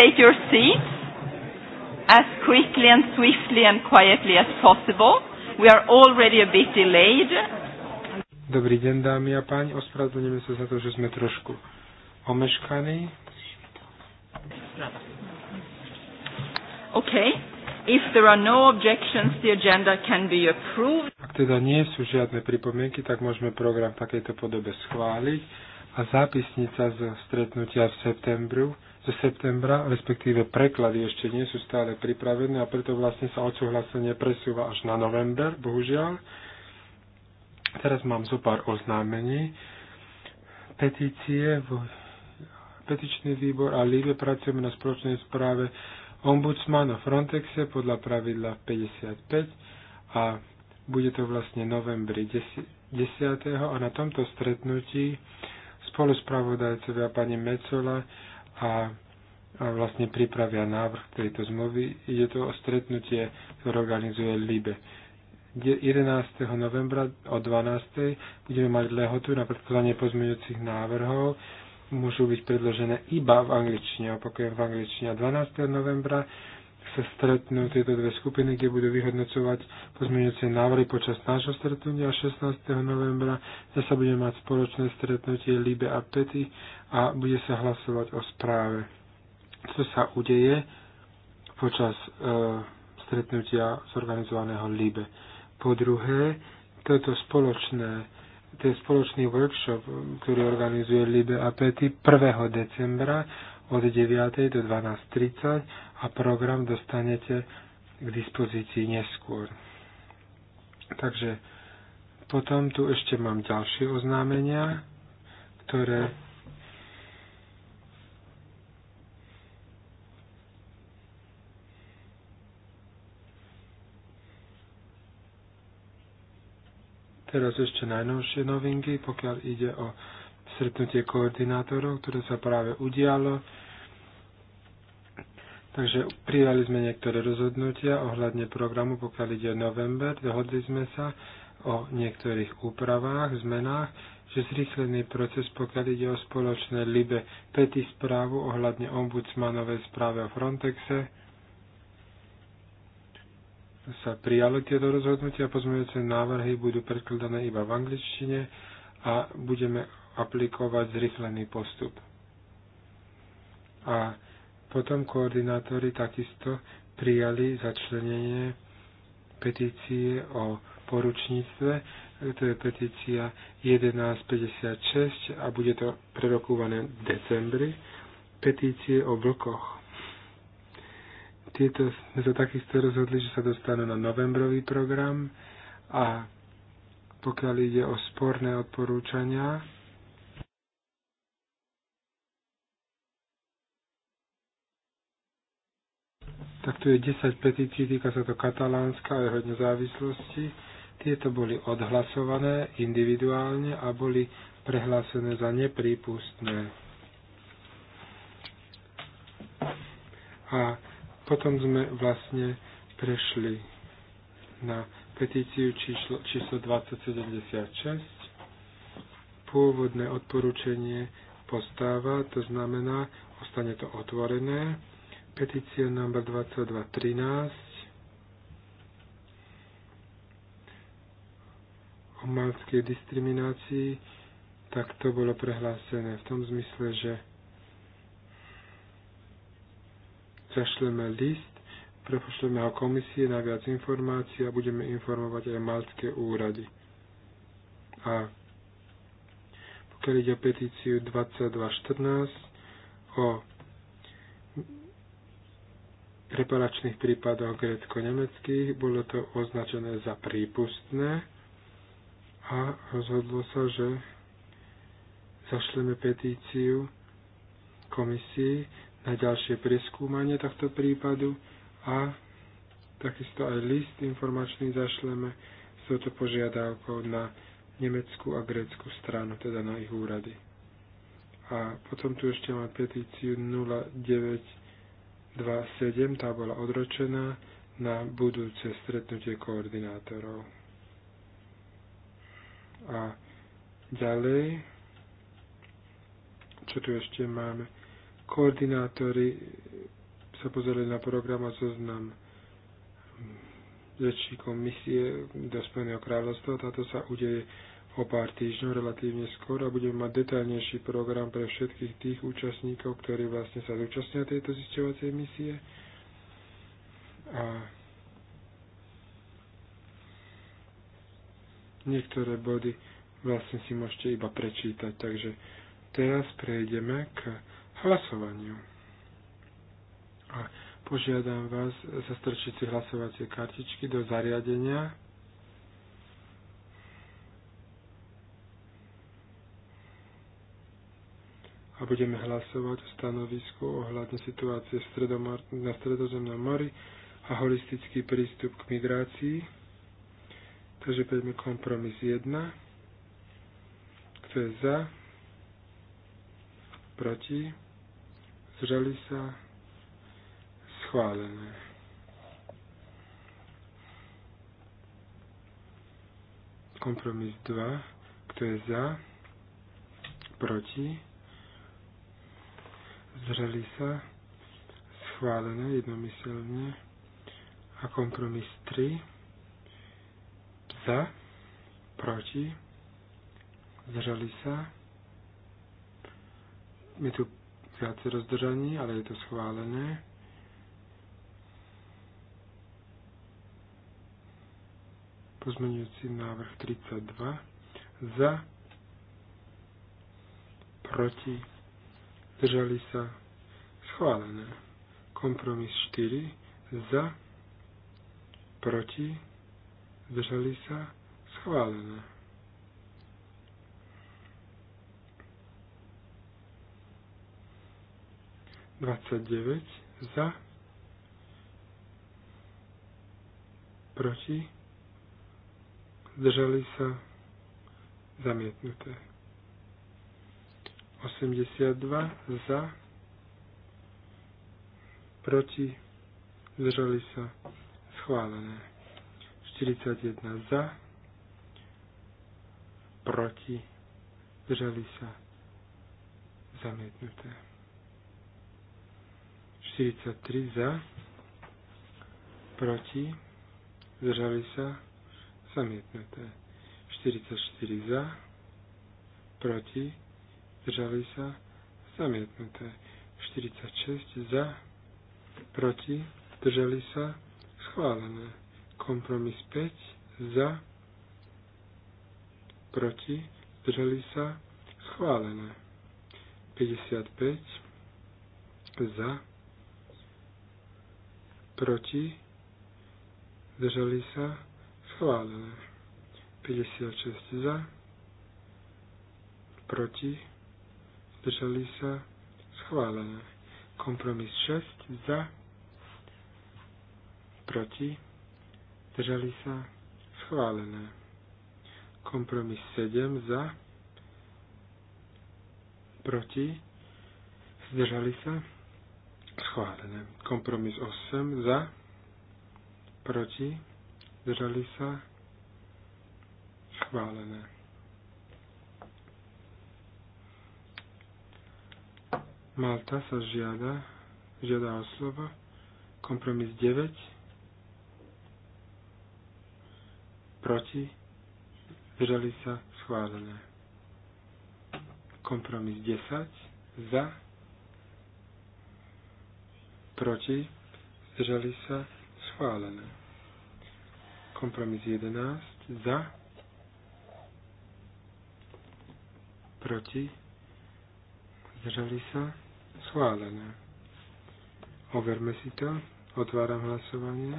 take your seats as quickly and swiftly and quietly as possible. We are already a bit delayed. Dobrý deň, dámy a páni. Ospravedlňujeme sa za to, že sme trošku omeškaní. Okay. If there are no objections, the agenda can be approved. Ak teda nie sú žiadne pripomienky, tak môžeme program v takejto podobe schváliť a zápisnica zo stretnutia v septembru, zo septembra, respektíve preklady ešte nie sú stále pripravené a preto vlastne sa odsúhlasenie presúva až na november, bohužiaľ. Teraz mám zo pár oznámení. Petície, petičný výbor a líbe pracujeme na spoločnej správe Ombudsmana Frontexe podľa pravidla 55 a bude to vlastne novembri 10. 10. a na tomto stretnutí spoluspravodajcovia pani Mecola a, a vlastne pripravia návrh tejto zmluvy. Ide to o stretnutie, ktoré organizuje LIBE. 11. novembra o 12. budeme mať lehotu na predkladanie pozmeňujúcich návrhov. Môžu byť predložené iba v angličtine, opakujem v angličtine. 12. novembra sa stretnú tieto dve skupiny, kde budú vyhodnocovať pozmeňujúce návrhy počas nášho stretnutia 16. novembra. Ja sa budem mať spoločné stretnutie Libe a Pety a bude sa hlasovať o správe. Co sa udeje počas e, stretnutia zorganizovaného Libe. Po druhé, toto spoločné, ten spoločný workshop, ktorý organizuje Libe a Pety 1. decembra od 9. do 12.30 a program dostanete k dispozícii neskôr. Takže potom tu ešte mám ďalšie oznámenia, ktoré Teraz ešte najnovšie novinky, pokiaľ ide o stretnutie koordinátorov, ktoré sa práve udialo. Takže prijali sme niektoré rozhodnutia ohľadne programu, pokiaľ ide november. Dohodli sme sa o niektorých úpravách, zmenách, že zrýchlený proces, pokiaľ ide o spoločné LIBE pety správu ohľadne ombudsmanovej správe o Frontexe, sa prijali tieto rozhodnutia, pozmeňujúce návrhy budú predkladané iba v angličtine a budeme aplikovať zrychlený postup. A potom koordinátori takisto prijali začlenenie petície o poručníctve, to je petícia 1156 a bude to prerokované v decembri, petície o vlkoch. Tieto sme sa takisto rozhodli, že sa dostanú na novembrový program a pokiaľ ide o sporné odporúčania, tak tu je 10 petícií, týka sa to Katalánska a jeho nezávislosti. Tieto boli odhlasované individuálne a boli prehlásené za neprípustné. A potom sme vlastne prešli na petíciu číslo, číslo 2076. Pôvodné odporúčanie postáva, to znamená, ostane to otvorené Petícia number 2213 o malskej diskriminácii, tak to bolo prehlásené v tom zmysle, že zašleme list, prepošleme ho komisie na viac informácií a budeme informovať aj malské úrady. A pokiaľ ide o petíciu 2214 o reparačných prípadoch grécko-nemeckých. Bolo to označené za prípustné a rozhodlo sa, že zašleme petíciu komisii na ďalšie preskúmanie tohto prípadu a takisto aj list informačný zašleme s touto požiadavkou na nemeckú a grécku stranu, teda na ich úrady. A potom tu ešte máme petíciu 09 2.7, tá bola odročená na budúce stretnutie koordinátorov. A ďalej, čo tu ešte máme? Koordinátori sa pozerali na program a zoznam rečníkom misie do Spojeného kráľovstva. Táto sa udeje o pár týždňov relatívne skôr a budeme mať detaľnejší program pre všetkých tých účastníkov, ktorí vlastne sa zúčastnia tejto zisťovacej misie. A niektoré body vlastne si môžete iba prečítať. Takže teraz prejdeme k hlasovaniu. A požiadam vás zastrčiť si hlasovacie kartičky do zariadenia. a budeme hlasovať o stanovisku ohľadne situácie na Stredozemnom mori a holistický prístup k migrácii. Takže poďme kompromis 1. Kto je za? Proti? Zžali sa? Schválené. Kompromis 2. Kto je za? Proti? zdržali sa, schválené jednomyselne a kompromis 3 za, proti, zdržali sa. Je tu viacero zdržaní, ale je to schválené. Pozmenujúci návrh 32 za, proti, zdržali sa, schválené. Kompromis 4, za, proti, zdržali sa, schválené. Dvadsať deväť za, proti, zdržali sa, zamietnuté. 82 za, proti, zdržali sa, schválené. 41 za, proti, zdržali sa, zamietnuté. 43 za, proti, zdržali sa, zamietnuté. 44 za, proti, zdržali sa, zamietnuté. 46 za, proti, zdržali sa, schválené. Kompromis 5 za, proti, zdržali sa, schválené. 55 za, proti, zdržali sa, schválené. 56 za, proti, zdržali sa, schválené. Kompromis 6 za, proti, zdržali sa, schválené. Kompromis 7 za, proti, zdržali sa, schválené. Kompromis 8 za, proti, zdržali sa, schválené Malta sa žiada, žiada o slovo. Kompromis 9. Proti. vyžali sa schválené. Kompromis 10. Za. Proti. vyžali sa schválené. Kompromis 11. Za. Proti. Zdržali sa Schválené. Overme si to. Otváram hlasovanie.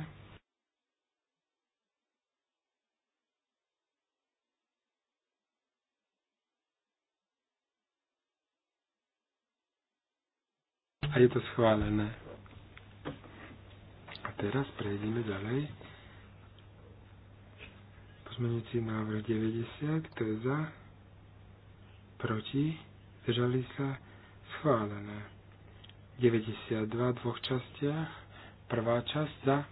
A je to schválené. A teraz prejdeme ďalej. Pozmenujúci návrh 90, kto je za, proti, držali sa, Schválené. 92 v dvoch častiach. Prvá časť za.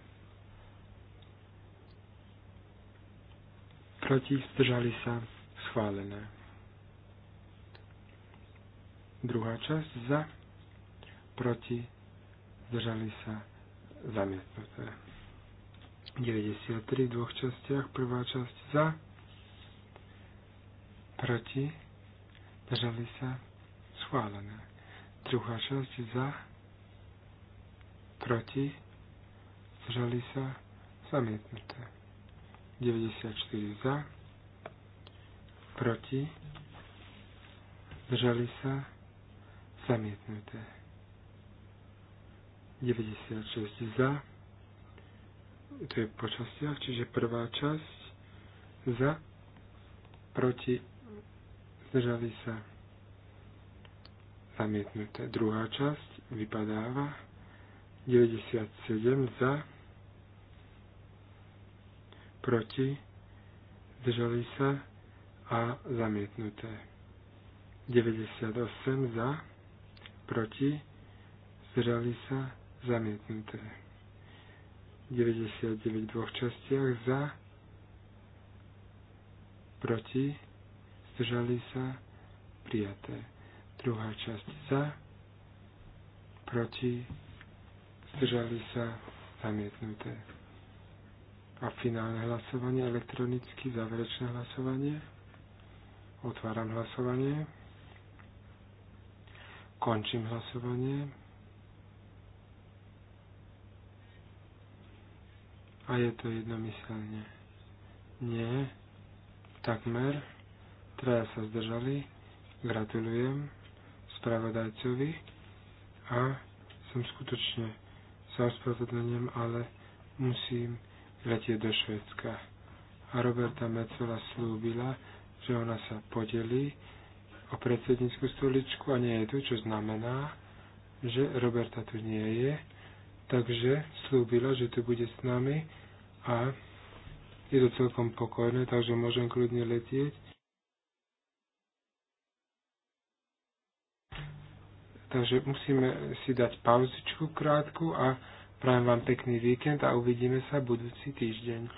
Proti zdržali sa. Schválené. Druhá časť za. Proti zdržali sa. Zamietnuté. 93 v dvoch častiach. Prvá časť za. Proti zdržali sa. Schválené Druhá časť za, proti, zdržali sa, zamietnuté. 94 za, proti, zdržali sa, zamietnuté. 96 za, to je po častiach, čiže prvá časť za, proti, zdržali sa, zamietnuté. Druhá časť vypadáva 97 za, proti, zdržali sa a zamietnuté. 98 za, proti, zdržali sa, zamietnuté. 99 v dvoch častiach za, proti, zdržali sa, prijaté. Druhá časť za, proti, zdržali sa, zamietnuté. A finálne hlasovanie, elektronicky záverečné hlasovanie. Otváram hlasovanie. Končím hlasovanie. A je to jednomyselne. Nie. Takmer. Traja sa zdržali. Gratulujem spravodajcovi a som skutočne sa ospravedlňujem, ale musím letieť do Švedska. A Roberta Metzola slúbila, že ona sa podelí o predsednícku stoličku a nie je tu, čo znamená, že Roberta tu nie je, takže slúbila, že tu bude s nami a je to celkom pokojné, takže môžem kľudne letieť Takže musíme si dať pauzičku krátku a prajem vám pekný víkend a uvidíme sa budúci týždeň.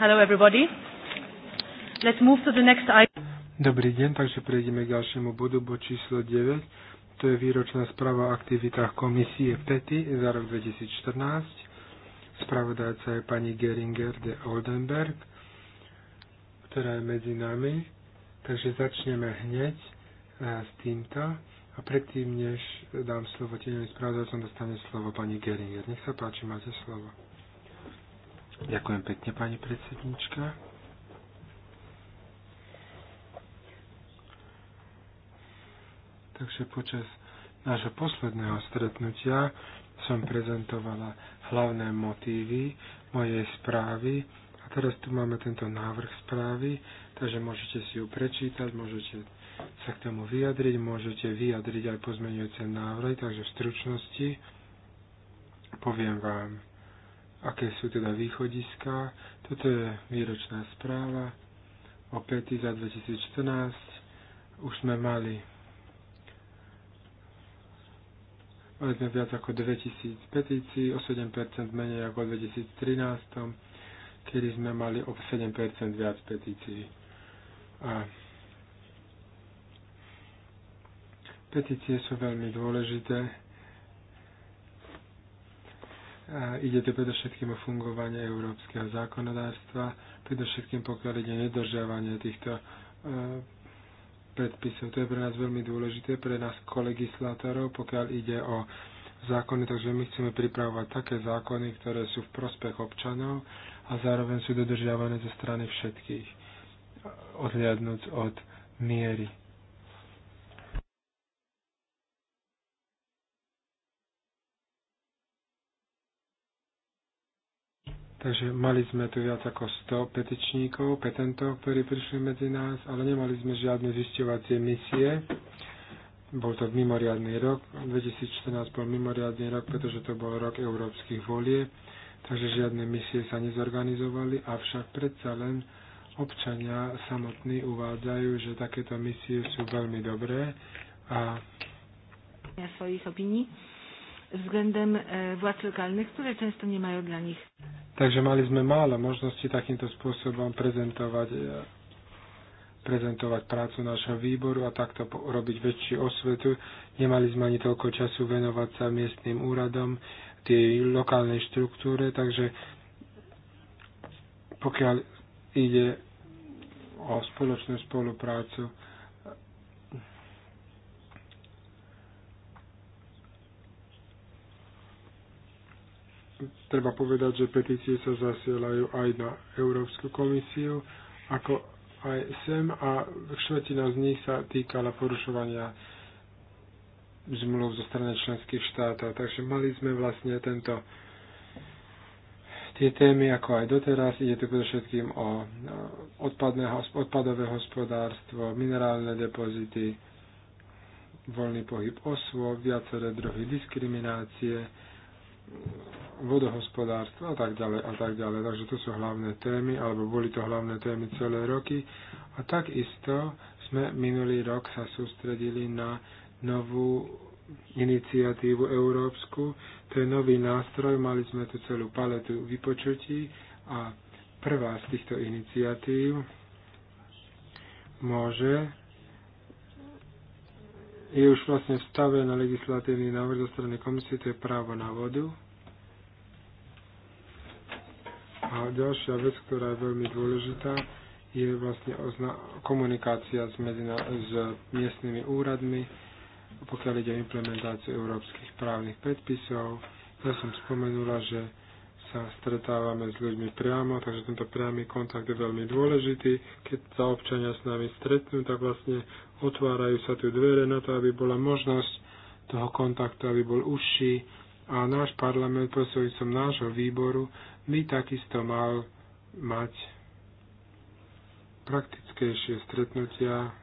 Hello everybody. Let's move to the next item. Dobrý deň, takže prejdeme k ďalšiemu bodu, bod číslo 9. To je výročná správa o aktivitách komisie PETI za rok 2014. Spravodajca je pani Geringer de Oldenberg, ktorá je medzi nami. Takže začneme hneď eh, s týmto. A predtým, než dám slovo tieňovým spravodajcom, dostane slovo pani Geringer. Nech sa páči, máte slovo. Ďakujem pekne, pani predsednička. Takže počas nášho posledného stretnutia som prezentovala hlavné motívy mojej správy a teraz tu máme tento návrh správy, takže môžete si ju prečítať, môžete sa k tomu vyjadriť, môžete vyjadriť aj pozmeňujúce návrhy, takže v stručnosti poviem vám aké sú teda východiská. Toto je výročná správa o 5. za 2014. Už sme mali mali sme viac ako 2000 petícií, o 7% menej ako v 2013, kedy sme mali o 7% viac petícií. A petície sú veľmi dôležité Ide to predovšetkým o fungovanie európskeho zákonodárstva, predovšetkým pokiaľ ide nedržiavanie týchto e, predpisov. To je pre nás veľmi dôležité, pre nás kolegislátorov, pokiaľ ide o zákony, takže my chceme pripravovať také zákony, ktoré sú v prospech občanov a zároveň sú dodržiavané zo strany všetkých, odliadnúc od miery Takže mali sme tu viac ako 100 petičníkov, petentov, ktorí prišli medzi nás, ale nemali sme žiadne zisťovacie misie. Bol to mimoriadný rok. 2014 bol mimoriadný rok, pretože to bol rok európskych volie, takže žiadne misie sa nezorganizovali, avšak predsa len občania samotní uvádzajú, že takéto misie sú veľmi dobré a svojich opinii względem e, władz lokalnych, które często nie mają dla nich. Także mieliśmy mało możliwości takim to sposobem prezentować e, prezentować pracę naszego wyboru, a tak to robić większy oswetu. Nie mieliśmy ani tylko czasu wenować się miestnym uradom, tej lokalnej struktury, także pokiaľ ide o spoločnú spoluprácu treba povedať, že petície sa zasielajú aj na Európsku komisiu, ako aj sem a štvrtina z nich sa týkala porušovania zmluv zo strany členských štátov. Takže mali sme vlastne tento tie témy ako aj doteraz. Ide tu predovšetkým o odpadné, odpadové hospodárstvo, minerálne depozity, voľný pohyb osôb, viaceré druhy diskriminácie, vodohospodárstva a tak ďalej a tak ďalej. Takže to sú hlavné témy, alebo boli to hlavné témy celé roky. A takisto sme minulý rok sa sústredili na novú iniciatívu európsku. To je nový nástroj, mali sme tu celú paletu vypočutí a prvá z týchto iniciatív môže je už vlastne v na legislatívny návrh zo strany komisie, to je právo na vodu. A ďalšia vec, ktorá je veľmi dôležitá, je vlastne komunikácia s, medina, s miestnymi úradmi, pokiaľ ide o implementáciu európskych právnych predpisov. Ja som spomenula, že sa stretávame s ľuďmi priamo, takže tento priamy kontakt je veľmi dôležitý. Keď sa občania s nami stretnú, tak vlastne otvárajú sa tu dvere na to, aby bola možnosť toho kontaktu, aby bol užší. A náš parlament som nášho výboru by takisto mal mať praktickejšie stretnutia,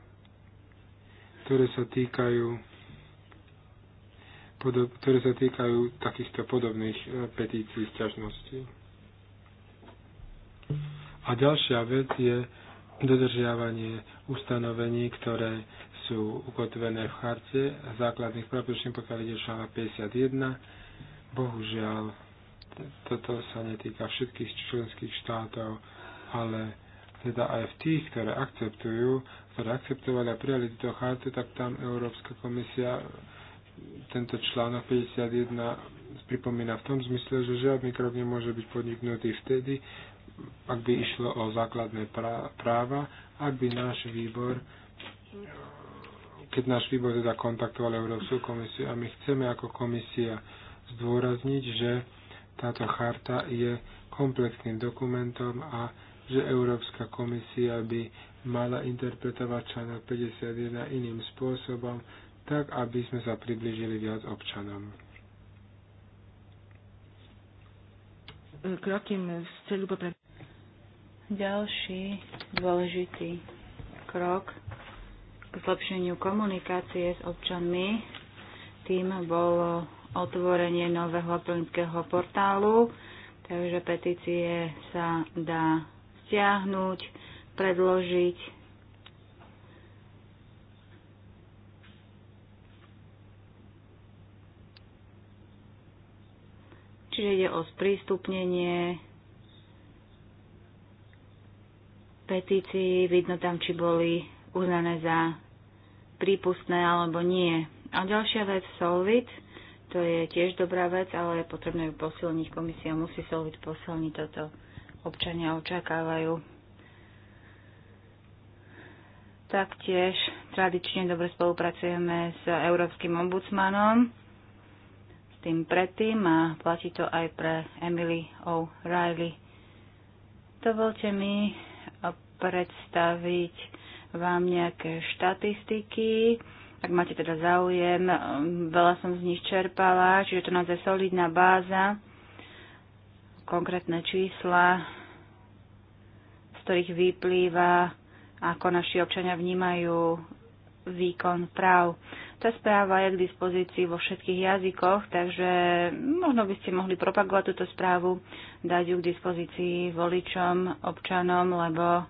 ktoré sa týkajú podob, ktoré sa týkajú takýchto podobných e, petícií sťažností. A ďalšia vec je dodržiavanie ustanovení, ktoré sú ukotvené v charte základných práv, pokiaľ ide 51. Bohužiaľ, toto sa netýka všetkých členských štátov, ale teda aj v tých, ktoré akceptujú, ktoré akceptovali a prijali túto chartu, tak tam Európska komisia tento článok 51 pripomína v tom zmysle, že žiadny krok nemôže byť podniknutý vtedy, ak by išlo o základné práva, ak by náš výbor, keď náš výbor teda kontaktoval Európsku komisiu a my chceme ako komisia zdôrazniť, že táto charta je komplexným dokumentom a že Európska komisia by mala interpretovať článok 51 iným spôsobom, tak aby sme sa približili viac občanom. Krokiem v celu popre... Ďalší dôležitý krok k zlepšeniu komunikácie s občanmi tým bolo otvorenie nového elektronického portálu, takže petície sa dá stiahnuť, predložiť. Čiže ide o sprístupnenie petícií, vidno tam, či boli uznané za prípustné alebo nie. A ďalšia vec, Solvit – to je tiež dobrá vec, ale je potrebné ju posilniť. Komisia musí sa solviť posilniť toto. Občania očakávajú. Taktiež tradične dobre spolupracujeme s Európskym ombudsmanom, s tým predtým a platí to aj pre Emily O'Reilly. Dovolte mi predstaviť vám nejaké štatistiky ak máte teda záujem, um, veľa som z nich čerpala, čiže to naozaj solidná báza, konkrétne čísla, z ktorých vyplýva, ako naši občania vnímajú výkon práv. Tá správa je k dispozícii vo všetkých jazykoch, takže možno by ste mohli propagovať túto správu, dať ju k dispozícii voličom, občanom, lebo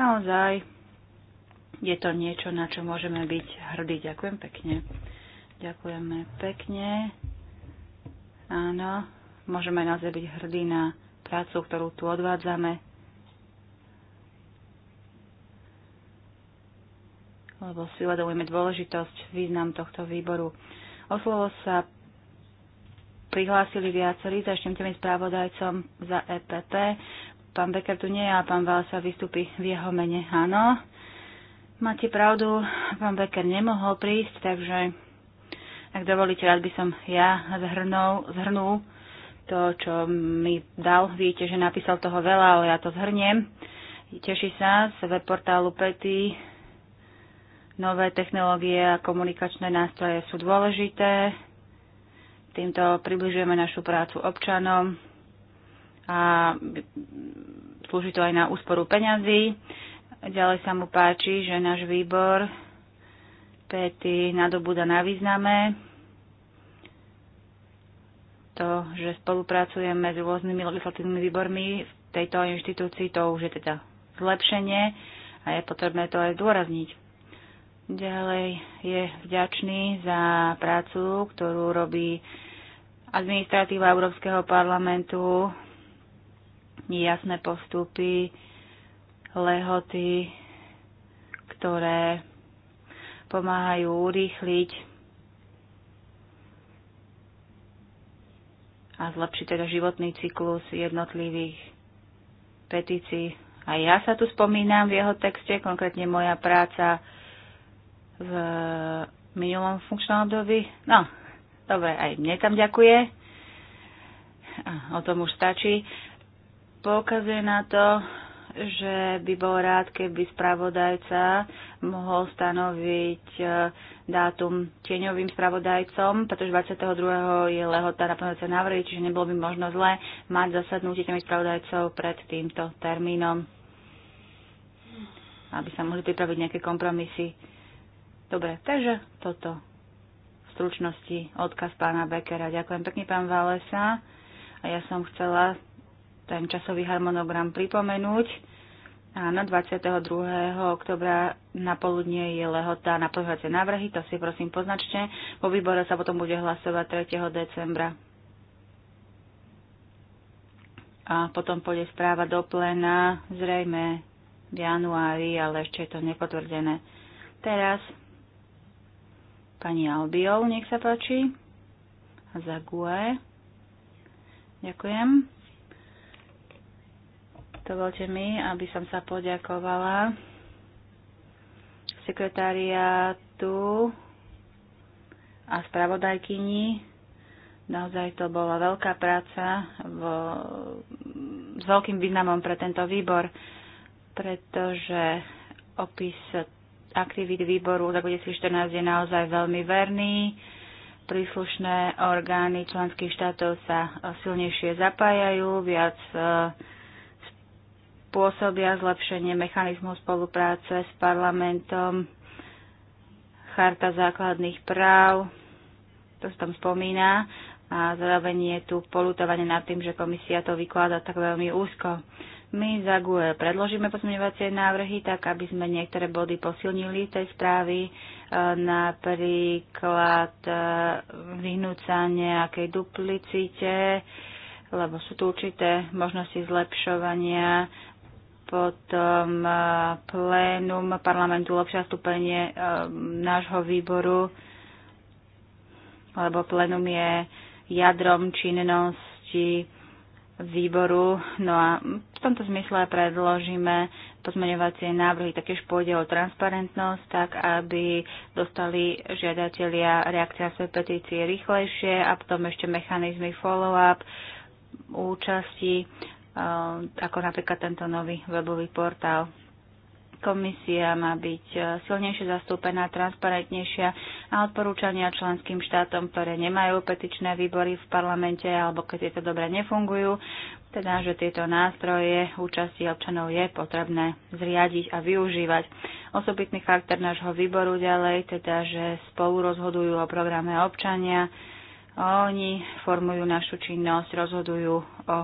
naozaj je to niečo, na čo môžeme byť hrdí. Ďakujem pekne. Ďakujeme pekne. Áno, môžeme naozaj byť hrdí na prácu, ktorú tu odvádzame. Lebo si uvedomujeme dôležitosť, význam tohto výboru. O slovo sa prihlásili viacerí, začnem tým správodajcom za EPP. Pán Becker tu nie je a pán Vál sa vystúpi v jeho mene. Áno, Máte pravdu, pán Becker nemohol prísť, takže ak dovolíte, rád by som ja zhrnul, zhrnul to, čo mi dal. Vidíte, že napísal toho veľa, ale ja to zhrniem. Teší sa z web portálu PETI. Nové technológie a komunikačné nástroje sú dôležité. Týmto približujeme našu prácu občanom a slúži to aj na úsporu peňazí. Ďalej sa mu páči, že náš výbor pety nadobúda na význame. To, že spolupracujeme s rôznymi legislatívnymi výbormi v tejto inštitúcii, to už je teda zlepšenie a je potrebné to aj zdôrazniť. Ďalej je vďačný za prácu, ktorú robí administratíva Európskeho parlamentu, Nejasné postupy, lehoty, ktoré pomáhajú urýchliť a zlepšiť teda životný cyklus jednotlivých petícií. A ja sa tu spomínam v jeho texte, konkrétne moja práca v minulom funkčnom období. No, dobre, aj mne tam ďakuje. O tom už stačí. Poukazuje na to, že by bol rád, keby spravodajca mohol stanoviť e, dátum tieňovým spravodajcom, pretože 22. je lehota na plnoce návrhy, čiže nebolo by možno zle mať zasadnutie tieňových spravodajcov pred týmto termínom, aby sa mohli pripraviť nejaké kompromisy. Dobre, takže toto v stručnosti odkaz pána Bekera. Ďakujem pekne, pán Valesa. A ja som chcela ten časový harmonogram pripomenúť. Na 22. oktobra na poludne je lehota na pozvacie návrhy, to si prosím poznačte. Po výbore sa potom bude hlasovať 3. decembra. A potom pôjde správa do plena, zrejme v januári, ale ešte je to nepotvrdené. Teraz pani Albiol, nech sa páči. GUE. Ďakujem. Dovolte mi, aby som sa poďakovala sekretariátu a spravodajkyni. Naozaj to bola veľká práca vo, s veľkým významom pre tento výbor, pretože opis aktivít výboru za 2014 je naozaj veľmi verný. Príslušné orgány členských štátov sa silnejšie zapájajú, viac eh, pôsobia zlepšenie mechanizmu spolupráce s parlamentom, charta základných práv, to sa tam spomína, a zároveň je tu polutovanie nad tým, že komisia to vykladá tak veľmi úzko. My za GUE predložíme pozmeňovacie návrhy, tak aby sme niektoré body posilnili tej správy, e, napríklad e, vyhnúť sa nejakej duplicite, lebo sú tu určité možnosti zlepšovania potom eh, plénum parlamentu, lepšie stupenie eh, nášho výboru, lebo plénum je jadrom činnosti výboru. No a v tomto zmysle predložíme pozmeňovacie návrhy. Taktiež pôjde o transparentnosť, tak aby dostali žiadatelia reakcia svoje petície rýchlejšie a potom ešte mechanizmy follow-up účasti Ehm, ako napríklad tento nový webový portál. Komisia má byť e, silnejšie zastúpená, transparentnejšia a odporúčania členským štátom, ktoré nemajú petičné výbory v parlamente alebo keď tieto dobre nefungujú, teda že tieto nástroje účasti občanov je potrebné zriadiť a využívať. Osobitný charakter nášho výboru ďalej, teda že spolu rozhodujú o programe občania, oni formujú našu činnosť, rozhodujú o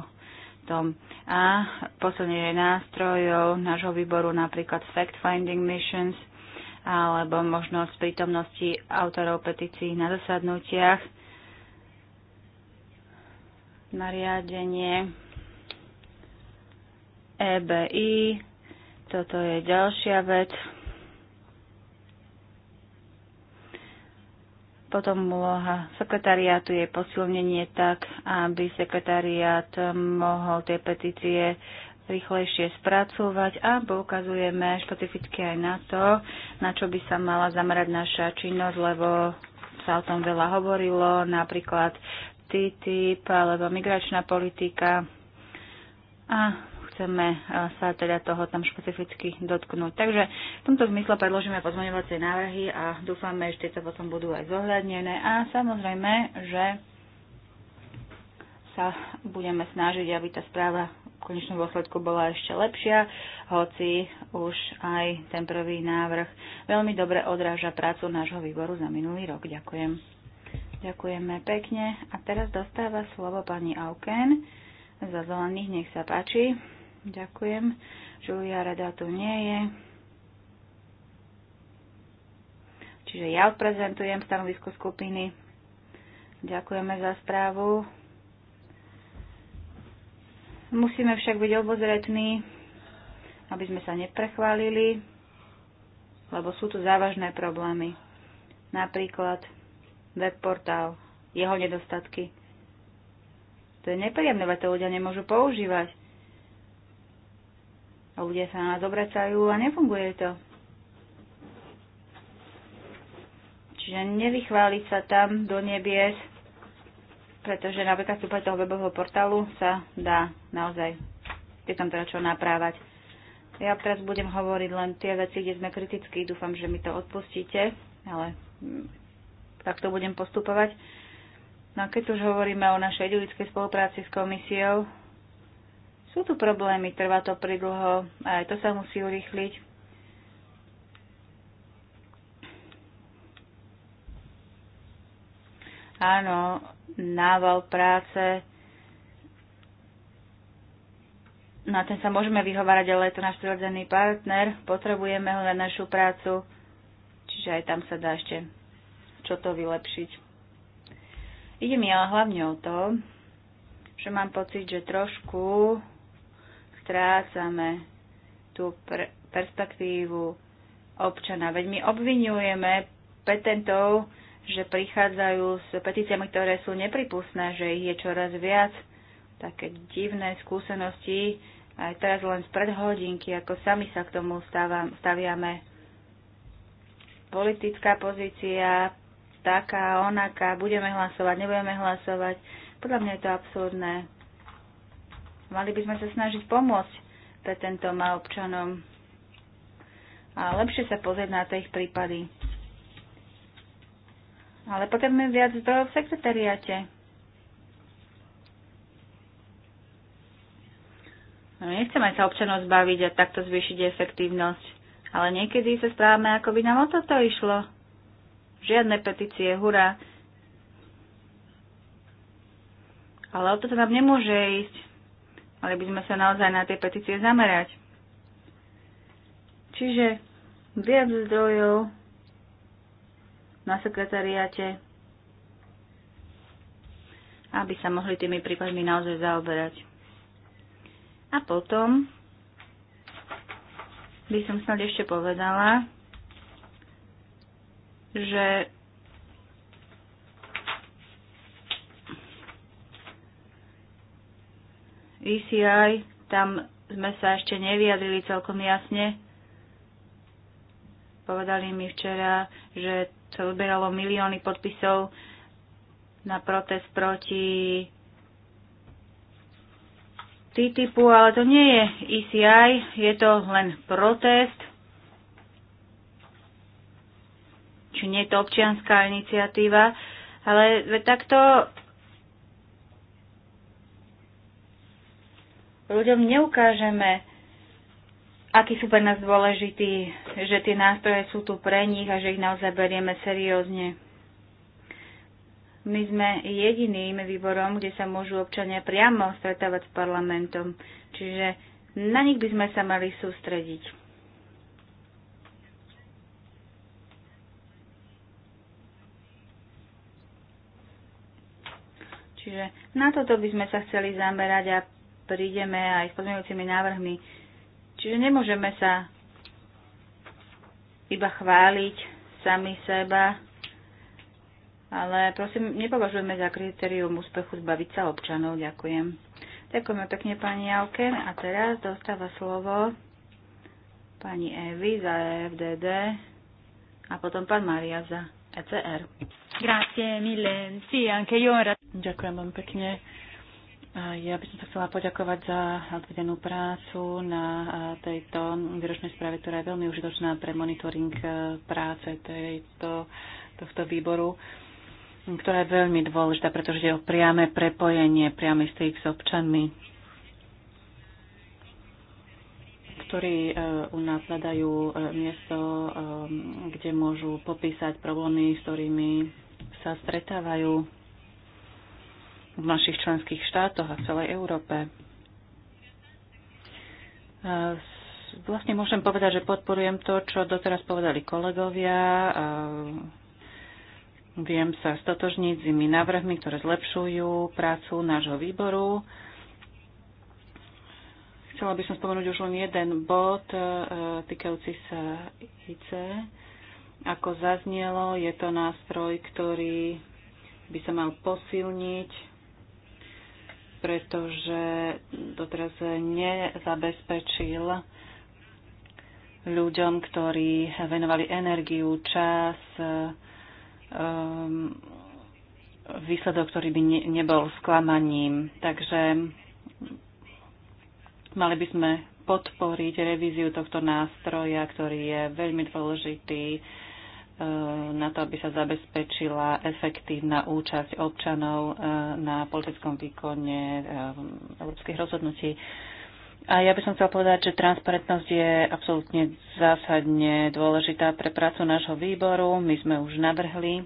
projektom a posilnenie nástrojov nášho výboru, napríklad fact-finding missions alebo možnosť prítomnosti autorov petícií na zasadnutiach, nariadenie EBI, toto je ďalšia vec, Potom úloha sekretariátu je posilnenie tak, aby sekretariát mohol tie petície rýchlejšie spracovať a poukazujeme špecificky aj na to, na čo by sa mala zamerať naša činnosť, lebo sa o tom veľa hovorilo, napríklad TTIP alebo migračná politika. A chceme e, sa teda toho tam špecificky dotknúť. Takže v tomto zmysle predložíme pozmeňovacie návrhy a dúfame, že tieto potom budú aj zohľadnené a samozrejme, že sa budeme snažiť, aby tá správa v konečnom dôsledku bola ešte lepšia, hoci už aj ten prvý návrh veľmi dobre odráža prácu nášho výboru za minulý rok. Ďakujem. Ďakujeme pekne. A teraz dostáva slovo pani Auken za zelených. Nech sa páči. Ďakujem. Julia rada tu nie je. Čiže ja odprezentujem stanovisko skupiny. Ďakujeme za správu. Musíme však byť obozretní, aby sme sa neprechválili, lebo sú tu závažné problémy. Napríklad web portál, jeho nedostatky. To je nepríjemné, veď to ľudia nemôžu používať. Ľudia sa na nás obracajú a nefunguje to. Čiže nevychváliť sa tam do nebies, pretože napríklad vstúpať toho webového portálu sa dá naozaj. Je tam teda čo naprávať. Ja teraz budem hovoriť len tie veci, kde sme kritickí. Dúfam, že mi to odpustíte, ale mm, takto budem postupovať. No a keď už hovoríme o našej ľudskej spolupráci s komisiou, sú tu problémy, trvá to pridlho, aj to sa musí urýchliť. Áno, nával práce, na ten sa môžeme vyhovárať, ale je to náš prirodzený partner, potrebujeme ho na našu prácu, čiže aj tam sa dá ešte čo to vylepšiť. Ide mi ale hlavne o to, že mám pocit, že trošku strácame tú pr- perspektívu občana. Veď my obvinujeme petentov, že prichádzajú s petíciami, ktoré sú nepripustné, že ich je čoraz viac. Také divné skúsenosti, aj teraz len z predhodinky, ako sami sa k tomu stávam, staviame. Politická pozícia, taká, onaká, budeme hlasovať, nebudeme hlasovať. Podľa mňa je to absurdné. Mali by sme sa snažiť pomôcť pre tento má občanom a lepšie sa pozrieť na tie ich prípady. Ale potrebujeme viac zdrojov v sekretariate. No, nechceme sa občanov zbaviť a takto zvýšiť efektívnosť. Ale niekedy sa správame, ako by nám o toto išlo. Žiadne petície, hurá. Ale o toto nám nemôže ísť. Mali by sme sa naozaj na tie petície zamerať. Čiže viac zdrojov na sekretariate, aby sa mohli tými prípadmi naozaj zaoberať. A potom by som snad ešte povedala, že ECI, tam sme sa ešte nevyjadrili celkom jasne. Povedali mi včera, že to zberalo milióny podpisov na protest proti TTIPu, ale to nie je ECI, je to len protest. Či nie je to občianská iniciatíva, ale takto ľuďom neukážeme, akí sú pre nás dôležití, že tie nástroje sú tu pre nich a že ich naozaj berieme seriózne. My sme jediným výborom, kde sa môžu občania priamo stretávať s parlamentom, čiže na nich by sme sa mali sústrediť. Čiže na toto by sme sa chceli zamerať a prídeme aj s pozmeňujúcimi návrhmi. Čiže nemôžeme sa iba chváliť sami seba, ale prosím, nepovažujeme za kritérium úspechu zbaviť sa občanov. Ďakujem. Ďakujem pekne pani Jauke a teraz dostáva slovo pani Evi za e FDD a potom pán Maria za ECR. Grazie mille. Sì, anche io. Ďakujem vám pekne. Ja by som sa chcela poďakovať za odvedenú prácu na tejto výročnej správe, ktorá je veľmi užitočná pre monitoring e, práce tejto, tohto výboru, ktorá je veľmi dôležitá, pretože je o priame prepojenie, priamy styk s občanmi, ktorí e, u nás hľadajú e, miesto, kde môžu popísať problémy, s ktorými sa stretávajú v našich členských štátoch a v celej Európe. Vlastne môžem povedať, že podporujem to, čo doteraz povedali kolegovia. Viem sa stotožniť s tými návrhmi, ktoré zlepšujú prácu nášho výboru. Chcela by som spomenúť už len jeden bod e, týkajúci sa IC. Ako zaznelo, je to nástroj, ktorý by sa mal posilniť pretože doteraz nezabezpečil ľuďom, ktorí venovali energiu, čas, um, výsledok, ktorý by ne, nebol sklamaním. Takže mali by sme podporiť revíziu tohto nástroja, ktorý je veľmi dôležitý Eh, na to, aby sa zabezpečila efektívna účasť občanov eh, na politickom výkone eh, európskych rozhodnutí. A ja by som chcela povedať, že transparentnosť je absolútne zásadne dôležitá pre prácu nášho výboru. My sme už navrhli,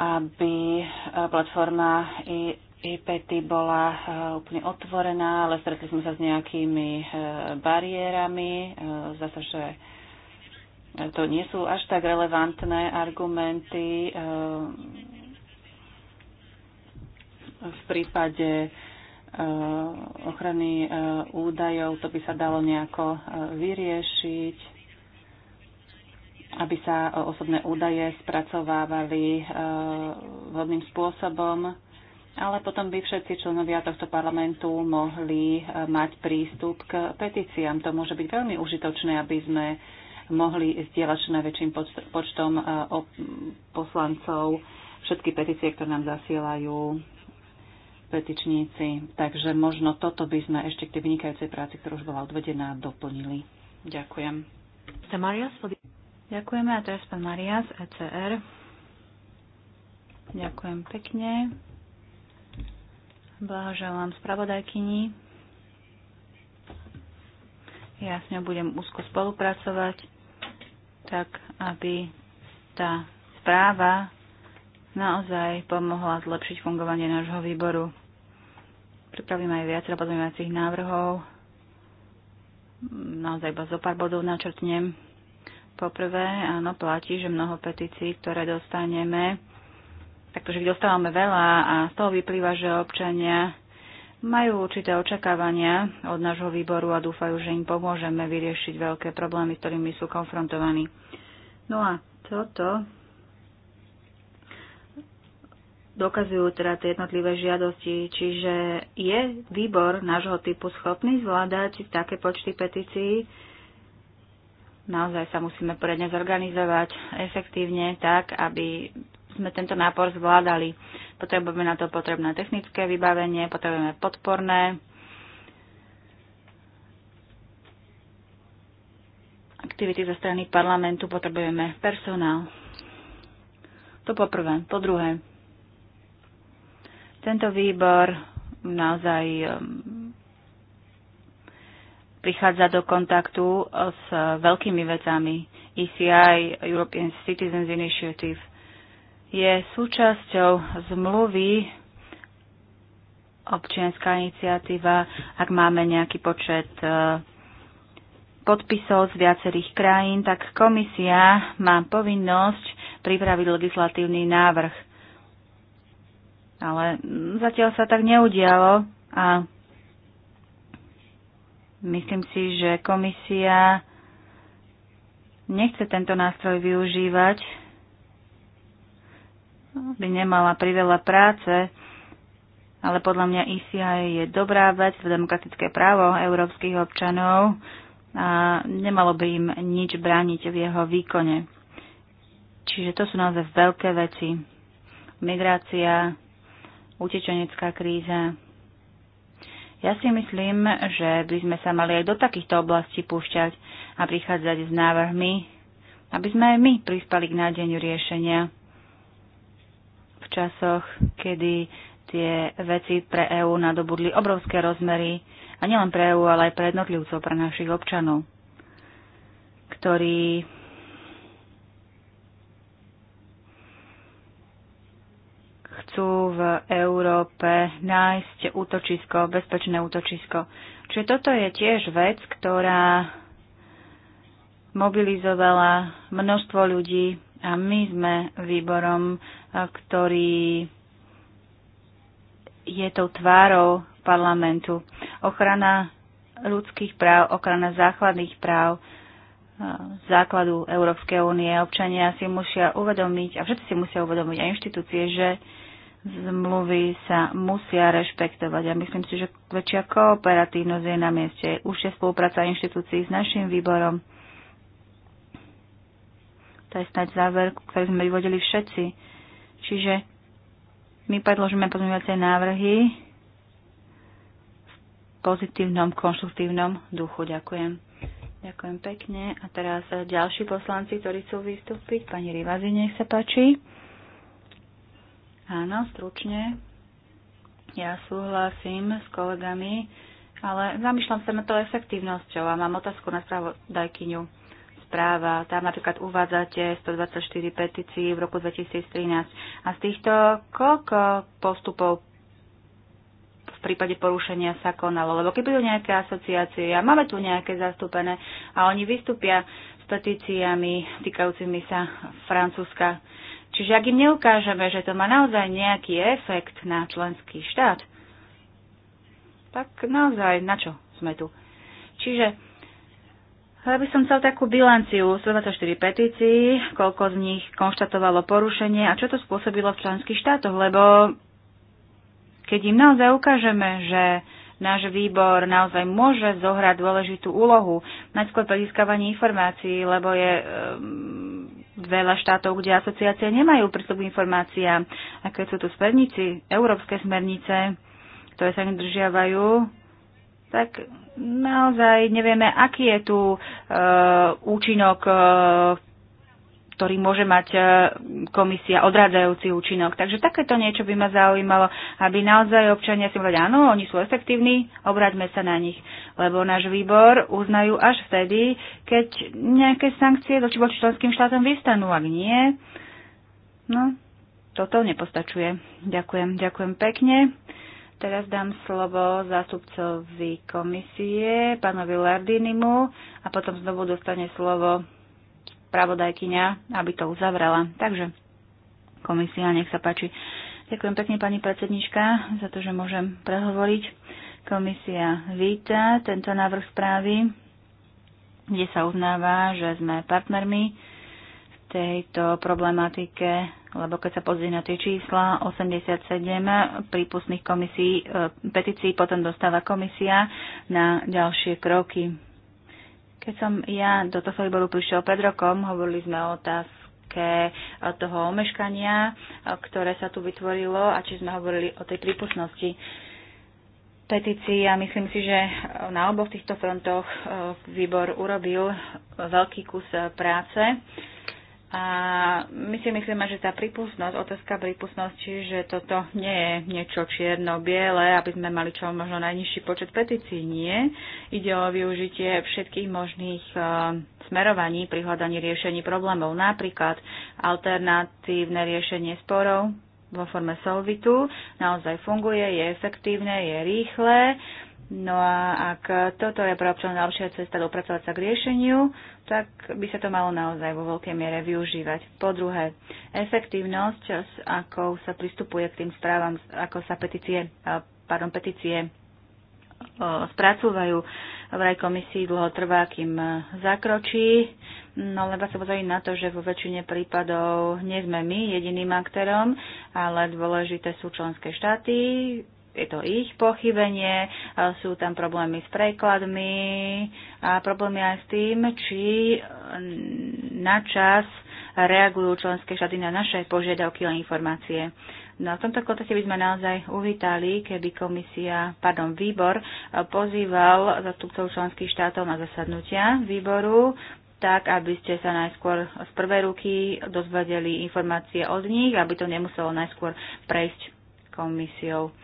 aby platforma IPT bola úplne otvorená, ale stretli sme sa s nejakými bariérami. Zase, že to nie sú až tak relevantné argumenty eh, v prípade eh, ochrany eh, údajov, to by sa dalo nejako vyriešiť, aby sa osobné údaje spracovávali vhodným spôsobom, ale potom by všetci členovia tohto parlamentu mohli mať prístup k petíciám. To môže byť veľmi užitočné, aby sme mohli zdieľať čo najväčším počtom e, poslancov všetky petície, ktoré nám zasielajú petičníci. Takže možno toto by sme ešte k tej vynikajúcej práci, ktorá už bola odvedená, doplnili. Ďakujem. Ďakujeme a teraz pán Marias, ECR. Ďakujem pekne. Blahoželám spravodajkyni. Ja s ňou budem úzko spolupracovať tak aby tá správa naozaj pomohla zlepšiť fungovanie nášho výboru. Pripravím aj viac pozmeňovacích návrhov. Naozaj iba zo pár bodov načrtnem. Poprvé, áno, platí, že mnoho petícií, ktoré dostaneme, takže ich dostávame veľa a z toho vyplýva, že občania majú určité očakávania od nášho výboru a dúfajú, že im pomôžeme vyriešiť veľké problémy, s ktorými sú konfrontovaní. No a toto dokazujú teda tie jednotlivé žiadosti, čiže je výbor nášho typu schopný zvládať také počty petícií. Naozaj sa musíme poriadne zorganizovať efektívne tak, aby sme tento nápor zvládali. Potrebujeme na to potrebné technické vybavenie, potrebujeme podporné aktivity zo strany parlamentu, potrebujeme personál. To poprvé, Po druhé, tento výbor naozaj um, prichádza do kontaktu s veľkými vecami. ECI, European Citizens Initiative, je súčasťou zmluvy občianská iniciatíva, ak máme nejaký počet e, podpisov z viacerých krajín, tak komisia má povinnosť pripraviť legislatívny návrh. Ale zatiaľ sa tak neudialo a myslím si, že komisia nechce tento nástroj využívať by nemala priveľa práce, ale podľa mňa ICI e je dobrá vec v demokratické právo európskych občanov a nemalo by im nič brániť v jeho výkone. Čiže to sú naozaj veľké veci. Migrácia, utečenecká kríza. Ja si myslím, že by sme sa mali aj do takýchto oblastí púšťať a prichádzať s návrhmi, aby sme aj my prispali k nádeniu riešenia v časoch, kedy tie veci pre EÚ nadobudli obrovské rozmery a nielen pre EÚ, ale aj pre jednotlivcov, pre našich občanov, ktorí chcú v Európe nájsť útočisko, bezpečné útočisko. Čiže toto je tiež vec, ktorá mobilizovala množstvo ľudí, a my sme výborom, e, ktorý je tou tvárou parlamentu. Ochrana ľudských práv, ochrana základných práv, e, základu Európskej únie. Občania si musia uvedomiť, a všetci si musia uvedomiť, aj inštitúcie, že zmluvy sa musia rešpektovať. A myslím si, že väčšia kooperatívnosť je na mieste. Už je spolupráca inštitúcií s našim výborom to je snáď záver, ktorý sme vyvodili všetci. Čiže my predložíme pozmeňovacie návrhy v pozitívnom, konštruktívnom duchu. Ďakujem. Ďakujem pekne. A teraz ďalší poslanci, ktorí chcú vystúpiť. Pani Rivazi, nech sa páči. Áno, stručne. Ja súhlasím s kolegami, ale zamýšľam sa na to efektívnosťou a mám otázku na spravodajkyňu správa. Tam napríklad uvádzate 124 petícií v roku 2013. A z týchto koľko postupov v prípade porušenia sa konalo? Lebo keď budú nejaké asociácie a máme tu nejaké zastúpené a oni vystúpia s petíciami týkajúcimi sa Francúzska. Čiže ak im neukážeme, že to má naozaj nejaký efekt na členský štát, tak naozaj na čo sme tu? Čiže ja by som chcel takú bilanciu, 24 petícií, koľko z nich konštatovalo porušenie a čo to spôsobilo v členských štátoch, lebo keď im naozaj ukážeme, že náš výbor naozaj môže zohrať dôležitú úlohu, najskôr pri získavaní informácií, lebo je e, veľa štátov, kde asociácie nemajú prístup k informáciám. aké sú tu smernici, európske smernice, ktoré sa nedržiavajú, tak naozaj nevieme, aký je tu e, účinok, e, ktorý môže mať e, komisia, odradzajúci účinok. Takže takéto niečo by ma zaujímalo, aby naozaj občania si povedali, áno, oni sú efektívni, obraťme sa na nich. Lebo náš výbor uznajú až vtedy, keď nejaké sankcie voči členským štátom vystanú. Ak nie, no, toto nepostačuje. Ďakujem, ďakujem pekne. Teraz dám slovo zástupcovi komisie, pánovi Lardinimu, a potom znovu dostane slovo pravodajkyňa, aby to uzavrela. Takže komisia, nech sa páči. Ďakujem pekne, pani predsednička, za to, že môžem prehovoriť. Komisia víta tento návrh správy, kde sa uznáva, že sme partnermi v tejto problematike lebo keď sa pozrie na tie čísla, 87 prípustných komisí, e, petícií potom dostáva komisia na ďalšie kroky. Keď som ja do tohto výboru prišiel pred rokom, hovorili sme o otázke toho omeškania, e, ktoré sa tu vytvorilo a či sme hovorili o tej prípustnosti petícií a myslím si, že na oboch týchto frontoch e, výbor urobil veľký kus práce a my si myslíme, že tá prípustnosť, otázka prípustnosti, že toto nie je niečo čierno-biele, aby sme mali čo možno najnižší počet petícií. Nie. Ide o využitie všetkých možných uh, smerovaní pri hľadaní riešení problémov. Napríklad alternatívne riešenie sporov vo forme solvitu naozaj funguje, je efektívne, je rýchle. Uh, No a ak toto je pre občanov najlepšia cesta dopracovať sa k riešeniu, tak by sa to malo naozaj vo veľkej miere využívať. Po druhé, efektívnosť, čas, ako sa pristupuje k tým správam, ako sa petície, pardon, petície spracúvajú. raj komisii dlho trvá, kým zakročí, no leba sa pozrieť na to, že vo väčšine prípadov nie sme my jediným aktérom, ale dôležité sú členské štáty, je to ich pochybenie, sú tam problémy s prekladmi a problémy aj s tým, či na čas reagujú členské štáty na naše požiadavky a informácie. No v tomto kontexte by sme naozaj uvítali, keby komisia, pardon, výbor pozýval zastupcov členských štátov na zasadnutia výboru, tak, aby ste sa najskôr z prvej ruky dozvedeli informácie od nich, aby to nemuselo najskôr prejsť komisiou. Uh,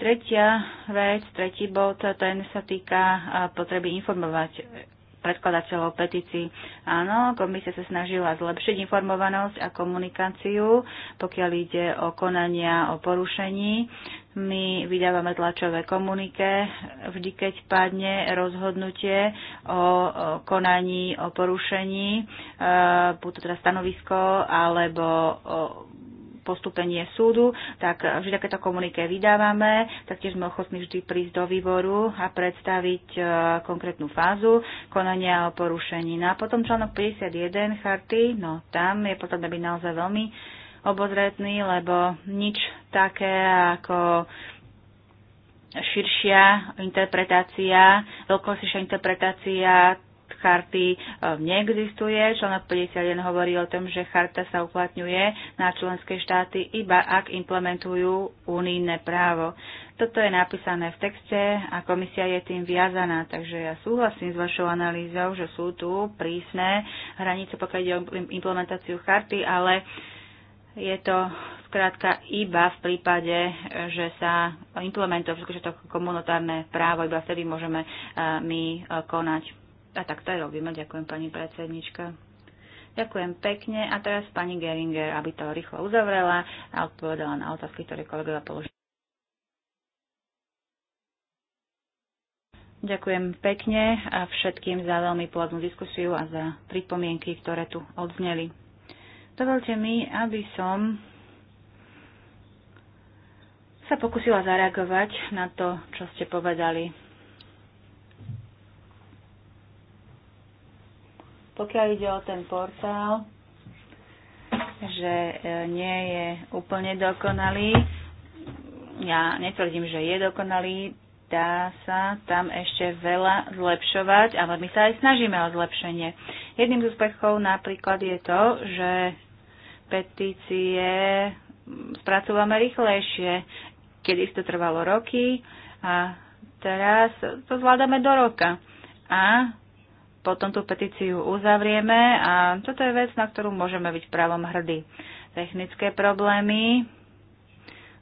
Tretia vec, tretí bod, ten sa týka potreby informovať predkladateľov petícií. Áno, komisia sa snažila zlepšiť informovanosť a komunikáciu, pokiaľ ide o konania o porušení. My vydávame tlačové komunike, vždy keď padne rozhodnutie o konaní o porušení, e, buď to teda stanovisko alebo postúpenie súdu, tak vždy takéto komuniké vydávame, taktiež sme ochotní vždy prísť do výboru a predstaviť e, konkrétnu fázu konania o porušení. No a potom článok 51 charty, no tam je potrebné byť naozaj veľmi obozretný, lebo nič také ako širšia interpretácia, veľkorysejšia interpretácia charty e, neexistuje. Článok 51 hovorí o tom, že charta sa uplatňuje na členské štáty iba ak implementujú unijné právo. Toto je napísané v texte a komisia je tým viazaná, takže ja súhlasím s vašou analýzou, že sú tu prísne hranice, pokiaľ ide o implementáciu charty, ale je to zkrátka iba v prípade, že sa implementuje všetko, že to komunitárne právo, iba vtedy môžeme e, my e, konať. A tak to aj robíme. Ďakujem, pani predsednička. Ďakujem pekne. A teraz pani Geringer, aby to rýchlo uzavrela a odpovedala na otázky, ktoré kolegovia položili. Ďakujem pekne a všetkým za veľmi plodnú diskusiu a za pripomienky, ktoré tu odzneli. Dovolte mi, aby som sa pokúsila zareagovať na to, čo ste povedali. Pokiaľ ide o ten portál, že e, nie je úplne dokonalý, ja netvrdím, že je dokonalý, dá sa tam ešte veľa zlepšovať, ale my sa aj snažíme o zlepšenie. Jedným z úspechov napríklad je to, že petície mm, spracúvame rýchlejšie. Kedy to trvalo roky a teraz to zvládame do roka. A potom tú petíciu uzavrieme a toto je vec, na ktorú môžeme byť právom hrdí. Technické problémy,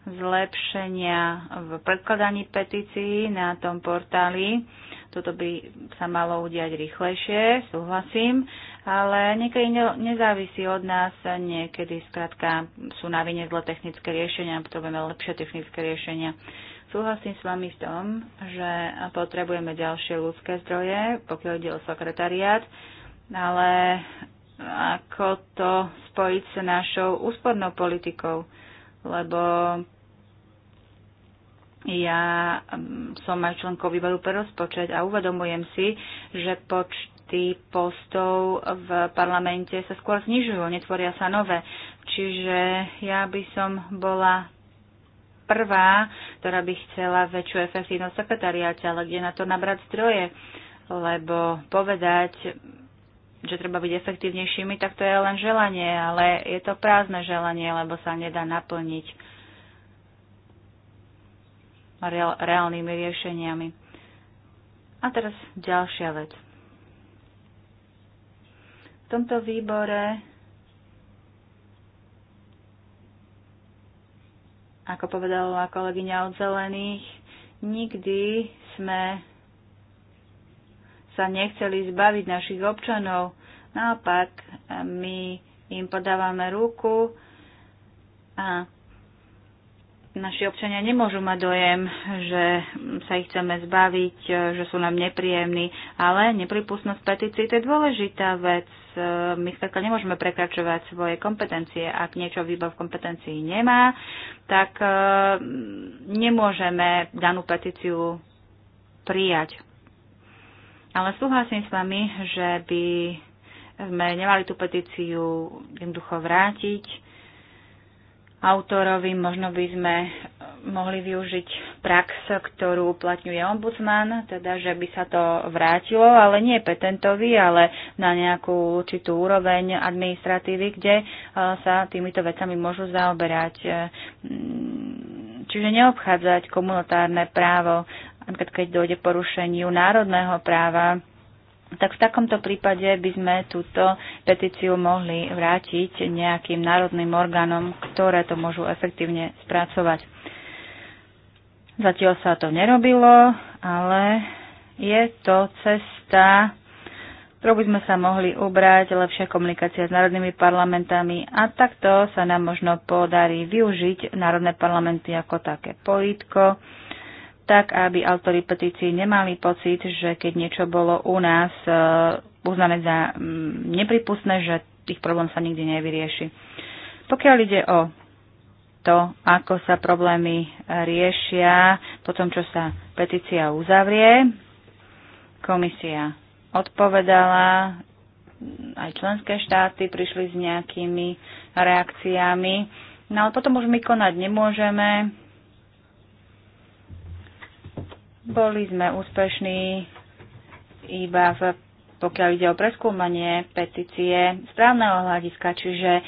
zlepšenia v predkladaní petícií na tom portáli. Toto by sa malo udiať rýchlejšie, súhlasím, ale niekedy nezávisí od nás, niekedy skrátka sú na vine zle technické riešenia, potrebujeme lepšie technické riešenia. Súhlasím s vami v tom, že potrebujeme ďalšie ľudské zdroje, pokiaľ ide o sekretariat, ale ako to spojiť s našou úspornou politikou, lebo ja mm, som aj členkou výboru pre rozpočet a uvedomujem si, že počty postov v parlamente sa skôr znižujú, netvoria sa nové. Čiže ja by som bola prvá, ktorá by chcela väčšiu efektívnosť sekretariáte, ale kde na to nabrať zdroje, lebo povedať, že treba byť efektívnejšími, tak to je len želanie, ale je to prázdne želanie, lebo sa nedá naplniť reálnymi riešeniami. A teraz ďalšia vec. V tomto výbore Ako povedala kolegyňa od zelených, nikdy sme sa nechceli zbaviť našich občanov. Naopak, my im podávame ruku a naši občania nemôžu mať dojem, že sa ich chceme zbaviť, že sú nám nepríjemní, ale nepripustnosť petícií to je dôležitá vec my skrátka nemôžeme prekračovať svoje kompetencie. Ak niečo výbor v kompetencii nemá, tak e, nemôžeme danú petíciu prijať. Ale súhlasím s vami, že by sme nemali tú petíciu jednoducho vrátiť, autorovi. Možno by sme mohli využiť prax, ktorú uplatňuje ombudsman, teda že by sa to vrátilo, ale nie petentovi, ale na nejakú určitú úroveň administratívy, kde e, sa týmito vecami môžu zaoberať. E, čiže neobchádzať komunitárne právo, napríklad keď dojde porušeniu národného práva, tak v takomto prípade by sme túto petíciu mohli vrátiť nejakým národným orgánom, ktoré to môžu efektívne spracovať. Zatiaľ sa to nerobilo, ale je to cesta, ktorú by sme sa mohli ubrať, lepšia komunikácia s národnými parlamentami a takto sa nám možno podarí využiť národné parlamenty ako také pojitko, tak aby autory petícií nemali pocit, že keď niečo bolo u nás e, uznané za mm, nepripustné, že ich problém sa nikdy nevyrieši. Pokiaľ ide o to, ako sa problémy riešia po tom, čo sa petícia uzavrie, komisia odpovedala, aj členské štáty prišli s nejakými reakciami. No ale potom už my konať nemôžeme, boli sme úspešní iba v pokiaľ ide o preskúmanie petície správneho hľadiska, čiže e,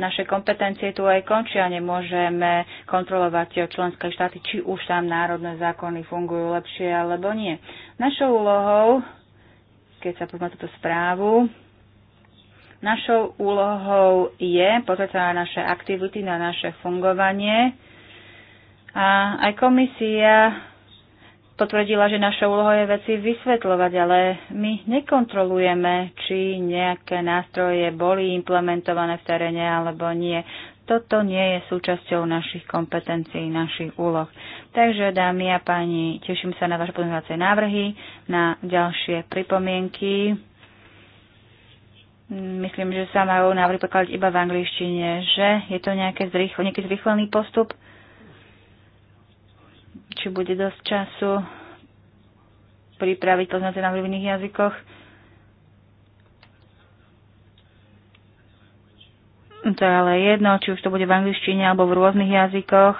naše kompetencie tu aj končia, nemôžeme kontrolovať členské štáty, či už tam národné zákony fungujú lepšie alebo nie. Našou úlohou, keď sa pozme túto správu, Našou úlohou je pozrieť sa na naše aktivity, na naše fungovanie. A aj komisia potvrdila, že naša úloha je veci vysvetľovať, ale my nekontrolujeme, či nejaké nástroje boli implementované v teréne alebo nie. Toto nie je súčasťou našich kompetencií, našich úloh. Takže, dámy a páni, teším sa na vaše pozmeňovacie návrhy, na ďalšie pripomienky. Myslím, že sa majú návrhy pokladať iba v angličtine, že je to nejaké nejaký zrýchlený postup či bude dosť času pripraviť poznacie na v iných jazykoch. To je ale jedno, či už to bude v angličtine alebo v rôznych jazykoch.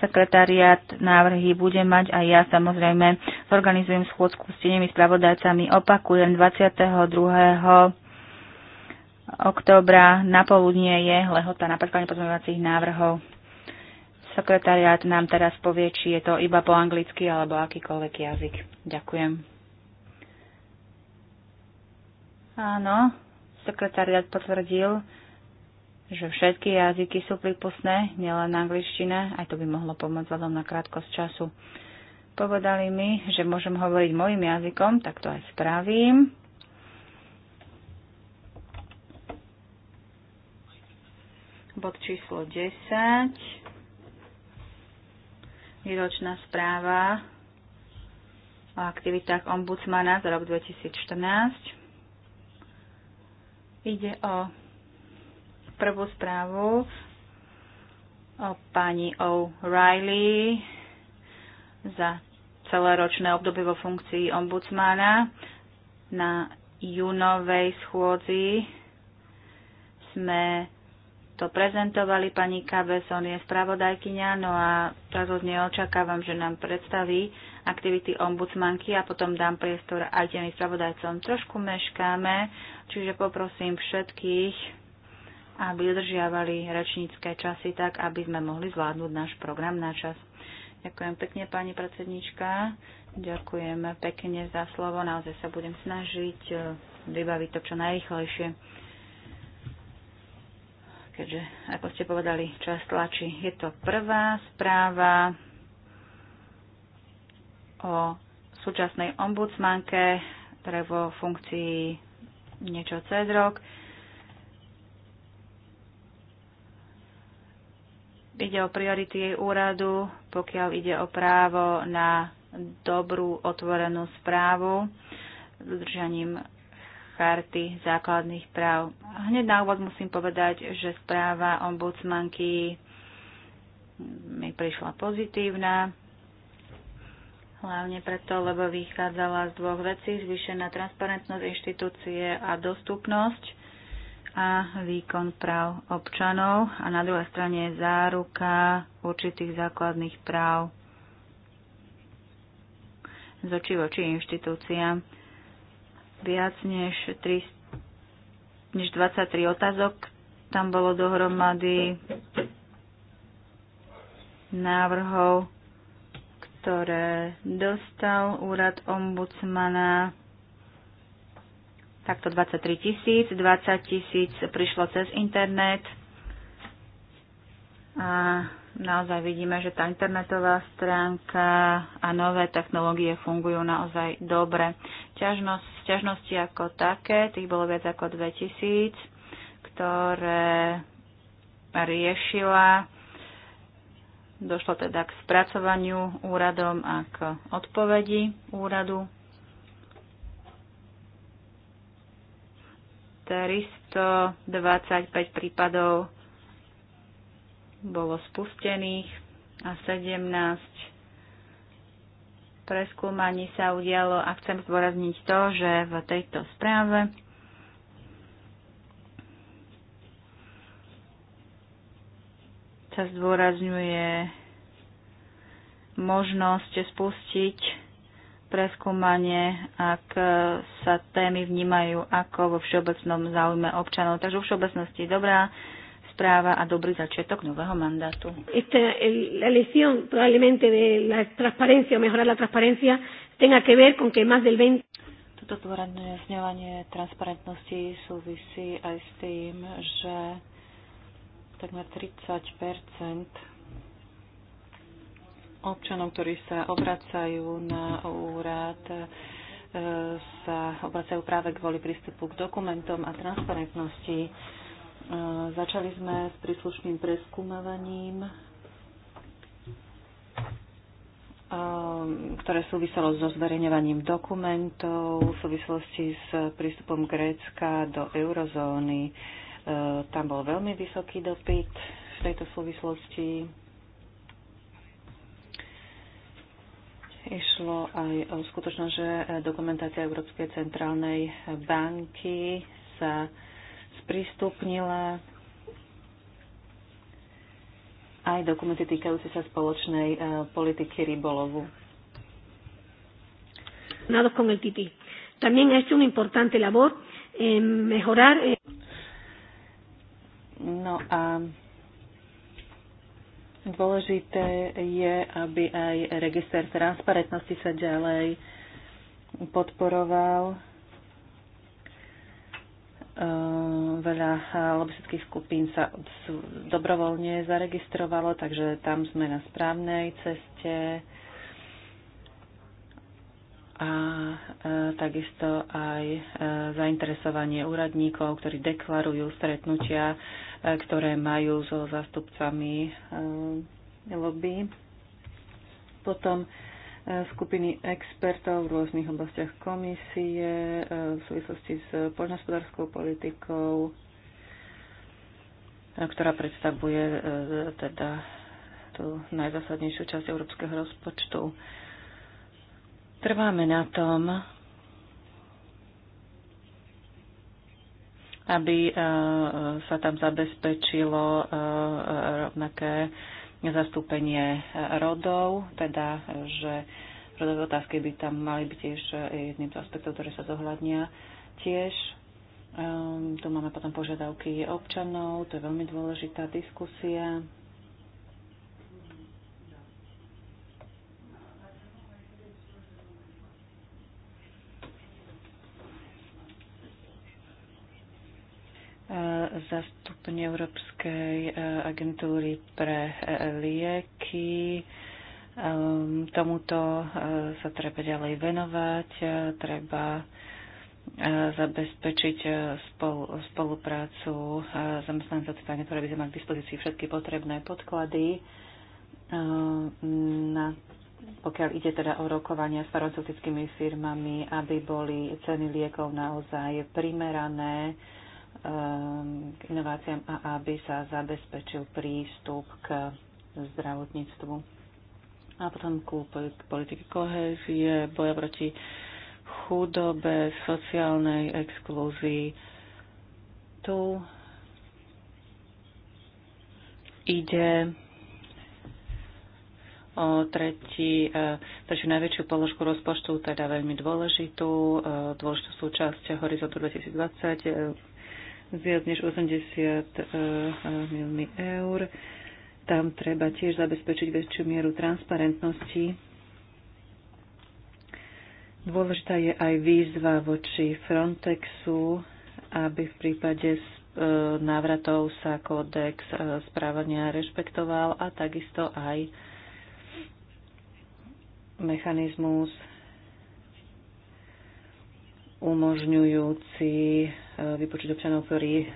Sekretariat návrhy bude mať a ja samozrejme zorganizujem schôdzku s tenými spravodajcami. Opakujem 22 októbra na poludnie je lehota na predkladne pozmeňovacích návrhov. Sekretariát nám teraz povie, či je to iba po anglicky alebo akýkoľvek jazyk. Ďakujem. Áno, sekretariát potvrdil, že všetky jazyky sú prípustné, nielen angličtina, aj to by mohlo pomôcť vzhľadom na krátkosť času. Povedali mi, že môžem hovoriť mojim jazykom, tak to aj spravím. bod číslo 10 výročná správa o aktivitách ombudsmana za rok 2014. Ide o prvú správu o pani O'Reilly za celé ročné obdobie vo funkcii ombudsmana. Na junovej schôdzi sme to prezentovali. Pani on je spravodajkyňa, no a teraz od nej očakávam, že nám predstaví aktivity ombudsmanky a potom dám priestor aj tým spravodajcom. Trošku meškáme, čiže poprosím všetkých, aby dodržiavali rečnícke časy tak, aby sme mohli zvládnuť náš program na čas. Ďakujem pekne, pani predsednička. Ďakujem pekne za slovo. Naozaj sa budem snažiť eh, vybaviť to čo najrychlejšie keďže, ako ste povedali, čas tlačí. Je to prvá správa o súčasnej ombudsmanke, ktorá je vo funkcii niečo cez rok. Ide o priority jej úradu, pokiaľ ide o právo na dobrú otvorenú správu s udržaním charty základných práv. Hneď na úvod musím povedať, že správa ombudsmanky mi prišla pozitívna, hlavne preto, lebo vychádzala z dvoch vecí, zvýšená transparentnosť inštitúcie a dostupnosť a výkon práv občanov a na druhej strane záruka určitých základných práv z očí voči inštitúciám viac než, 3, než 23 otázok. Tam bolo dohromady návrhov, ktoré dostal úrad ombudsmana takto 23 tisíc, 20 tisíc prišlo cez internet a naozaj vidíme, že tá internetová stránka a nové technológie fungujú naozaj dobre. Ťažnosť, ťažnosti ako také, tých bolo viac ako 2000, ktoré riešila. Došlo teda k spracovaniu úradom a k odpovedi úradu. 325 prípadov bolo spustených a 17 preskúmaní sa udialo a chcem zdôrazniť to, že v tejto správe sa zdôrazňuje možnosť spustiť preskúmanie, ak sa témy vnímajú ako vo všeobecnom záujme občanov. Takže vo všeobecnosti dobrá správa a dobrý začiatok nového mandátu. Esta, el, la elección probablemente de la transparencia o mejorar la transparencia tenga que ver con que más del 20 toto dôradné zňovanie transparentnosti súvisí aj s tým, že takmer 30 občanov, ktorí sa obracajú na úrad, e, sa obracajú práve kvôli prístupu k dokumentom a transparentnosti Začali sme s príslušným preskúmavaním, ehm, ktoré súviselo so zverejňovaním dokumentov v súvislosti s prístupom Grécka do eurozóny. Ehm, tam bol veľmi vysoký dopyt v tejto súvislosti. Išlo aj o skutočnosť, že dokumentácia Európskej centrálnej banky sa sprístupnila aj dokumenty týkajúce sa spoločnej uh, politiky rybolovu. Nados con el TTIP. También ha hecho una importante labor en mejorar. Eh, no a dôležité je, aby aj register transparentnosti sa ďalej podporoval Eh, veľa eh, lobistických skupín sa dobrovoľne zaregistrovalo, takže tam sme na správnej ceste a e, takisto aj e, zainteresovanie úradníkov, ktorí deklarujú stretnutia, e, ktoré majú so zástupcami e, lobby. Potom e, skupiny expertov v rôznych oblastiach komisie e, v súvislosti s poľnohospodárskou politikou, e, ktorá predstavuje e, teda tú najzásadnejšiu časť európskeho rozpočtu. Trváme na tom, aby sa tam zabezpečilo rovnaké zastúpenie e, rodov, teda že rodové otázky by tam mali byť tiež e, jedným z aspektov, ktoré sa zohľadnia. Tiež um, tu máme potom požiadavky občanov, to je veľmi dôležitá diskusia. zastupne Európskej e, agentúry pre e, lieky. Ehm, tomuto e, sa treba ďalej venovať, treba zabezpečiť spoluprácu zamestnancov teda agentúry, sme mali k dispozícii všetky potrebné podklady ehm, na pokiaľ ide teda o rokovania s farmaceutickými firmami, aby boli ceny liekov naozaj primerané, Ehm, k inováciám a aby sa zabezpečil prístup k zdravotníctvu. A potom ku politike kohézie, boja proti chudobe, sociálnej exklúzii. Tu ide o tretí, e, tretiu najväčšiu položku rozpočtu, teda veľmi dôležitú, e, dôležitú súčasť Horizontu 2020 viac než 80 e, e, miliónmi eur. Tam treba tiež zabezpečiť väčšiu mieru transparentnosti. Dôležitá je aj výzva voči Frontexu, aby v prípade e, návratov sa kódex správania rešpektoval a takisto aj mechanizmus umožňujúci Eh, vypočuť občanov, ktorí eh,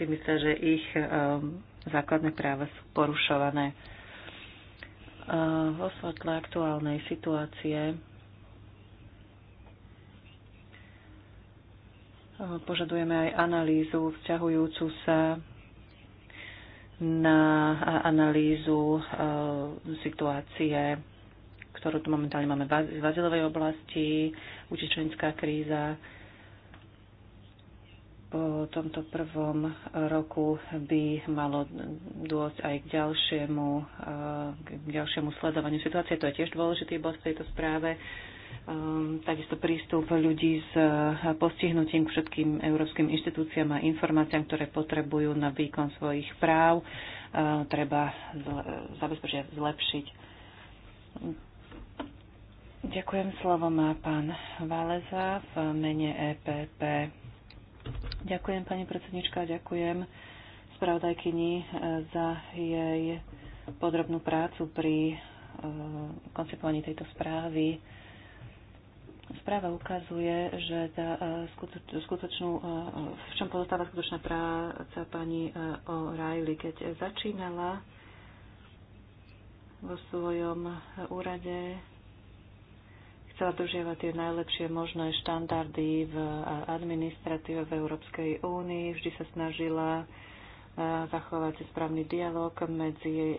si myslia, že ich eh, základné práva sú porušované. Vo svetle aktuálnej situácie požadujeme aj analýzu vzťahujúcu sa na analýzu situácie, ktorú tu momentálne máme v vazilovej oblasti, utečenská kríza, po tomto prvom eh, roku by malo dôjsť aj k ďalšiemu, eh, k ďalšiemu sledovaniu situácie. To je tiež dôležitý bod v tejto správe. Ehm, takisto prístup ľudí s eh, postihnutím k všetkým európskym inštitúciám a informáciám, ktoré potrebujú na výkon svojich práv, treba zabezpečiť zlepšiť. Ďakujem. Slovo má pán Váleza v mene EPP. Ďakujem, pani predsednička, ďakujem spravodajkyni eh, za jej podrobnú prácu pri eh, koncipovaní tejto správy. Správa ukazuje, že tá eh, skutočnú, v čom pozostáva skutočná práca pani O'Reilly, keď začínala vo svojom úrade chcela dodržiavať tie najlepšie možné štandardy v administratíve v Európskej únii. Vždy sa snažila eh, zachovať správny dialog medzi eh,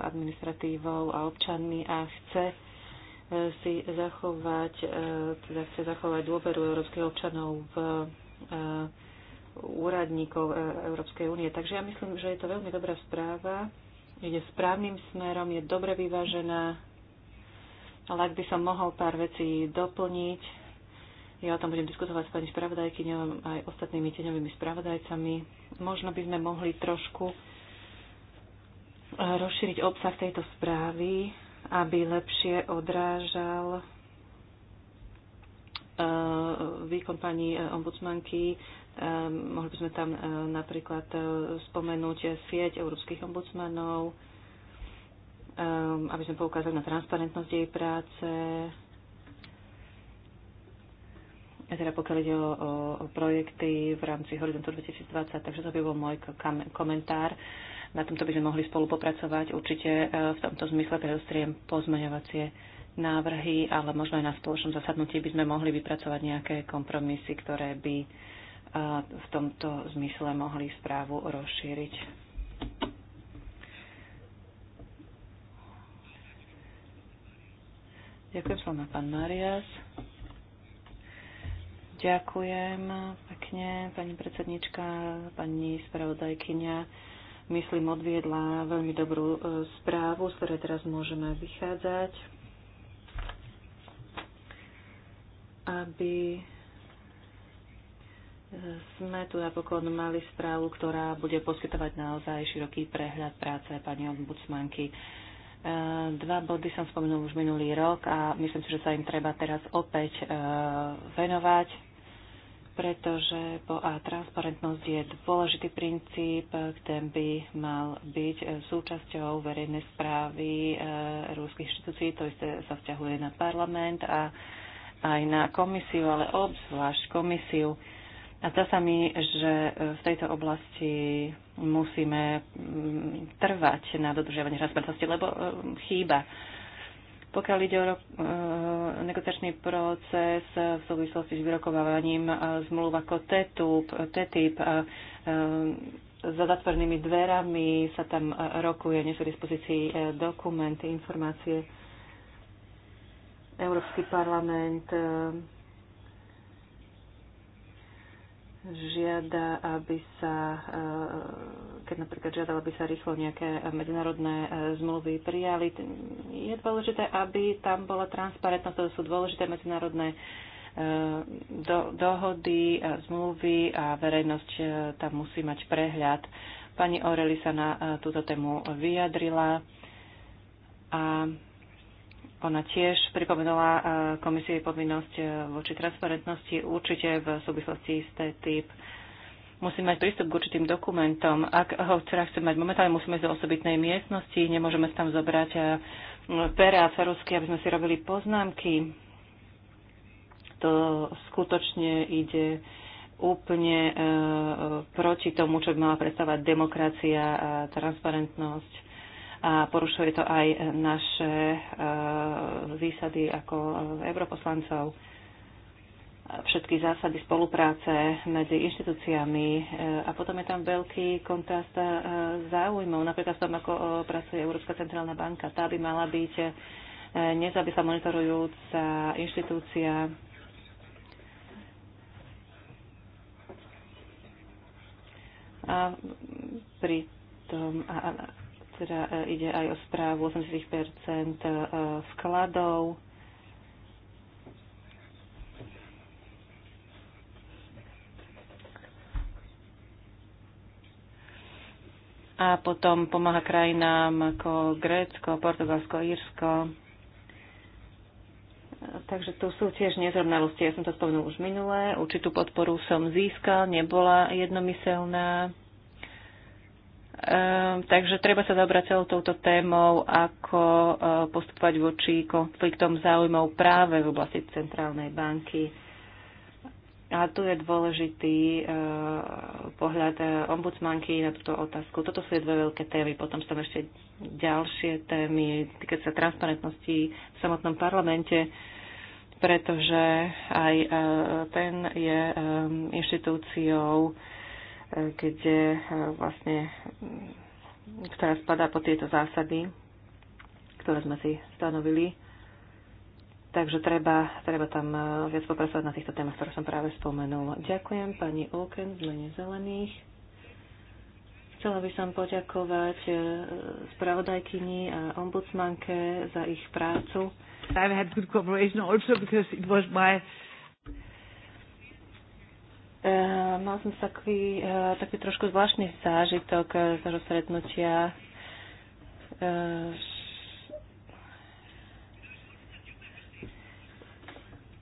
administratívou a občanmi a chce eh, si zachovať, teda chce zachovať dôveru európskych občanov v úradníkov Európskej únie. Takže ja myslím, že je to veľmi dobrá správa, ide správnym smerom, je dobre vyvážená ale ak by som mohol pár vecí doplniť, ja o tom budem diskutovať s pani spravodajkyňou aj ostatnými teňovými spravodajcami. Možno by sme mohli trošku eh, rozšíriť obsah tejto správy, aby lepšie odrážal eh, výkon pani eh, ombudsmanky. Mohli by sme tam napríklad spomenúť sieť európskych ombudsmanov, Ehm, aby sme poukázali na transparentnosť jej práce, teda pokiaľ ide o, o, o projekty v rámci Horizontu 2020, takže to by bol môj komentár. Na tomto by sme mohli spolu popracovať určite e, v tomto zmysle preostriem pozmeňovacie návrhy, ale možno aj na spoločnom zasadnutí by sme mohli vypracovať nejaké kompromisy, ktoré by e, v tomto zmysle mohli správu rozšíriť. Ďakujem slovo na pán Marias. Ďakujem pekne, pani predsednička, pani spravodajkyňa. Myslím, odviedla veľmi dobrú e, správu, z ktorej teraz môžeme vychádzať, aby e, sme tu napokon mali správu, ktorá bude poskytovať naozaj široký prehľad práce pani ombudsmanky. Ehm, dva body som spomenul už minulý rok a myslím si, že sa im treba teraz opäť ehm, venovať, pretože po A transparentnosť je dôležitý princíp, ten by mal byť ehm, súčasťou verejnej správy rúských inštitúcií, to isté sa vzťahuje na parlament a aj na komisiu, ale obzvlášť komisiu. A zdá sa mi, že e, v tejto oblasti musíme mm, trvať na dodržiavanie transparentnosti, lebo e, chýba. Pokiaľ ide o e, negociačný proces v súvislosti s vyrokovávaním zmluv ako TTIP za zatvorenými dverami sa tam rokuje, nie sú v dispozícii dokumenty, informácie. Európsky parlament žiada, aby sa, eh, keď napríklad žiadala, aby sa rýchlo nejaké medzinárodné eh, zmluvy prijali, je dôležité, aby tam bola transparentnosť, to sú dôležité medzinárodné eh, do, dohody, zmluvy a verejnosť tam musí mať prehľad. Pani Oreli sa na túto tému vyjadrila a ona tiež pripomenula e, komisii povinnosť e, voči transparentnosti určite v súvislosti s typ Musí mať prístup k určitým dokumentom. Ak ho teda chce mať momentálne, musíme ísť do osobitnej miestnosti, nemôžeme tam zobrať e, pere a ferusky, aby sme si robili poznámky. To skutočne ide úplne proti tomu, čo by mala predstavať demokracia a transparentnosť a porušuje to aj naše výsady eh, ako europoslancov všetky zásady spolupráce medzi inštitúciami eh, a potom je tam veľký kontrast eh, záujmov. Napríklad v tom, ako pracuje Európska centrálna banka. Tá by mala byť nezávislá monitorujúca inštitúcia. A pri tom, a, teda e, ide aj o správu 80 e, vkladov. A potom pomáha krajinám ako Grécko, Portugalsko, Írsko. Takže tu sú tiež nezrovnalosti. Ja som to spomenul už minulé. Určitú podporu som získal, nebola jednomyselná Ehm, takže treba sa zabrať celou touto témou, ako eh, postupovať voči konfliktom záujmov práve v oblasti centrálnej banky. A tu je dôležitý eh, pohľad eh, ombudsmanky na túto otázku. Toto sú dve veľké témy. Potom sú tam ešte ďalšie témy, týkať sa transparentnosti v samotnom parlamente, pretože aj ten je inštitúciou, kde vlastne, ktorá spadá po tieto zásady, ktoré sme si stanovili. Takže treba, treba tam e, viac popracovať na týchto témach, ktoré som práve spomenul. Ďakujem pani Oken z mene zelených. Chcela by som poďakovať e, spravodajkyni a ombudsmanke za ich prácu. I've had good cooperation also because it was my Eh, mal som taký, eh, taký trošku zvláštny zážitok eh, z rozstretnutia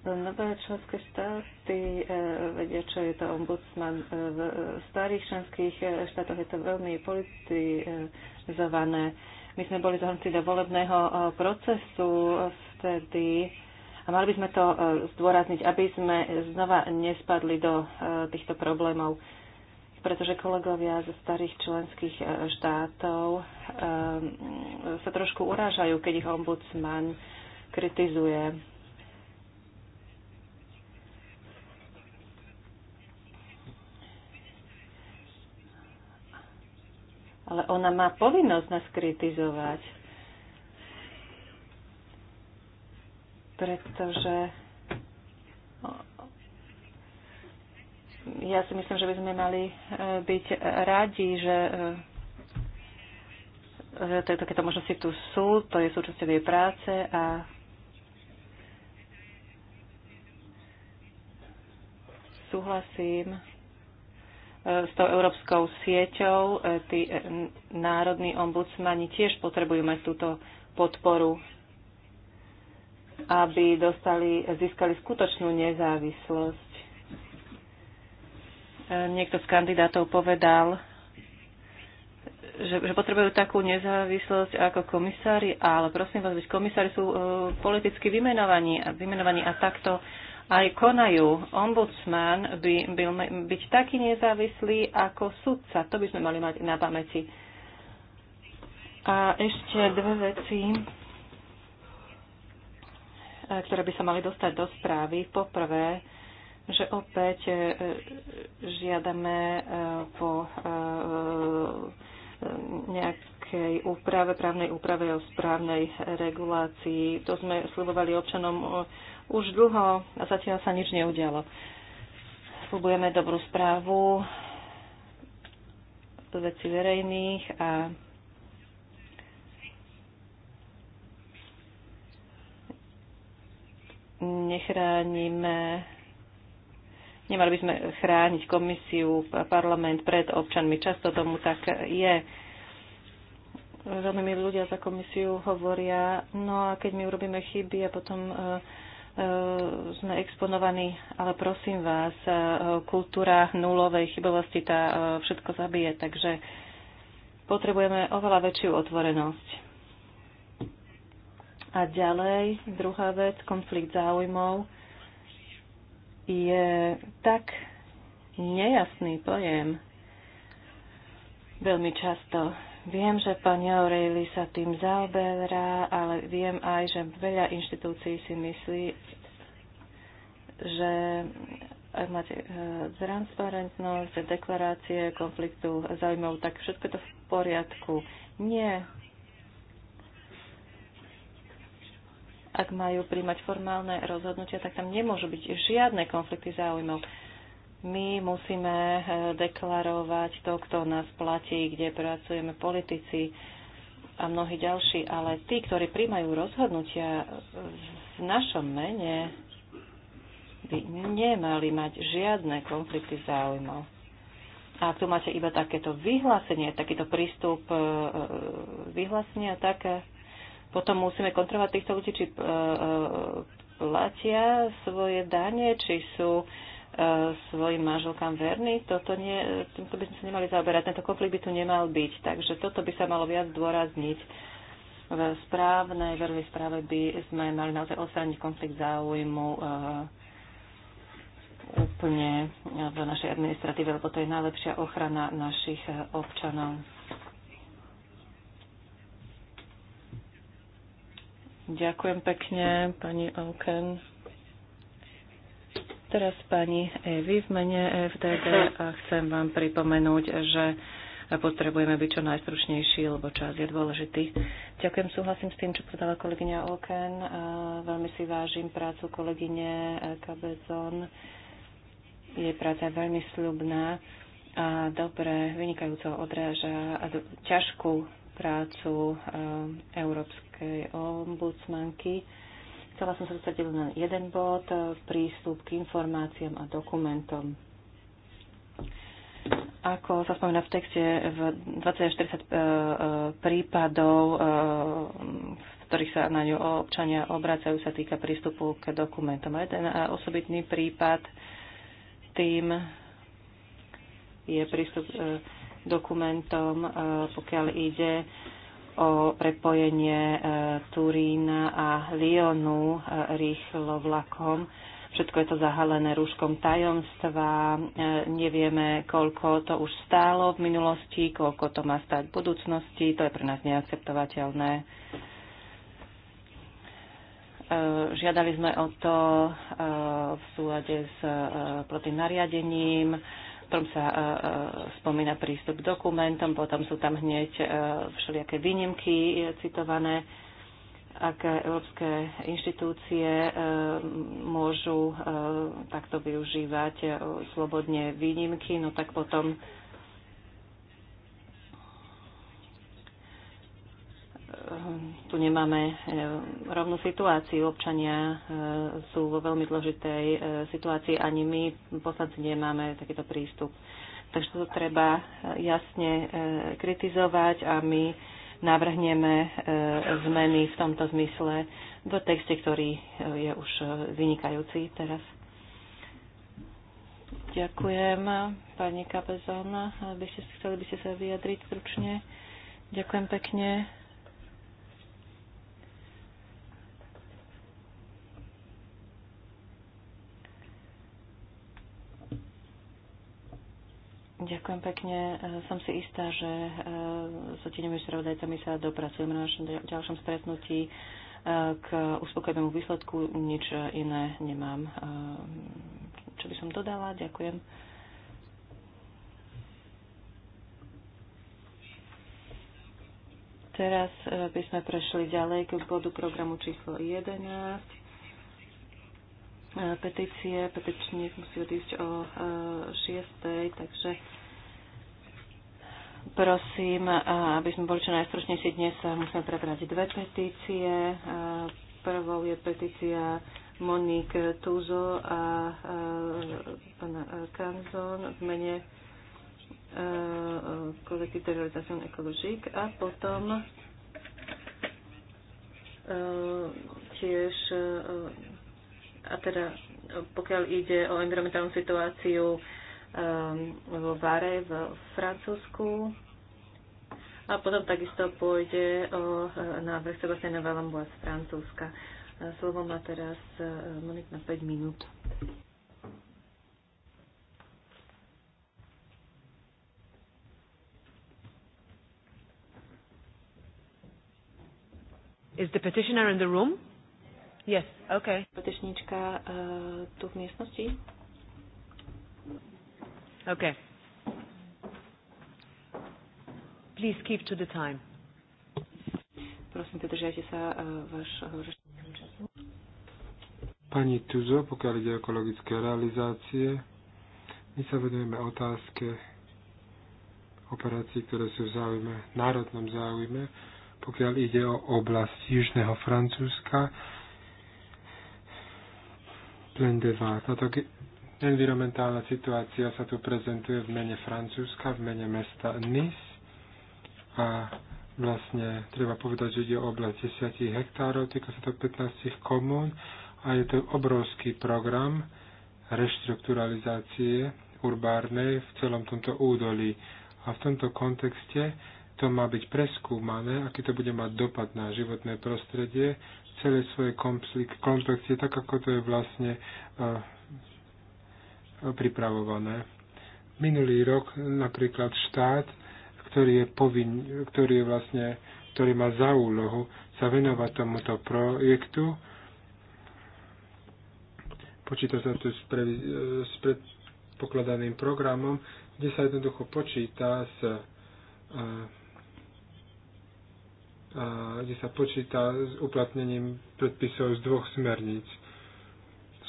no, Nové členské štáty vedia, čo je to ombudsman. V starých členských štátoch je to veľmi politizované. My sme boli zahrnutí do volebného procesu vtedy a mali by sme to e, zdôrazniť, aby sme znova nespadli do e, týchto problémov, pretože kolegovia zo starých členských e, štátov sa trošku urážajú, keď ich ombudsman kritizuje. Ale ona má povinnosť nás kritizovať. pretože ja si myslím, že by sme mali e, byť radi, že e, že takéto možnosti tu sú, to je súčasťou jej práce a súhlasím e, s tou európskou sieťou. Tí národní ombudsmani tiež potrebujú mať túto podporu aby dostali, získali skutočnú nezávislosť. E, niekto z kandidátov povedal, že, že potrebujú takú nezávislosť ako komisári, ale prosím vás, veď komisári sú e, politicky vymenovaní a, vymenovaní a takto aj konajú. Ombudsman by byl byť taký nezávislý ako sudca. To by sme mali mať na pamäti. A ešte dve veci E, ktoré by sa mali dostať do správy. Poprvé, že opäť e, žiadame e, po nejakej úprave, právnej úprave o správnej regulácii. To sme slibovali občanom už dlho a zatiaľ sa nič neudialo. Slibujeme dobrú správu veci verejných a nechránime nemali by sme chrániť komisiu, parlament pred občanmi. Často tomu tak je. Veľmi mi ľudia za komisiu hovoria, no a keď my urobíme chyby a potom uh, uh, sme exponovaní, ale prosím vás, uh, kultúra nulovej chybovosti tá uh, všetko zabije, takže potrebujeme oveľa väčšiu otvorenosť. A ďalej, druhá vec, konflikt záujmov je tak nejasný pojem. Veľmi často Viem, že pani O'Reilly sa tým zaoberá, ale viem aj, že veľa inštitúcií si myslí, že ak máte e, transparentnosť, deklarácie konfliktu záujmov, tak všetko je to v poriadku. Nie, ak majú príjmať formálne rozhodnutia, tak tam nemôžu byť žiadne konflikty záujmov. My musíme e, deklarovať to, kto nás platí, kde pracujeme politici a mnohí ďalší, ale tí, ktorí príjmajú rozhodnutia v našom mene, by nemali mať žiadne konflikty záujmov. A ak tu máte iba takéto vyhlásenie, takýto prístup e, e, vyhlásenia, tak potom musíme kontrolovať týchto ľudí, či e, e, platia svoje dane, či sú e, svojim manželkám verní. Toto nie, týmto by sme sa nemali zaoberať. Tento konflikt by tu nemal byť. Takže toto by sa malo viac dôrazniť. V správnej verovej správe by sme mali naozaj odstrániť konflikt záujmu úplne v našej administratíve, lebo to je najlepšia ochrana našich občanov. Ďakujem pekne, pani Oken. Teraz pani Evi v mene FDD a chcem vám pripomenúť, že potrebujeme byť čo najstručnejší, lebo čas je dôležitý. Ďakujem, súhlasím s tým, čo povedala kolegyňa Oken. Veľmi si vážim prácu kolegyne Kabezon. Jej práca je veľmi sľubná a dobre, vynikajúco odráža ťažkú prácu eh, Európskej ombudsmanky. Chcela som sa dostať na jeden bod, eh, prístup k informáciám a dokumentom. Ako sa spomína v texte, v 2040 eh, prípadov, v ktorých sa na ňu občania obracajú, sa týka prístupu k dokumentom. A jeden osobitný prípad tým je prístup dokumentom, e, pokiaľ ide o prepojenie e, Turína a Lyonu e, rýchlo vlakom. Všetko je to zahalené rúškom tajomstva. Nevieme, koľko to už stálo v minulosti, koľko to má stať v budúcnosti. To je pre nás neakceptovateľné. Žiadali sme o to v súlade s proti nariadením potom sa e, e, spomína prístup k dokumentom, potom sú tam hneď e, všelijaké výnimky citované ak európske inštitúcie môžu takto využívať slobodne výnimky, no tak potom tu nemáme e, rovnú situáciu. Občania e, sú vo veľmi dôležitej e, situácii. Ani my, poslanci, nemáme takýto prístup. Takže to treba jasne kritizovať a my navrhneme zmeny v tomto zmysle v texte, ktorý je už vynikajúci teraz. Ďakujem, pani Kapezón. By ste, chceli by ste sa vyjadriť stručne? Ďakujem pekne. Ďakujem pekne. E, som si istá, že e, s otinimi spravodajcami sa dopracujeme na našom ďalšom stretnutí e, k uspokojivému výsledku. Nič iné nemám, čo by som dodala. Ďakujem. Teraz by sme prešli ďalej k bodu programu číslo 11 E, petície. petične musí odísť o 6. E, takže prosím, e, aby sme boli čo najstručnejšie dnes, musíme prebrať dve petície. Prvou je petícia Monique Tuzo a pána Kanzon v mene kolektív Terrorizacion Ecologique a potom tiež a teda pokiaľ ide o environmentálnu situáciu um, vo Vare v Francúzsku. A potom takisto pôjde o e, návrh Sebastiana Valambua z Francúzska. E, slovo má teraz e, Monik na 5 minút. Is the petitioner in the room? Yes, okay. Petečníčka uh, eh, tu v miestnosti. Okay. Please keep to the time. Prosím, podržajte sa uh, eh, váš rečníckého eh, času. Pani Tuzo, pokiaľ ide o ekologické realizácie, my sa venujeme otázke operácií, ktoré sú v záujme, národnom záujme, pokiaľ ide o oblasť južného Francúzska, splendevá. Táto environmentálna situácia sa tu prezentuje v mene Francúzska, v mene mesta Nice a vlastne treba povedať, že ide o oblasť 10 hektárov, týka sa to 15 komún a je to obrovský program reštrukturalizácie urbárnej v celom tomto údolí. A v tomto kontexte to má byť preskúmané, aký to bude mať dopad na životné prostredie, celé svoje komplexie, tak ako to je vlastne eh, pripravované. Minulý rok napríklad štát, ktorý je, povin, ktorý je vlastne, ktorý má za úlohu sa venovať tomuto projektu, počíta sa tu s, pre, s predpokladaným programom, kde sa jednoducho počíta s eh, kde sa počíta s uplatnením predpisov z dvoch smerníc.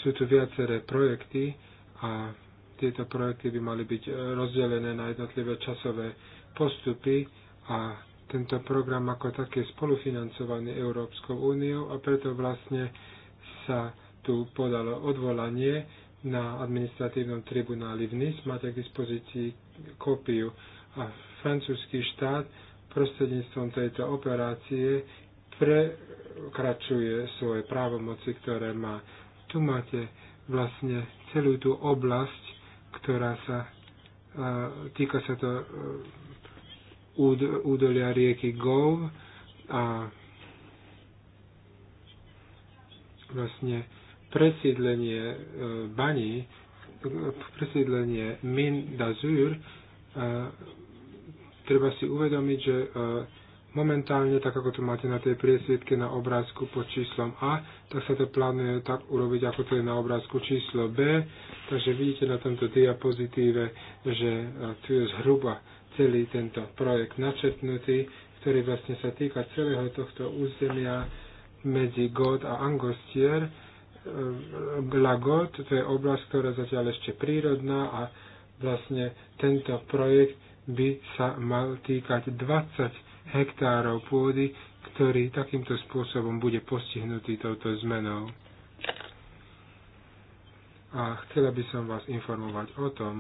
Sú tu viaceré projekty a tieto projekty by mali byť rozdelené na jednotlivé časové postupy a tento program ako taký je spolufinancovaný Európskou úniou a preto vlastne sa tu podalo odvolanie na administratívnom tribunáli v NIS. Máte k dispozícii kópiu a francúzsky štát prostredníctvom tejto operácie prekračuje svoje právomoci, ktoré má. Tu máte vlastne celú tú oblasť, ktorá sa e, týka sa to e, údolia rieky Gov a vlastne presídlenie e, Bani, presídlenie Min d'Azur treba si uvedomiť, že e, momentálne, tak ako to máte na tej priesvietke na obrázku pod číslom A, tak sa to plánuje tak urobiť, ako to je na obrázku číslo B. Takže vidíte na tomto diapozitíve, že e, tu je zhruba celý tento projekt načetnutý, ktorý vlastne sa týka celého tohto územia medzi God a Angostier. E, God, to je oblasť, ktorá zatiaľ ešte prírodná a vlastne tento projekt by sa mal týkať 20 hektárov pôdy, ktorý takýmto spôsobom bude postihnutý touto zmenou. A chcela by som vás informovať o tom,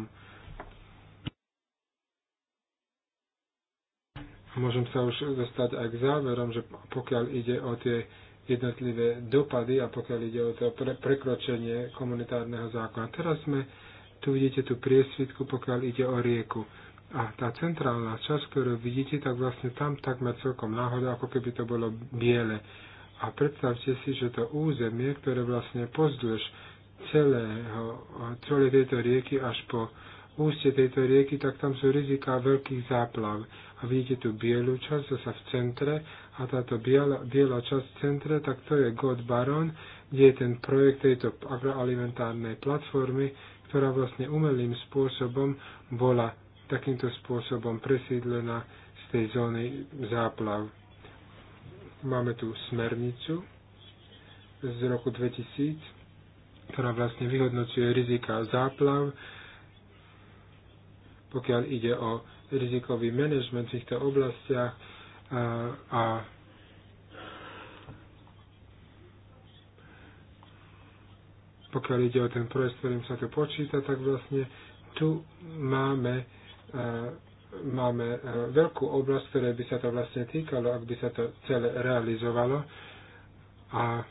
môžem sa už dostať aj k záverom, že pokiaľ ide o tie jednotlivé dopady a pokiaľ ide o to pre, prekročenie komunitárneho zákona. Teraz sme, tu vidíte tú priesvitku, pokiaľ ide o rieku. A tá centrálna časť, ktorú vidíte, tak vlastne tam takmer celkom náhoda, ako keby to bolo biele. A predstavte si, že to územie, ktoré vlastne pozdĺž celého, celej tejto rieky až po ústie tejto rieky, tak tam sú riziká veľkých záplav. A vidíte tú bielu časť, sa v centre, a táto biela, biela časť v centre, tak to je God Baron, kde je ten projekt tejto agroalimentárnej platformy, ktorá vlastne umelým spôsobom bola takýmto spôsobom presídlená z tej zóny záplav. Máme tu smernicu z roku 2000, ktorá vlastne vyhodnocuje rizika záplav, pokiaľ ide o rizikový manažment v týchto oblastiach a, a pokiaľ ide o ten projekt, ktorým sa to počíta, tak vlastne tu máme máme e, veľkú oblasť, ktoré by sa to vlastne týkalo, ak by sa to celé realizovalo. A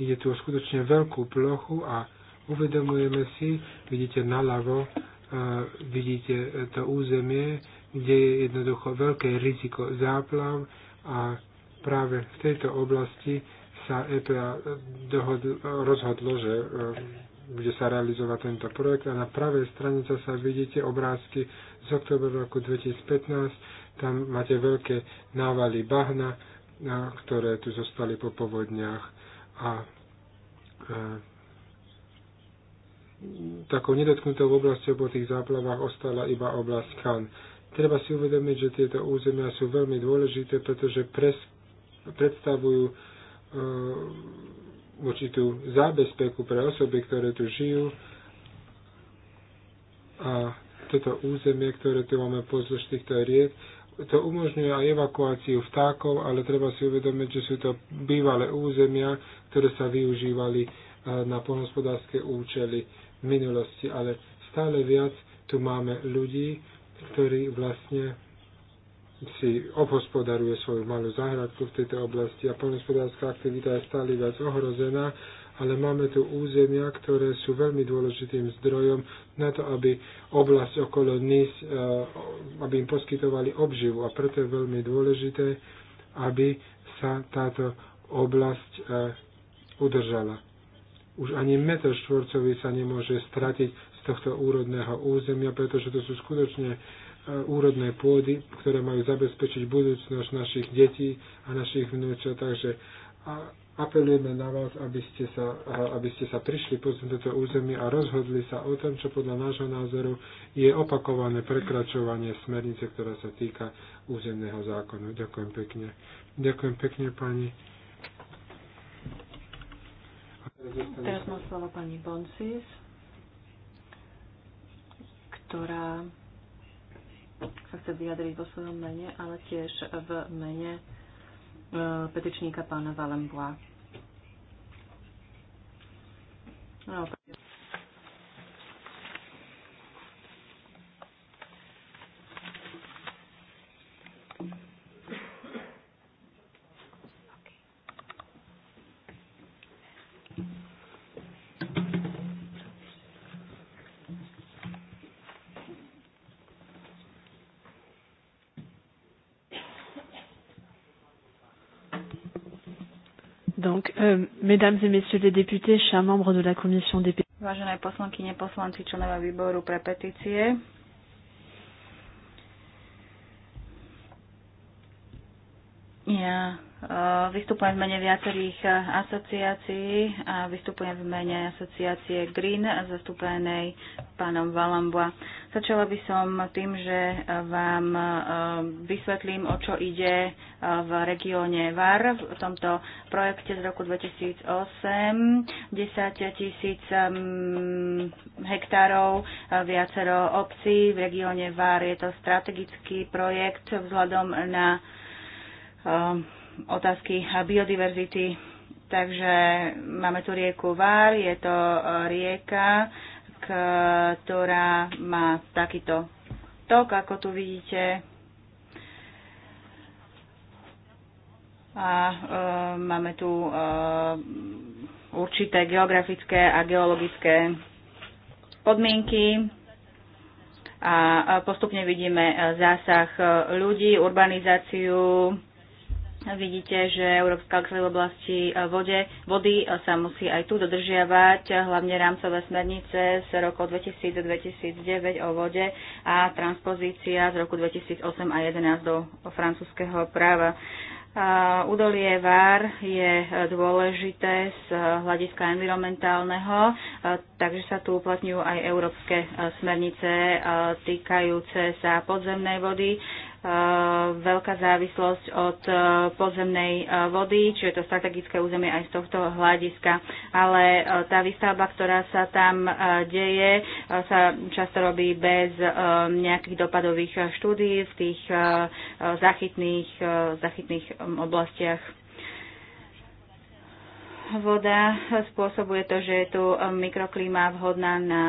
ide tu o skutočne veľkú plochu a uvedomujeme si, vidíte naľavo, e, vidíte to územie, kde je jednoducho veľké riziko záplav a práve v tejto oblasti sa EPA dohodl, rozhodlo, že e, bude sa realizovať tento projekt a na pravej strane sa vidíte obrázky z oktobra roku 2015. Tam máte veľké návaly bahna, ktoré tu zostali po povodniach a e, takou nedotknutou oblasťou po tých záplavách ostala iba oblasť Khan. Treba si uvedomiť, že tieto územia sú veľmi dôležité, pretože pres, predstavujú e, určitú zábezpeku pre osoby, ktoré tu žijú a toto územie, ktoré tu máme pozdĺž týchto riek, to umožňuje aj evakuáciu vtákov, ale treba si uvedomiť, že sú to bývalé územia, ktoré sa využívali e, na polnospodárske účely v minulosti, ale stále viac tu máme ľudí, ktorí vlastne si obhospodaruje svoju malú záhradku v tejto oblasti a poľnohospodárska aktivita je stále viac ohrozená, ale máme tu územia, ktoré sú veľmi dôležitým zdrojom na to, aby oblasť okolo NIS, e, aby im poskytovali obživu a preto je veľmi dôležité, aby sa táto oblasť e, udržala. Už ani metr štvorcový sa nemôže stratiť z tohto úrodného územia, pretože to sú skutočne úrodné pôdy, ktoré majú zabezpečiť budúcnosť našich detí a našich vnúčov. Takže apelujeme na vás, aby ste sa, aby ste sa prišli pozrieť toto územie a rozhodli sa o tom, čo podľa nášho názoru je opakované prekračovanie smernice, ktorá sa týka územného zákonu. Ďakujem pekne. Ďakujem pekne, pani. Teraz má slovo pani Boncis, ktorá sa chce vyjadriť vo svojom mene, ale tiež v mene e, petičníka pána Valemboa. No, Donc, euh, mesdames et messieurs les députés, chers membres de la commission des pétitions. Vážené poslankyne, poslanci, výboru pre petície. Ja Vystupujem v mene viacerých asociácií a vystupujem v mene asociácie Green, zastúpenej pánom Valambua. Začala by som tým, že vám e, vysvetlím, o čo ide e, v regióne VAR v tomto projekte z roku 2008. 10 tisíc hektárov, e, viacero obcí v regióne VAR. Je to strategický projekt vzhľadom na otázky biodiverzity. Takže máme tu rieku Vár, je to e, rieka, ktorá má takýto tok, ako tu vidíte. A e, máme tu e, určité geografické a geologické podmienky a e, postupne vidíme e, zásah ľudí, urbanizáciu, Vidíte, že Európska legislatíva v oblasti e, vode, vody e, sa musí aj tu dodržiavať, e, hlavne rámcové smernice z roku 2000 2009 o vode a transpozícia z roku 2008 a 2011 do francúzského práva. Údolie VAR je dôležité z hľadiska environmentálneho, takže sa tu uplatňujú aj európske smernice týkajúce sa podzemnej vody, Eh, veľká závislosť od eh, pozemnej eh, vody, čiže je to strategické územie aj z tohto hľadiska. Ale tá výstavba, ktorá sa tam deje, sa často robí bez nejakých dopadových štúdí v tých zachytných, zachytných mm, oblastiach voda spôsobuje to, že je tu mikroklíma vhodná na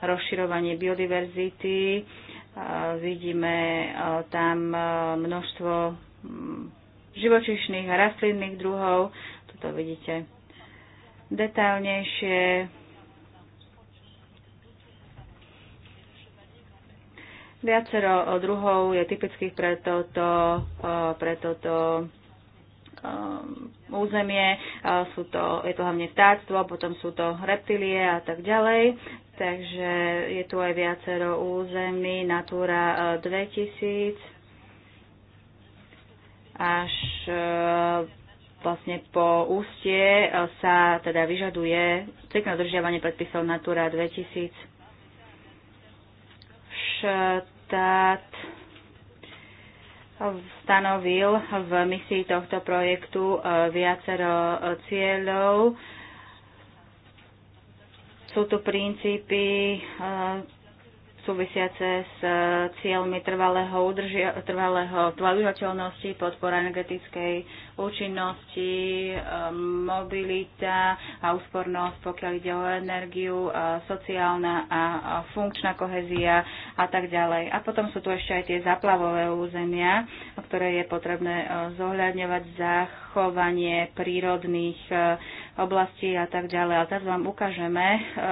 rozširovanie biodiverzity Vidíme tam množstvo živočišných a rastlinných druhov. Toto vidíte detailnejšie. Viacero druhov je typických pre toto, pre toto územie. Sú to, je to hlavne vtáctvo, potom sú to reptilie a tak ďalej takže je tu aj viacero území, Natura 2000 e, až e, vlastne po ústie e, sa teda vyžaduje striktné dodržiavanie predpisov Natura 2000. Štát stanovil v misii tohto projektu viacero cieľov sú tu princípy e, súvisiace s e, cieľmi trvalého, udržia, trvalého udržateľnosti, podpora energetickej účinnosti, um, mobilita a úspornosť, pokiaľ ide o energiu, uh, sociálna a funkčná kohezia a tak ďalej. A potom sú tu ešte aj tie zaplavové územia, ktoré je potrebné uh, zohľadňovať zachovanie prírodných uh, oblastí a tak ďalej. A teraz vám ukážeme,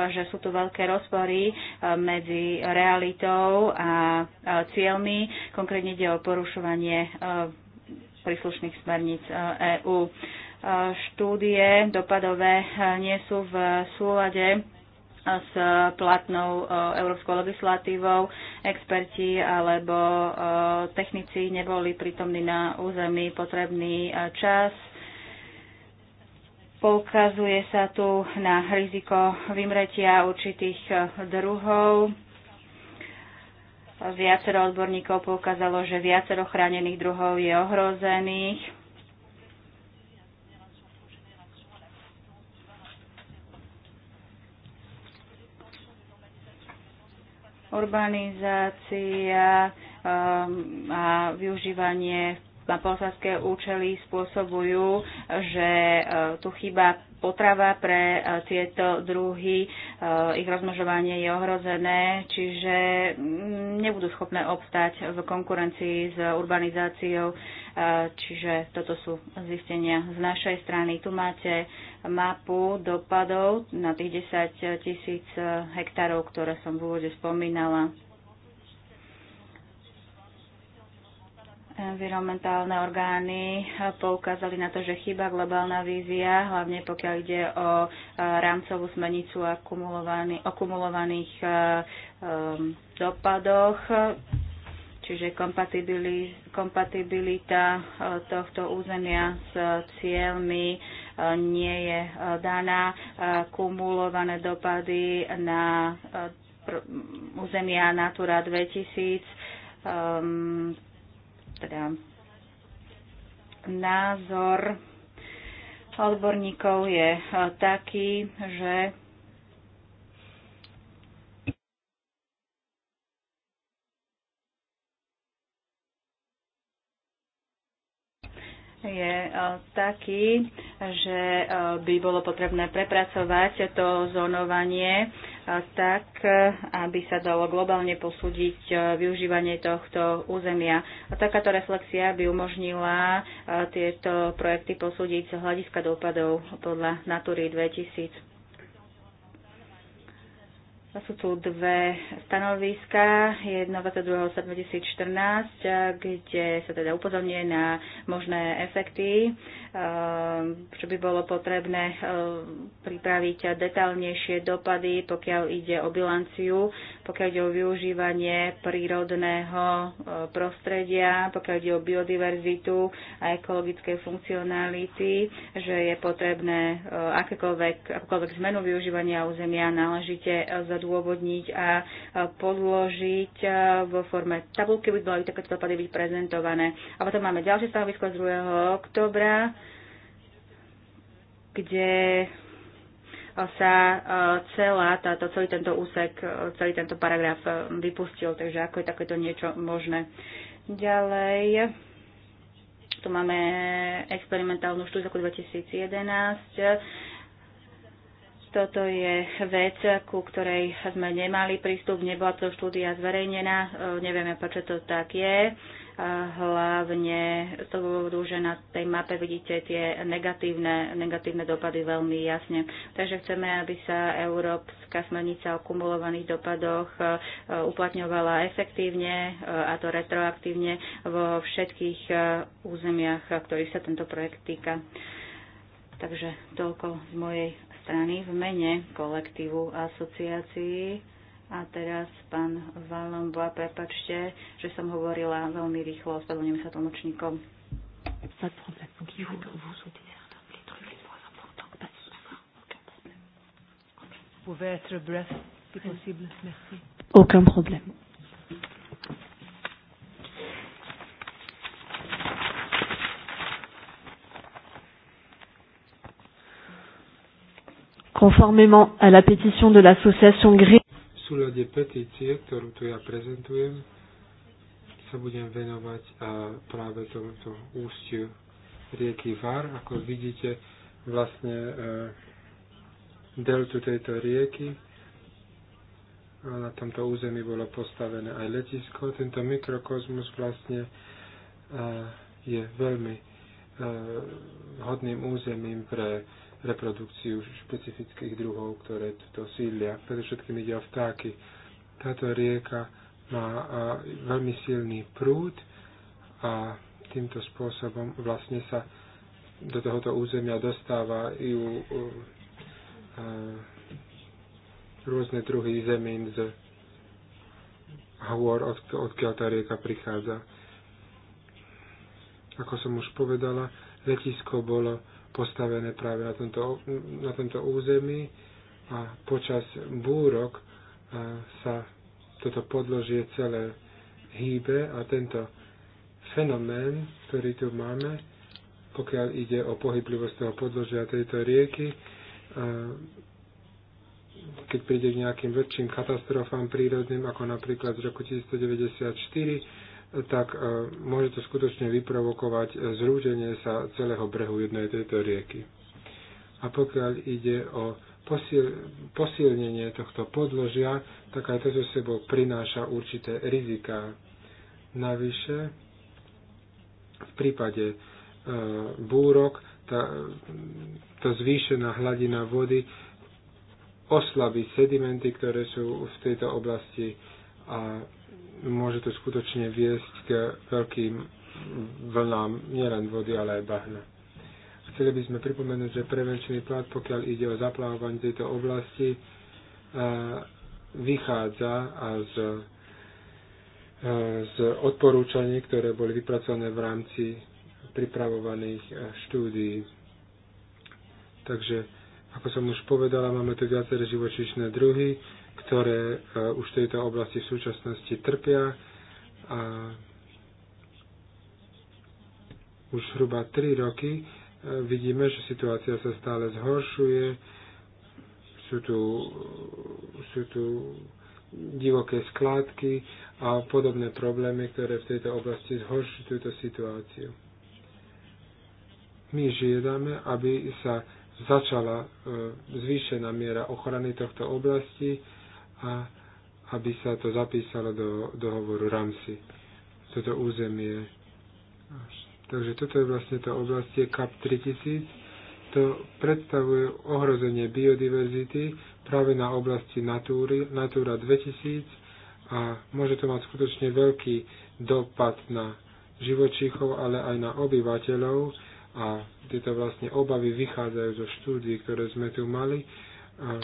že sú tu veľké rozpory medzi realitou a cieľmi. Konkrétne ide o porušovanie príslušných smerníc EÚ. E e, štúdie dopadové e, nie sú v súlade s platnou európskou legislatívou. Experti alebo technici neboli prítomní na území potrebný čas. Poukazuje sa tu na riziko vymretia určitých druhov Viacero odborníkov poukázalo, že viacero chránených druhov je ohrozených. Urbanizácia um, a využívanie na účely spôsobujú, že e, tu chýba potrava pre e, tieto druhy, e, ich rozmnožovanie je ohrozené, čiže mm, nebudú schopné obstať v konkurencii s urbanizáciou, čiže toto sú zistenia z našej strany. Tu máte mapu dopadov na tých 10 tisíc hektárov, ktoré som v úvode spomínala. Environmentálne orgány poukázali na to, že chyba globálna vízia, hlavne pokiaľ ide o e, rámcovú smernicu a akumulovaných e, dopadoch, čiže kompatibilita e, tohto územia s cieľmi nie je daná. Kumulované dopady na územia Natura 2000 teda názor odborníkov je eh, taký, že je eh, taký, že eh, by bolo potrebné prepracovať to zónovanie tak, aby sa dalo globálne posúdiť e, využívanie tohto územia. A takáto reflexia by umožnila e, tieto projekty posúdiť z hľadiska dopadov podľa Natúry 2000. Sú tu dve stanoviska, jedno 22.7.2014, kde sa teda upozorňuje na možné efekty, eh, čo by bolo potrebné eh, pripraviť detálnejšie dopady, pokiaľ ide o bilanciu, pokiaľ ide o využívanie prírodného eh, prostredia, pokiaľ ide o biodiverzitu a ekologické funkcionality, že je potrebné akékoľvek, akúkoľvek zmenu využívania územia náležite odôvodniť a podložiť v forme tabulky, by boli takéto dopady byť prezentované. A potom máme ďalšie stanovisko z 2. oktobra, kde sa celá táto, celý tento úsek, celý tento paragraf vypustil, takže ako je takéto niečo možné. Ďalej, tu máme experimentálnu štúdiu z roku 2011, toto je vec, ku ktorej sme nemali prístup, nebola to štúdia zverejnená, e, nevieme, prečo to tak je. E, hlavne z toho dôvodu, že na tej mape vidíte tie negatívne, negatívne dopady veľmi jasne. Takže chceme, aby sa Európska smernica o kumulovaných dopadoch e, uplatňovala efektívne a to retroaktívne vo všetkých územiach, ktorých sa tento projekt týka. Takže toľko z mojej strany v mene kolektívu asociácií. A teraz pán Valomba, prepačte, že som hovorila veľmi rýchlo, ospravedlňujem sa tlmočníkom. pouvez être bref, si possible. Merci. Aucun problème. conformément à la pétition de l'association Green. V súľade petície, ktorú tu ja prezentujem, sa budem venovať a práve tomuto ústiu rieky Var. Ako vidíte, vlastne e, deltu tejto rieky a na tomto území bolo postavené aj letisko. Tento mikrokozmus vlastne e, je veľmi e, hodným územím pre reprodukciu špecifických druhov, ktoré to sídlia. všetkým ide o vtáky. Táto rieka má veľmi silný prúd a týmto spôsobom vlastne sa do tohoto územia dostáva dostávajú rôzne druhy zemín z hôr, od, odkiaľ tá rieka prichádza. Ako som už povedala, letisko bolo postavené práve na tomto, na tomto území a počas búrok e, sa toto podložie celé hýbe a tento fenomén, ktorý tu máme, pokiaľ ide o pohyblivosť toho podložia tejto rieky, e, keď príde k nejakým väčším katastrofám prírodným, ako napríklad z roku 1994, tak e, môže to skutočne vyprovokovať e, zrúženie sa celého brehu jednej tejto rieky. A pokiaľ ide o posil, posilnenie tohto podložia, tak aj to so sebou prináša určité riziká. Navyše, v prípade e, búrok, tá, tá zvýšená hladina vody oslabí sedimenty, ktoré sú v tejto oblasti a môže to skutočne viesť k veľkým vlnám nielen vody, ale aj bahna. Chceli by sme pripomenúť, že prevenčný plát, pokiaľ ide o zaplávanie tejto oblasti, e, vychádza a z, e, z odporúčaní, ktoré boli vypracované v rámci pripravovaných e, štúdií. Takže, ako som už povedala, máme tu viaceré živočíšne druhy, ktoré e, už v tejto oblasti v súčasnosti trpia a už hruba 3 roky e, vidíme, že situácia sa stále zhoršuje, sú tu, sú tu divoké skládky a podobné problémy, ktoré v tejto oblasti zhoršujú túto situáciu. My žiadame, aby sa začala e, zvýšená miera ochrany tohto oblasti, a aby sa to zapísalo do dohovoru Ramsi, toto územie. Takže toto je vlastne to oblastie KAP 3000, to predstavuje ohrozenie biodiverzity práve na oblasti natúry, Natura 2000 a môže to mať skutočne veľký dopad na živočíchov, ale aj na obyvateľov a tieto vlastne obavy vychádzajú zo štúdí, ktoré sme tu mali. A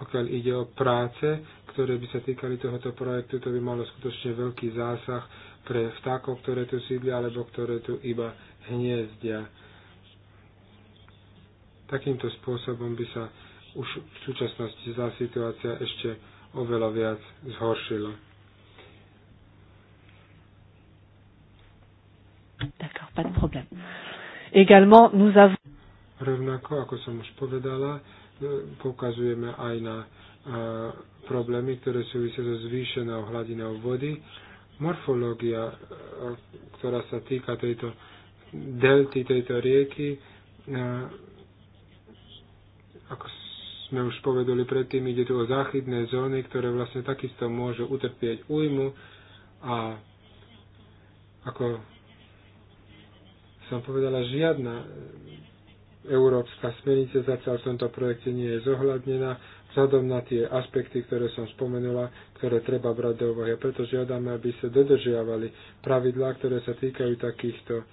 pokiaľ ide o práce, ktoré by sa týkali tohoto projektu, to by malo skutočne veľký zásah pre vtákov, ktoré tu sídlia alebo ktoré tu iba hniezdia. Takýmto spôsobom by sa už v súčasnosti tá situácia ešte oveľa viac zhoršila. D'accord, pas de problème. Également, nous avons... Rovnako, ako som už povedala, poukazujeme aj na e, problémy, ktoré súvisia so zvýšenou hladinou vody. Morfológia, e, ktorá sa týka tejto delty, tejto rieky, e, ako sme už povedali predtým, ide tu o záchytné zóny, ktoré vlastne takisto môžu utrpieť újmu a ako som povedala, žiadna európska smernica zatiaľ v tomto projekte nie je zohľadnená vzhľadom na tie aspekty, ktoré som spomenula, ktoré treba brať do úvahy. Preto žiadame, aby sa dodržiavali pravidlá, ktoré sa týkajú takýchto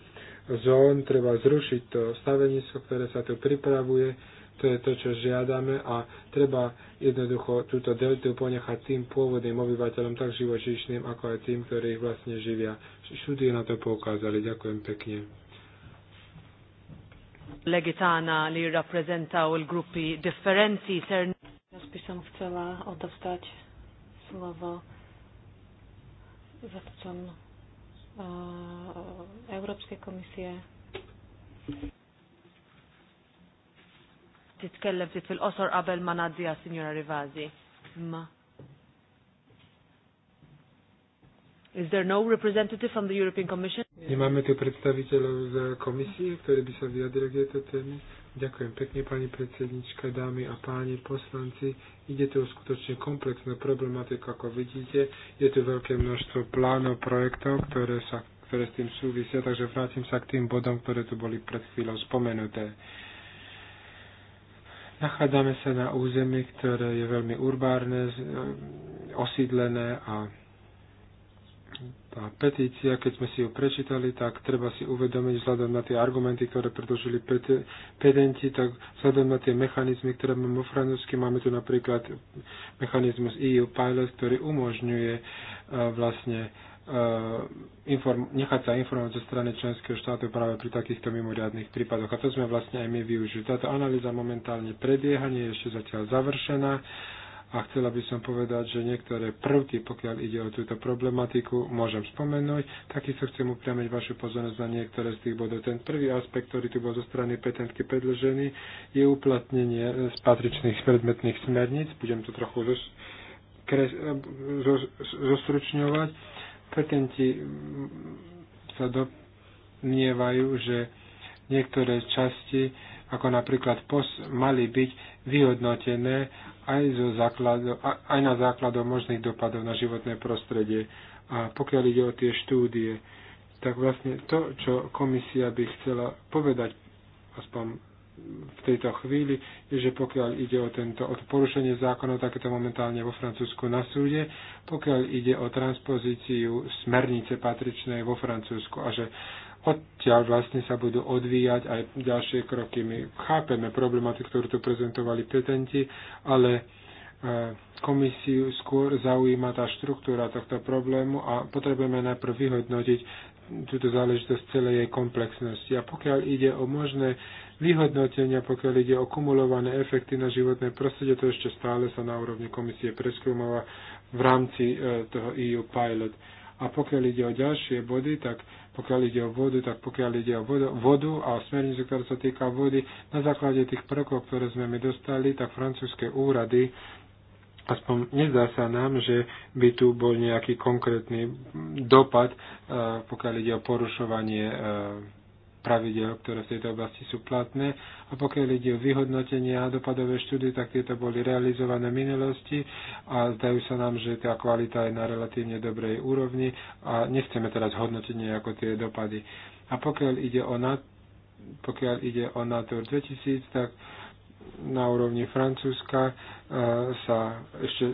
zón. Treba zrušiť to stavenisko, ktoré sa tu pripravuje. To je to, čo žiadame a treba jednoducho túto deltu ponechať tým pôvodným obyvateľom, tak živočíšným, ako aj tým, ktorí ich vlastne živia. Štúdie na to poukázali. Ďakujem pekne legitana li rappresentaw il grupi differenzi ser. Ja by som chcela odovzdať slovo za zastupcom Európske komisie. Titkellem ftit fil-qosor qabel ma nadzija Signora Rivazi. Ma. Is there no representative from the European Commission? Nemáme tu predstaviteľov z komisie, ktorí by sa vyjadrili k tejto téme. Ďakujem pekne, pani predsednička, dámy a páni poslanci. Ide tu o skutočne komplexnú problematiku, ako vidíte. Je tu veľké množstvo plánov, projektov, ktoré, sa, ktoré s tým súvisia, takže vrátim sa k tým bodom, ktoré tu boli pred chvíľou spomenuté. Nachádzame sa na území, ktoré je veľmi urbárne, osídlené a tá petícia, keď sme si ju prečítali, tak treba si uvedomiť vzhľadom na tie argumenty, ktoré predložili pedenti, tak vzhľadom na tie mechanizmy, ktoré máme vo Francúzsku, máme tu napríklad mechanizmus EU Pilot, ktorý umožňuje uh, vlastne e, inform, nechať sa informovať zo strany členského štátu práve pri takýchto mimoriadných prípadoch. A to sme vlastne aj my využili. Táto analýza momentálne prebieha, nie je ešte zatiaľ završená a chcela by som povedať, že niektoré prvky, pokiaľ ide o túto problematiku, môžem spomenúť. Takisto chcem upriamiť vašu pozornosť na niektoré z tých bodov. Ten prvý aspekt, ktorý tu bol zo strany petentky predložený, je uplatnenie z e, patričných predmetných smerníc. Budem to trochu e, zostručňovať. Petenti mm, sa domnievajú, že niektoré časti ako napríklad POS, mali byť vyhodnotené aj, zo základu, aj na základu možných dopadov na životné prostredie. A pokiaľ ide o tie štúdie, tak vlastne to, čo komisia by chcela povedať, aspoň v tejto chvíli, je, že pokiaľ ide o, tento, o porušenie zákonov, tak je to momentálne vo Francúzsku na súde, pokiaľ ide o transpozíciu smernice patričnej vo Francúzsku a že odtiaľ vlastne sa budú odvíjať aj ďalšie kroky. My chápeme problematiku, ktorú tu prezentovali petenti, ale e, komisiu skôr zaujíma tá štruktúra tohto problému a potrebujeme najprv vyhodnotiť túto záležitosť celej jej komplexnosti. A pokiaľ ide o možné vyhodnotenia, pokiaľ ide o kumulované efekty na životné prostredie, to ešte stále sa na úrovni komisie preskúmava v rámci e, toho EU pilot. A pokiaľ ide o ďalšie body, tak pokiaľ ide o vodu, tak pokiaľ ide o vodu, vodu a o smernicu, ktorá sa týka vody, na základe tých prvkov, ktoré sme my dostali, tak francúzske úrady aspoň nezdá sa nám, že by tu bol nejaký konkrétny dopad, eh, pokiaľ ide o porušovanie eh, pravidel, ktoré v tejto oblasti sú platné. A pokiaľ ide o vyhodnotenie a dopadové štúdie, tak tieto boli realizované v minulosti a zdajú sa nám, že tá kvalita je na relatívne dobrej úrovni a nechceme teraz hodnotiť nejako tie dopady. A pokiaľ ide o, nat- pokiaľ ide o NATO 2000, tak na úrovni Francúzska e, sa ešte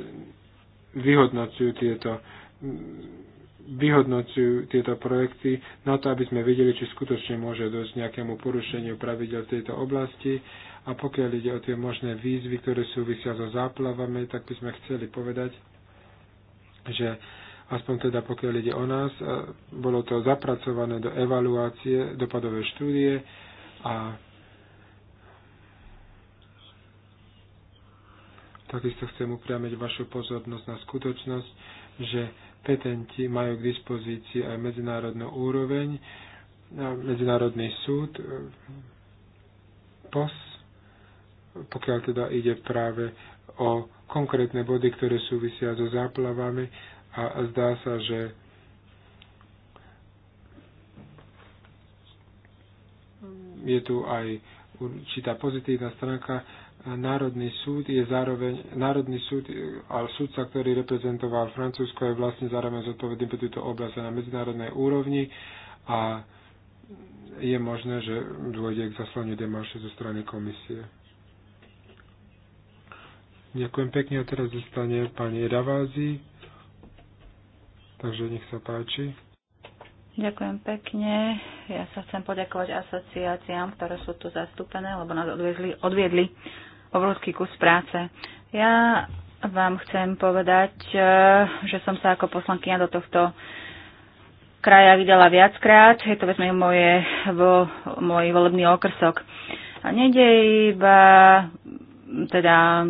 vyhodnocujú tieto vyhodnocujú tieto projekty na to, aby sme videli, či skutočne môže dosť nejakému porušeniu pravidel v tejto oblasti. A pokiaľ ide o tie možné výzvy, ktoré súvisia so záplavami, tak by sme chceli povedať, že aspoň teda pokiaľ ide o nás, bolo to zapracované do evaluácie, dopadové štúdie a takisto chcem upriamiť vašu pozornosť na skutočnosť, že Petenti majú k dispozícii aj medzinárodnú úroveň, medzinárodný súd, e, POS, pokiaľ teda ide práve o konkrétne body, ktoré súvisia so záplavami a zdá sa, že je tu aj určitá pozitívna stránka Národný súd je zároveň, Národný súd, ale súdca, ktorý reprezentoval Francúzsko, je vlastne zároveň zodpovedný pre túto oblasť na medzinárodnej úrovni a je možné, že dôjde k zaslaniu demarše zo strany komisie. Ďakujem pekne a teraz zostane pani Ravázi. Takže nech sa páči. Ďakujem pekne. Ja sa chcem poďakovať asociáciám, ktoré sú tu zastúpené, lebo nás odviedli, odviedli obrovský kus práce. Ja vám chcem povedať, eh, že som sa ako poslankyňa do tohto kraja vydala viackrát. Je to vezme moje, vo, môj volebný okrsok. A nejde iba teda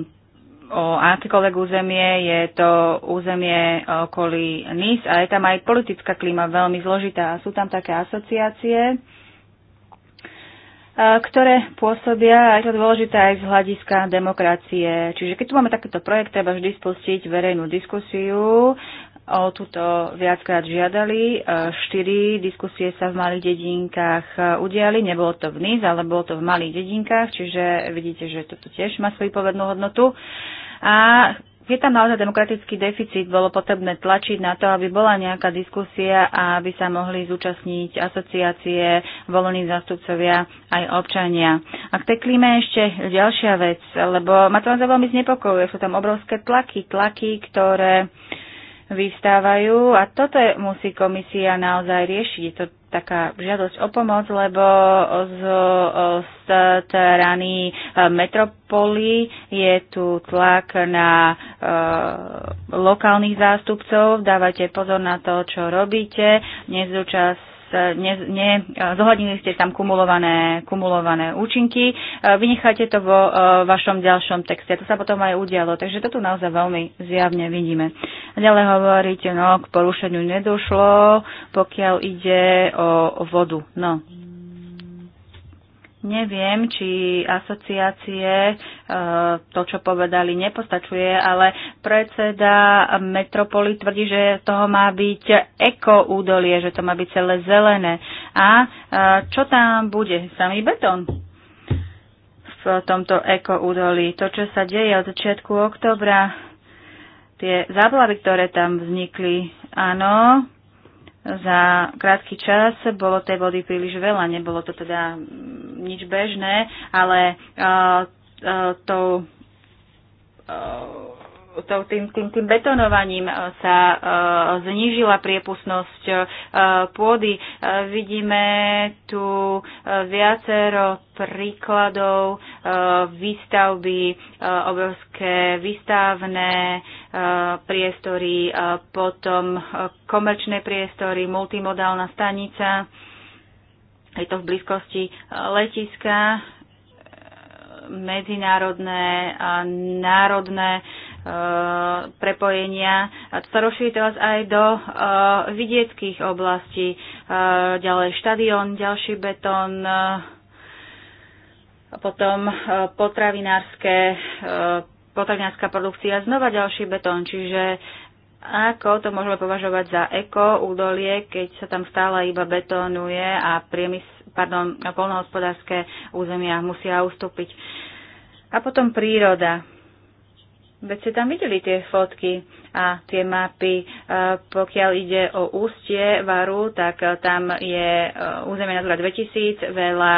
o akékoľvek územie, je to územie okolí NIS a je tam aj politická klíma veľmi zložitá. Sú tam také asociácie, Eh, ktoré pôsobia a je to dôležité aj z hľadiska demokracie. Čiže keď tu máme takýto projekt, treba vždy spustiť verejnú diskusiu. O túto viackrát žiadali. Eh, štyri diskusie sa v malých dedinkách eh, udiali. Nebolo to v NIS, ale bolo to v malých dedinkách, čiže vidíte, že toto tiež má svoju povednú hodnotu. A je tam naozaj demokratický deficit, bolo potrebné tlačiť na to, aby bola nejaká diskusia a aby sa mohli zúčastniť asociácie, volení zástupcovia aj občania. A k tej klíme ešte ďalšia vec, lebo ma to naozaj veľmi znepokojuje. Sú tam obrovské tlaky, tlaky, ktoré vystávajú a toto musí komisia naozaj riešiť. To taká žiadosť o pomoc, lebo z strany e, metropoly je tu tlak na e, lokálnych zástupcov. Dávajte pozor na to, čo robíte. Nezúčast E, ne, ne, e, zohľadnili ste tam kumulované, kumulované účinky, e, vynechajte to vo vašom ďalšom texte. To sa potom aj udialo, takže to tu naozaj veľmi zjavne vidíme. Ďalej hovoríte, no, k porušeniu nedošlo, pokiaľ ide o vodu. No, Neviem, či asociácie e, to, čo povedali, nepostačuje, ale predseda Metropoly tvrdí, že toho má byť eko údolie, že to má byť celé zelené. A e, čo tam bude? Samý betón v tomto eko údolí. To, čo sa deje od začiatku oktobra, tie záblavy, ktoré tam vznikli, áno, za krátky čas bolo tej vody príliš veľa, nebolo to teda mm, nič bežné, ale uh, uh, to uh, tým, tým, tým betonovaním eh, sa eh, znížila priepustnosť eh, pôdy. Vidíme tu viacero príkladov výstavby, obrovské výstavné priestory, potom komerčné priestory, multimodálna stanica. Je to v blízkosti letiska, medzinárodné a národné Eh, prepojenia sa rozšíri teraz aj do eh, vidieckých oblastí. Eh, ďalej štadión, ďalší betón, potom potravinárske, potravinárska produkcia, znova ďalší betón. Čiže ako to môžeme považovať za eko údolie, keď sa tam stále iba betónuje a priemys, pardon, polnohospodárske územia musia ustúpiť. A potom príroda. Veď ste tam videli tie fotky a tie mapy. Pokiaľ ide o ústie Varu, tak tam je e, územie Natura 2000, veľa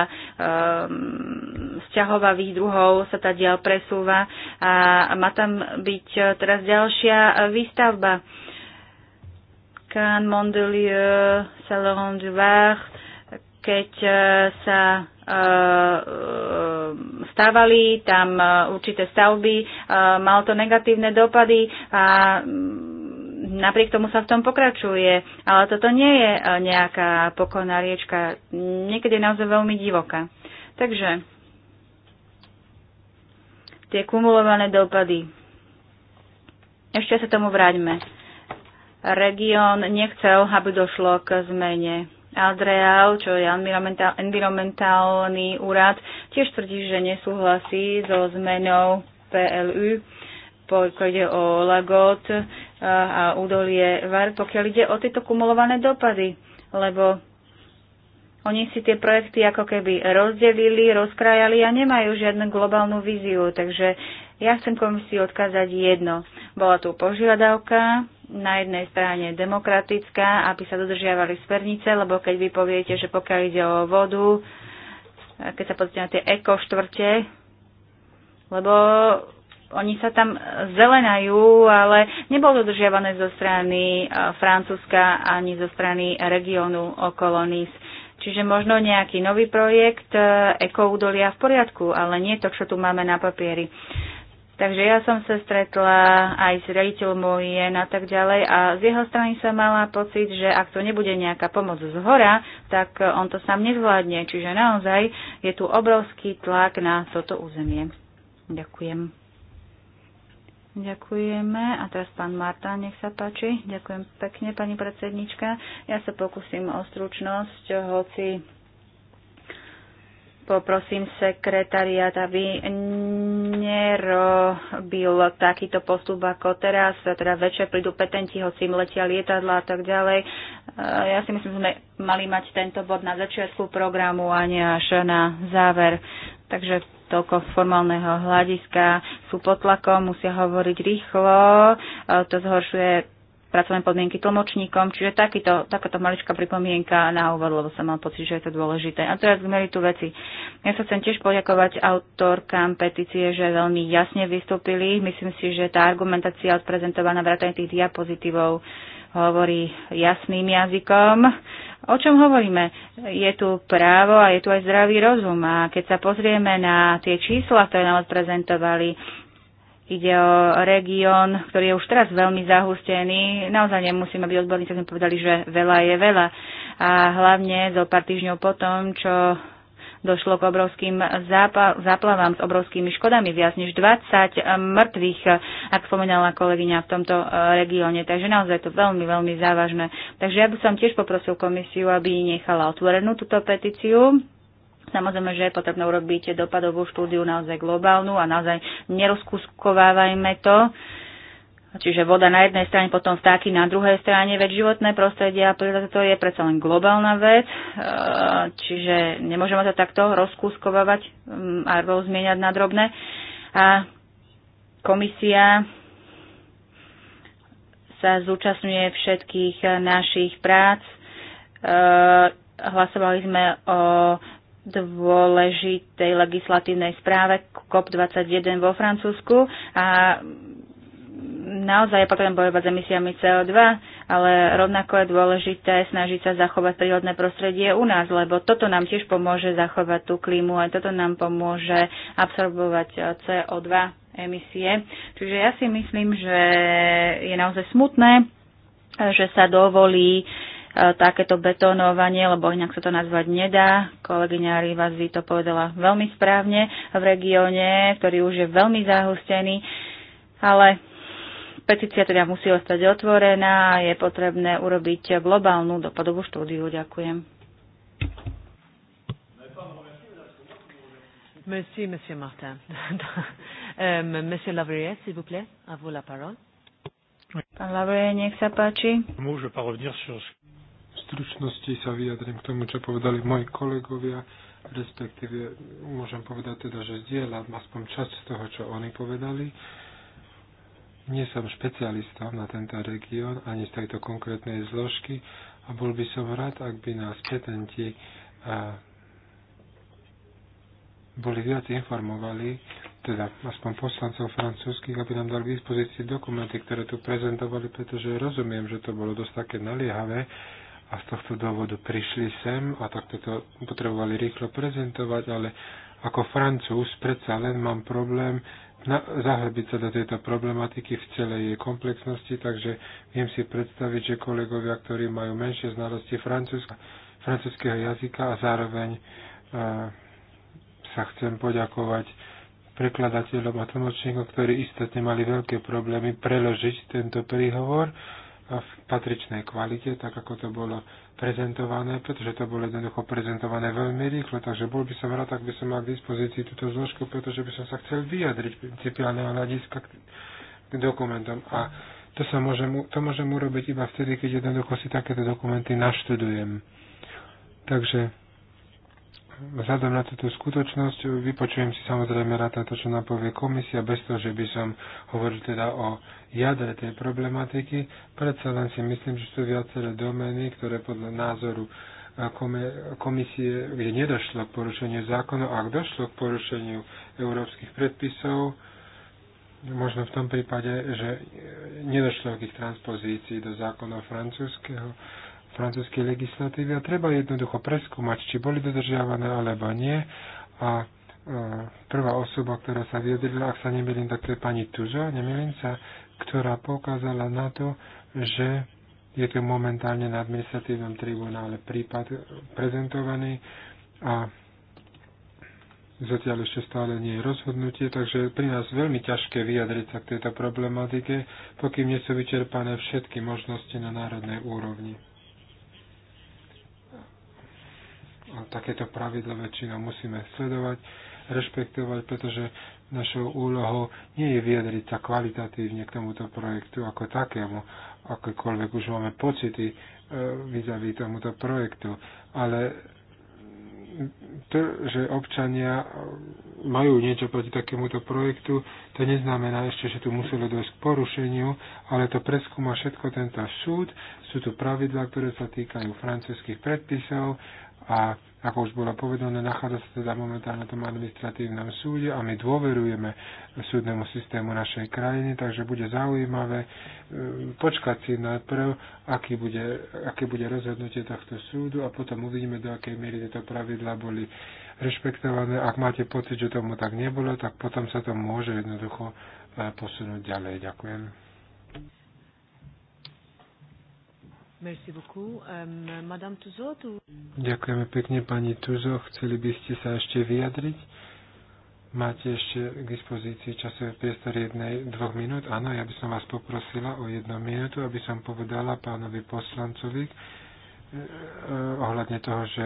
sťahovavých e, druhov sa tá diel presúva a má tam byť teraz ďalšia výstavba. Cannes, Mondelieu, Salon du Var, keď e, sa e, e, stávali tam určité stavby, mal to negatívne dopady a mm, napriek tomu sa v tom pokračuje. Ale toto nie je nejaká pokojná riečka. Niekedy je naozaj veľmi divoká. Takže tie kumulované dopady. Ešte sa tomu vráťme. Región nechcel, aby došlo k zmene. Adreal, čo je environmentálny úrad, tiež tvrdí, že nesúhlasí so zmenou PLU, pokiaľ ide o Lagot eh, a údolie VAR, pokiaľ ide o tieto kumulované dopady, lebo oni si tie projekty ako keby rozdelili, rozkrajali a nemajú žiadnu globálnu víziu. Takže ja chcem komisii odkázať jedno. Bola tu požiadavka na jednej strane demokratická, aby sa dodržiavali smernice, lebo keď vy poviete, že pokiaľ ide o vodu, keď sa pozrite na tie eko štvrte, lebo oni sa tam zelenajú, ale nebol dodržiavané zo strany Francúzska ani zo strany regiónu okolo Nice. Čiže možno nejaký nový projekt e, ekoúdolia v poriadku, ale nie to, čo tu máme na papieri. Takže ja som sa stretla aj s riaditeľom OIN a tak ďalej a z jeho strany som mala pocit, že ak to nebude nejaká pomoc z hora, tak on to sám nezvládne. Čiže naozaj je tu obrovský tlak na toto územie. Ďakujem. Ďakujeme. A teraz pán Marta, nech sa páči. Ďakujem pekne, pani predsednička. Ja sa pokúsim o stručnosť, hoci Poprosím sekretariat, aby nerobil takýto postup ako teraz, teda večer prídu petenti, hoci im letia lietadla a tak ďalej. Eh, ja si myslím, že sme mali mať tento bod na začiatku programu a nie až na záver. Takže toľko formálneho hľadiska sú pod tlakom, musia hovoriť rýchlo, eh, to zhoršuje pracovné podmienky tlmočníkom, čiže takýto, takáto maličká pripomienka na úvod, lebo som mal pocit, že je to dôležité. A teraz k meritu veci. Ja sa chcem tiež poďakovať autorkám petície, že veľmi jasne vystúpili. Myslím si, že tá argumentácia odprezentovaná vrátane tých diapozitívov hovorí jasným jazykom. O čom hovoríme? Je tu právo a je tu aj zdravý rozum. A keď sa pozrieme na tie čísla, ktoré nám odprezentovali, Ide o región, ktorý je už teraz veľmi zahustený. Naozaj nemusíme byť odborníci, sme povedali, že veľa je veľa. A hlavne zo pár týždňov potom, čo došlo k obrovským záplavám s obrovskými škodami, viac než 20 mŕtvych, ak spomenala kolegyňa v tomto e, regióne. Takže naozaj je to veľmi, veľmi závažné. Takže ja by som tiež poprosil komisiu, aby nechala otvorenú túto petíciu Samozrejme, že je potrebné urobiť dopadovú štúdiu naozaj globálnu a naozaj nerozkuskovávajme to. Čiže voda na jednej strane, potom vtáky na druhej strane, veď životné prostredie a príroda to je predsa len globálna vec, e, čiže nemôžeme to takto rozkuskovávať mm, a rozmieniať na drobné. A komisia sa zúčastňuje všetkých našich prác. E, hlasovali sme o dôležitej legislatívnej správe COP21 vo Francúzsku a naozaj je potrebné bojovať s emisiami CO2, ale rovnako je dôležité snažiť sa zachovať prírodné prostredie u nás, lebo toto nám tiež pomôže zachovať tú klímu a toto nám pomôže absorbovať eh, CO2 emisie. Čiže ja si myslím, že je naozaj smutné, eh, že sa dovolí uh, takéto betonovanie, lebo inak sa to nazvať nedá. Kolegyňa Rivas vy to povedala veľmi správne v regióne, ktorý už je veľmi zahustený, ale petícia teda musí ostať otvorená a je potrebné urobiť globálnu dopadovú štúdiu. Ďakujem. Merci, Monsieur Martin. um, monsieur Lavrier, s'il vous plaît, à vous la parole. Pan Lavrier, nech sa páči stručnosti sa vyjadrím k tomu, čo povedali moji kolegovia, respektíve môžem povedať teda, že zdieľam aspoň časť z toho, čo oni povedali. Nie som špecialistom na tento región ani z tejto konkrétnej zložky a bol by som rád, ak by nás petenti boli viac informovali, teda aspoň poslancov francúzských, aby nám dali k dispozícii dokumenty, ktoré tu prezentovali, pretože rozumiem, že to bolo dosť také naliehavé a z tohto dôvodu prišli sem a takto to potrebovali rýchlo prezentovať, ale ako Francúz predsa len mám problém na, zahrbiť sa do tejto problematiky v celej jej komplexnosti, takže viem si predstaviť, že kolegovia, ktorí majú menšie znalosti francúzska, francúzského jazyka a zároveň e, sa chcem poďakovať prekladateľom a tlmočníkom, ktorí istotne mali veľké problémy preložiť tento príhovor v patričnej kvalite, tak ako to bolo prezentované, pretože to bolo jednoducho prezentované veľmi rýchlo, takže bol by som rád, ak by som mal k dispozícii túto zložku, pretože by som sa chcel vyjadriť principiálneho hľadiska k dokumentom. A to, sa môžem, to môžem urobiť iba vtedy, keď jednoducho si takéto dokumenty naštudujem. Takže vzhľadom na túto skutočnosť vypočujem si samozrejme rada to, čo nám povie komisia, bez toho, že by som hovoril teda o jadre tej problematiky. Predsa len si myslím, že sú viaceré domény, ktoré podľa názoru komisie, kde nedošlo k porušeniu zákonu, ak došlo k porušeniu európskych predpisov, možno v tom prípade, že nedošlo k ich transpozícii do zákona francúzského, francúzskej legislatívy a treba jednoducho preskúmať, či boli dodržiavané alebo nie. A e, prvá osoba, ktorá sa vyjadrila, ak sa nemýlim, tak to je pani Tuzo, nemýlim sa, ktorá poukázala na to, že je to momentálne na administratívnom tribunále prípad prezentovaný a zatiaľ ešte stále nie je rozhodnutie, takže pri nás veľmi ťažké vyjadriť sa k tejto problematike, pokým nie sú vyčerpané všetky možnosti na národnej úrovni. takéto pravidlo väčšinou musíme sledovať, rešpektovať, pretože našou úlohou nie je vyjadriť sa kvalitatívne k tomuto projektu ako takému, akékoľvek už máme pocity e, vyzaví tomuto projektu, ale to, že občania majú niečo proti takémuto projektu, to neznamená ešte, že tu muselo dojsť k porušeniu, ale to preskúma všetko tento súd. Sú tu pravidlá, ktoré sa týkajú francúzských predpisov, a ako už bolo povedané, nachádza sa teda momentálne na tom administratívnom súde a my dôverujeme súdnemu systému našej krajiny, takže bude zaujímavé e, počkať si najprv, aký bude, aké bude rozhodnutie tohto súdu a potom uvidíme, do akej miery tieto pravidlá boli rešpektované. Ak máte pocit, že tomu tak nebolo, tak potom sa to môže jednoducho e, posunúť ďalej. Ďakujem. Merci beaucoup. Um, Madame tu... Ďakujeme pekne, pani Tuzo. Chceli by ste sa ešte vyjadriť? Máte ešte k dispozícii časový priestor jednej, dvoch minút? Áno, ja by som vás poprosila o jednu minútu, aby som povedala pánovi poslancovi eh, eh ohľadne toho, že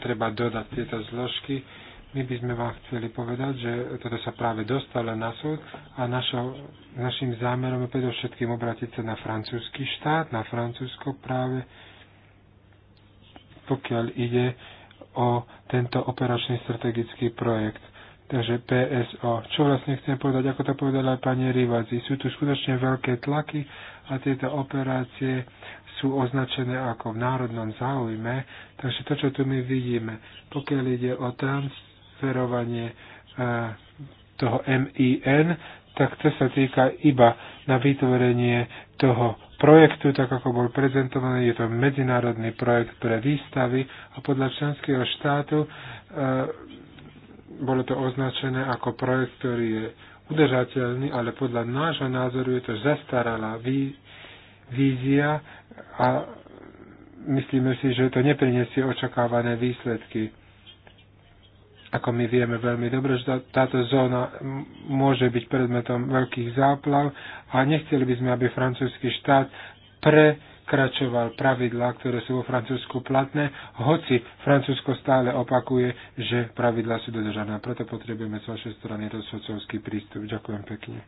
treba dodať tieto zložky my by sme vám chceli povedať, že toto sa práve dostalo na súd a našo, našim zámerom je predovšetkým obrátiť sa na francúzsky štát, na Francúzsko práve, pokiaľ ide o tento operačný strategický projekt. Takže PSO. Čo vlastne chcem povedať, ako to povedala aj pani Rivazi, sú tu skutočne veľké tlaky a tieto operácie sú označené ako v národnom záujme, takže to, čo tu my vidíme, pokiaľ ide o trans transferovanie e, toho MIN, tak to sa týka iba na vytvorenie toho projektu, tak ako bol prezentovaný, je to medzinárodný projekt pre výstavy a podľa členského štátu e, bolo to označené ako projekt, ktorý je udržateľný, ale podľa nášho názoru je to zastaralá ví, vízia a myslíme si, že to nepriniesie očakávané výsledky. Ako my vieme veľmi dobre, že táto zóna môže byť predmetom veľkých záplav a nechceli by sme, aby francúzsky štát prekračoval pravidlá, ktoré sú vo Francúzsku platné, hoci Francúzsko stále opakuje, že pravidlá sú dodržané. Preto potrebujeme z vašej strany rozhodcovský prístup. Ďakujem pekne.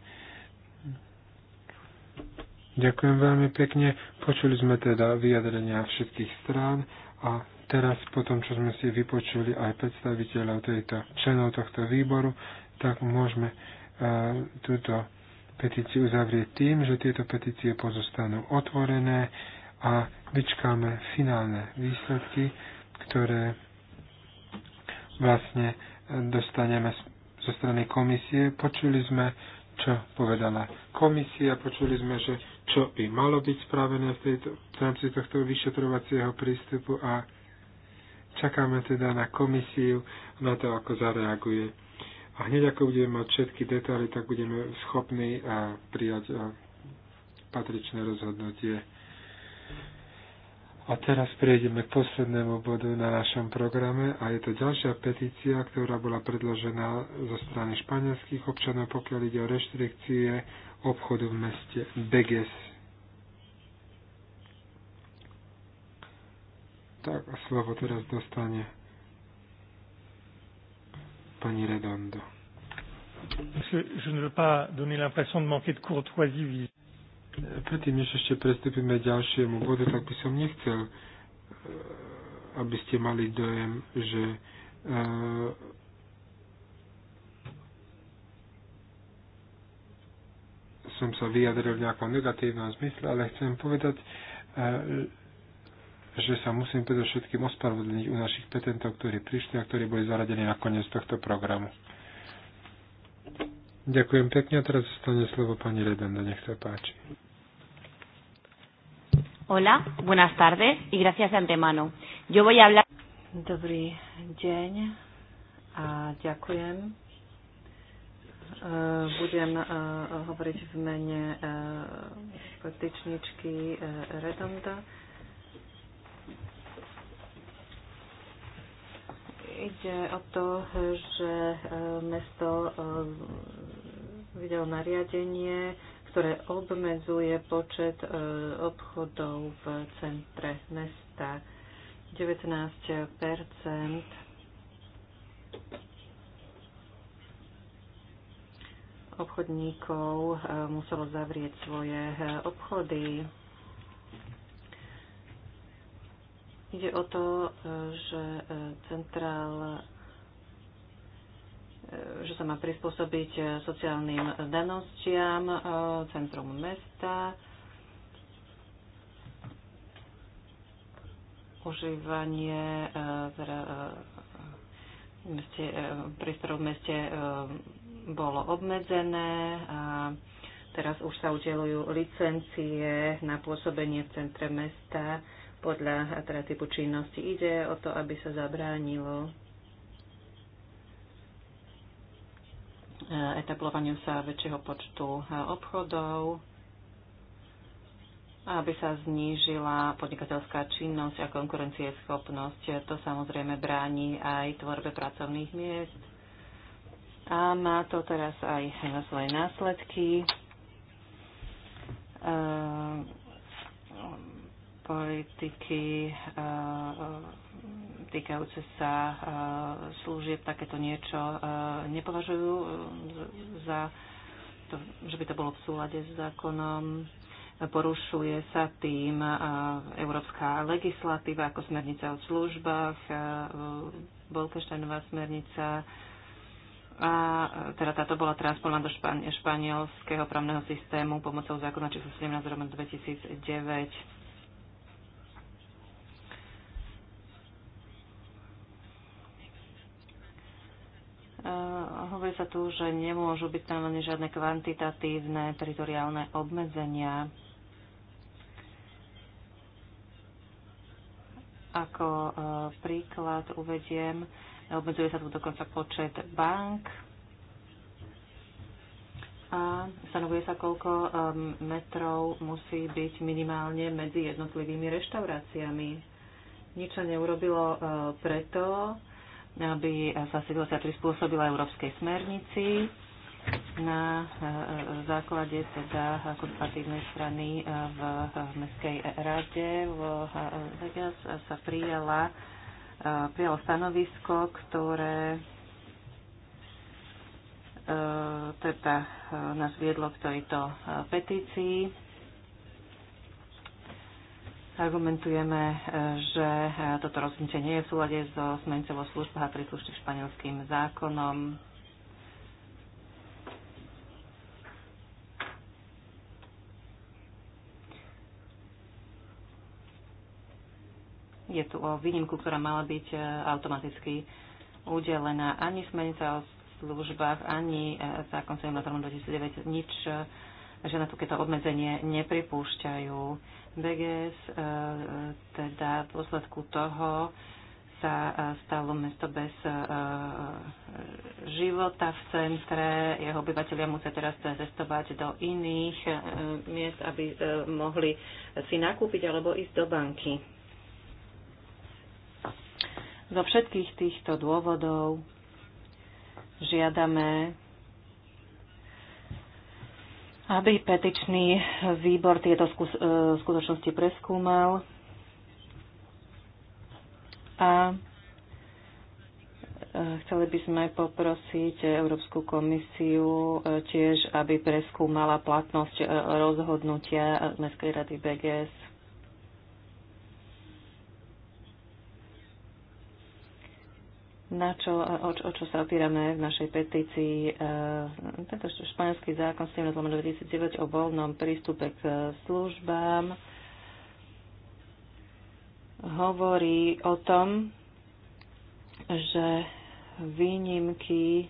Ďakujem veľmi pekne. Počuli sme teda vyjadrenia všetkých strán a Teraz, po tom, čo sme si vypočuli aj predstaviteľov tejto, členov tohto výboru, tak môžeme e, túto petíciu uzavrieť tým, že tieto petície pozostanú otvorené a vyčkáme finálne výsledky, ktoré vlastne dostaneme zo strany komisie. Počuli sme, čo povedala komisia, počuli sme, že čo by malo byť spravené v, tejto, v rámci tohto vyšetrovacieho prístupu a Čakáme teda na komisiu, na to, ako zareaguje. A hneď ako budeme mať všetky detaily, tak budeme schopní prijať patričné rozhodnutie. A teraz prejdeme k poslednému bodu na našom programe a je to ďalšia petícia, ktorá bola predložená zo strany španielských občanov, pokiaľ ide o reštrikcie obchodu v meste Beges Tak a slovo teraz dostane pani Redondo. Predtým, než ešte prestúpime ďalšiemu bodu, tak by som nechcel, eh, aby ste mali dojem, že uh, som sa vyjadril v nejakom negatívnom zmysle, ale chcem povedať, uh, že sa musím predovšetkým ospravedlniť u našich petentov, ktorí prišli a ktorí boli zaradení na koniec tohto programu. Ďakujem pekne a teraz zostane slovo pani Redanda, nech sa páči. Hola, buenas tardes y gracias de antemano. Yo voy a hablar... Dobrý deň a ďakujem. Uh, Budem uh, hovoriť v mene uh, petičničky Redonda Ide o to, že e, mesto e, videlo nariadenie, ktoré obmedzuje počet e, obchodov v centre mesta. 19 obchodníkov muselo zavrieť svoje obchody. Ide o to, e, že e, centrál e, že sa má prispôsobiť sociálnym danostiam, centrum mesta, užívanie meste, priestorov v meste bolo obmedzené a teraz už sa udelujú licencie na pôsobenie v centre mesta podľa teda typu činnosti. Ide o to, aby sa zabránilo eh, etablovaniu sa väčšieho počtu eh, obchodov, aby sa znížila podnikateľská činnosť a konkurencieschopnosť. To samozrejme bráni aj tvorbe pracovných miest. A má to teraz aj eh, svoje následky politiky eh, eh, týkajúce sa eh, služieb takéto niečo nepovažujú za to, že by to bolo v súlade s zákonom. Porušuje sa tým európska legislatíva ako smernica o službách, Bolkeštajnová smernica, a teda táto bola transponovaná do španielského právneho systému pomocou zákona číslo 17 2009 Hovorí sa tu, že nemôžu byť stanovené žiadne kvantitatívne teritoriálne obmedzenia. Ako e, príklad uvediem, obmedzuje sa tu dokonca počet bank a stanovuje sa, koľko e, metrov musí byť minimálne medzi jednotlivými reštauráciami. Nič sa neurobilo e, preto, aby sa situácia prispôsobila Európskej smernici na e, e, základe teda konzervatívnej strany e, v Mestskej rade v Vegas sa prijala, prijalo stanovisko, ktoré teda nás viedlo k tejto petícii argumentujeme, e, že e, toto rozhodnutie nie je v súlade so smernicou o službách a príslušným španielským zákonom. Je tu o výnimku, ktorá mala byť e, automaticky udelená. Ani smernica o službách, ani zákon 7.2009 2009 nič že na takéto obmedzenie nepripúšťajú. BGS e, e, teda v dôsledku toho sa e, stalo mesto bez života v centre. Jeho obyvateľia musia teraz cestovať do iných miest, aby mohli si nakúpiť alebo ísť do banky. Zo všetkých týchto dôvodov žiadame aby petičný výbor tieto e, skutočnosti preskúmal a e, chceli by sme poprosiť Európsku komisiu e, tiež, aby preskúmala platnosť rozhodnutia Mestskej rady BGS na čo, o, o čo sa opírame v našej petícii. E, tento španielský zákon 17 2009 o voľnom prístupe k službám hovorí o tom, že výnimky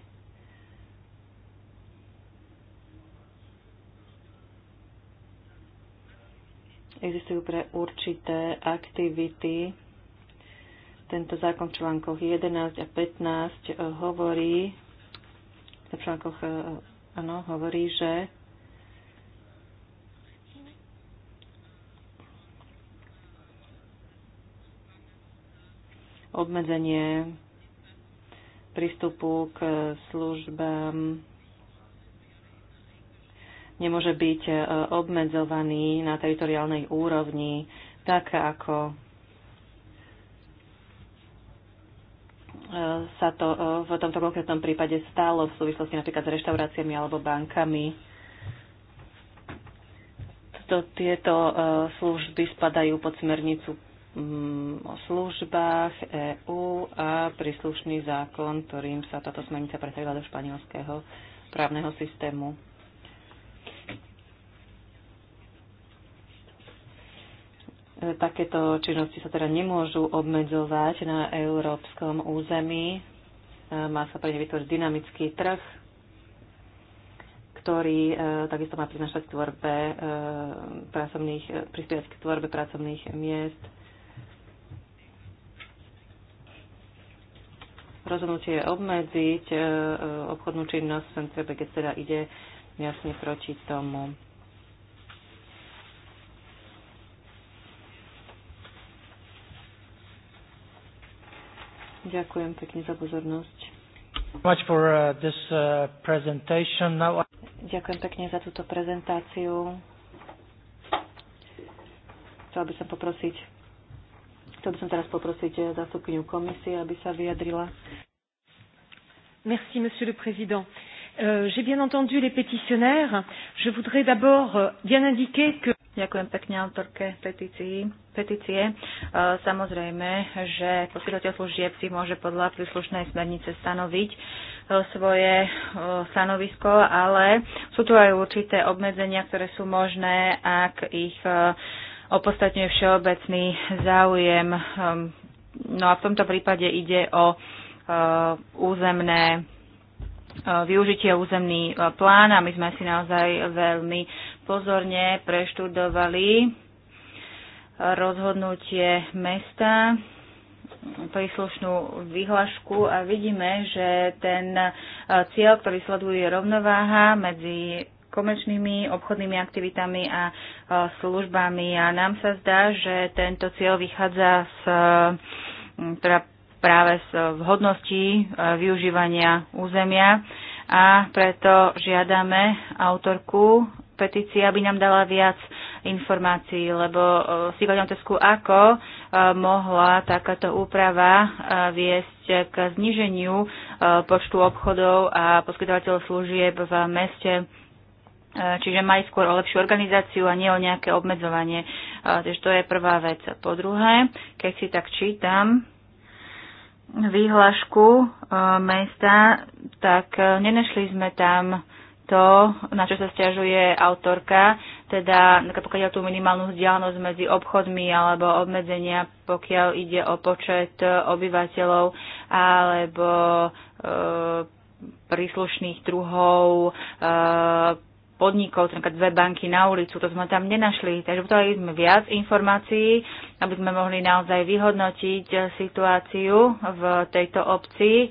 existujú pre určité aktivity, tento zákon v článkoch 11 a 15 e, hovorí, v článkoch e, áno, hovorí, že obmedzenie prístupu k službám nemôže byť e, obmedzovaný na teritoriálnej úrovni, tak ako E, sa to e, v tomto konkrétnom prípade stalo v súvislosti napríklad s reštauráciami alebo bankami. Toto, tieto e, služby spadajú pod smernicu mm, o službách EÚ a príslušný zákon, ktorým sa táto smernica pretavila do španielského právneho systému. Takéto činnosti sa teda nemôžu obmedzovať na európskom území. Má sa pre ne vytvoriť dynamický trh, ktorý e, takisto má prinašať tvorbe e, pracovných, e, prispievať k tvorbe pracovných miest. Rozhodnutie obmedziť obchodnú činnosť v Centre BGC teda ide jasne proti tomu. Ďakujem pekne za pozornosť. Much for, uh, this, uh, presentation. Now... Ďakujem pekne za túto prezentáciu. Chcel by som poprosiť, chcel by som teraz poprosiť eh, zástupkyňu komisie, aby sa vyjadrila. Merci, monsieur le président. Euh, J'ai bien entendu les pétitionnaires. Je voudrais d'abord euh, bien indiquer que Ďakujem pekne autorke petícii. petície. E, samozrejme, že poskytovateľ služieb si môže podľa príslušnej smernice stanoviť e, svoje e, stanovisko, ale sú tu aj určité obmedzenia, ktoré sú možné, ak ich opodstatňuje všeobecný záujem. No a v tomto prípade ide o územné využitie územný plán a my sme si naozaj veľmi pozorne preštudovali rozhodnutie mesta, príslušnú vyhlašku a vidíme, že ten e, cieľ, ktorý sleduje rovnováha medzi komerčnými obchodnými aktivitami a e, službami. A nám sa zdá, že tento cieľ vychádza z, teda práve z vhodnosti e, využívania územia a preto žiadame autorku petícii, aby nám dala viac informácií, lebo e, si vedem tesku, ako e, mohla takáto úprava e, viesť k zniženiu počtu obchodov a poskytovateľov služieb v meste Čiže majú skôr o lepšiu organizáciu a nie o nejaké obmedzovanie. Takže to je prvá vec. Po druhé, keď si tak čítam výhlašku mesta, tak nenašli sme tam to, na čo sa stiažuje autorka, teda pokiaľ tú minimálnu vzdialenosť medzi obchodmi alebo obmedzenia, pokiaľ ide o počet obyvateľov alebo e, príslušných druhov e, podnikov, napríklad dve banky na ulicu, to sme tam nenašli. Takže potrebovali sme viac informácií, aby sme mohli naozaj vyhodnotiť situáciu v tejto obci. E,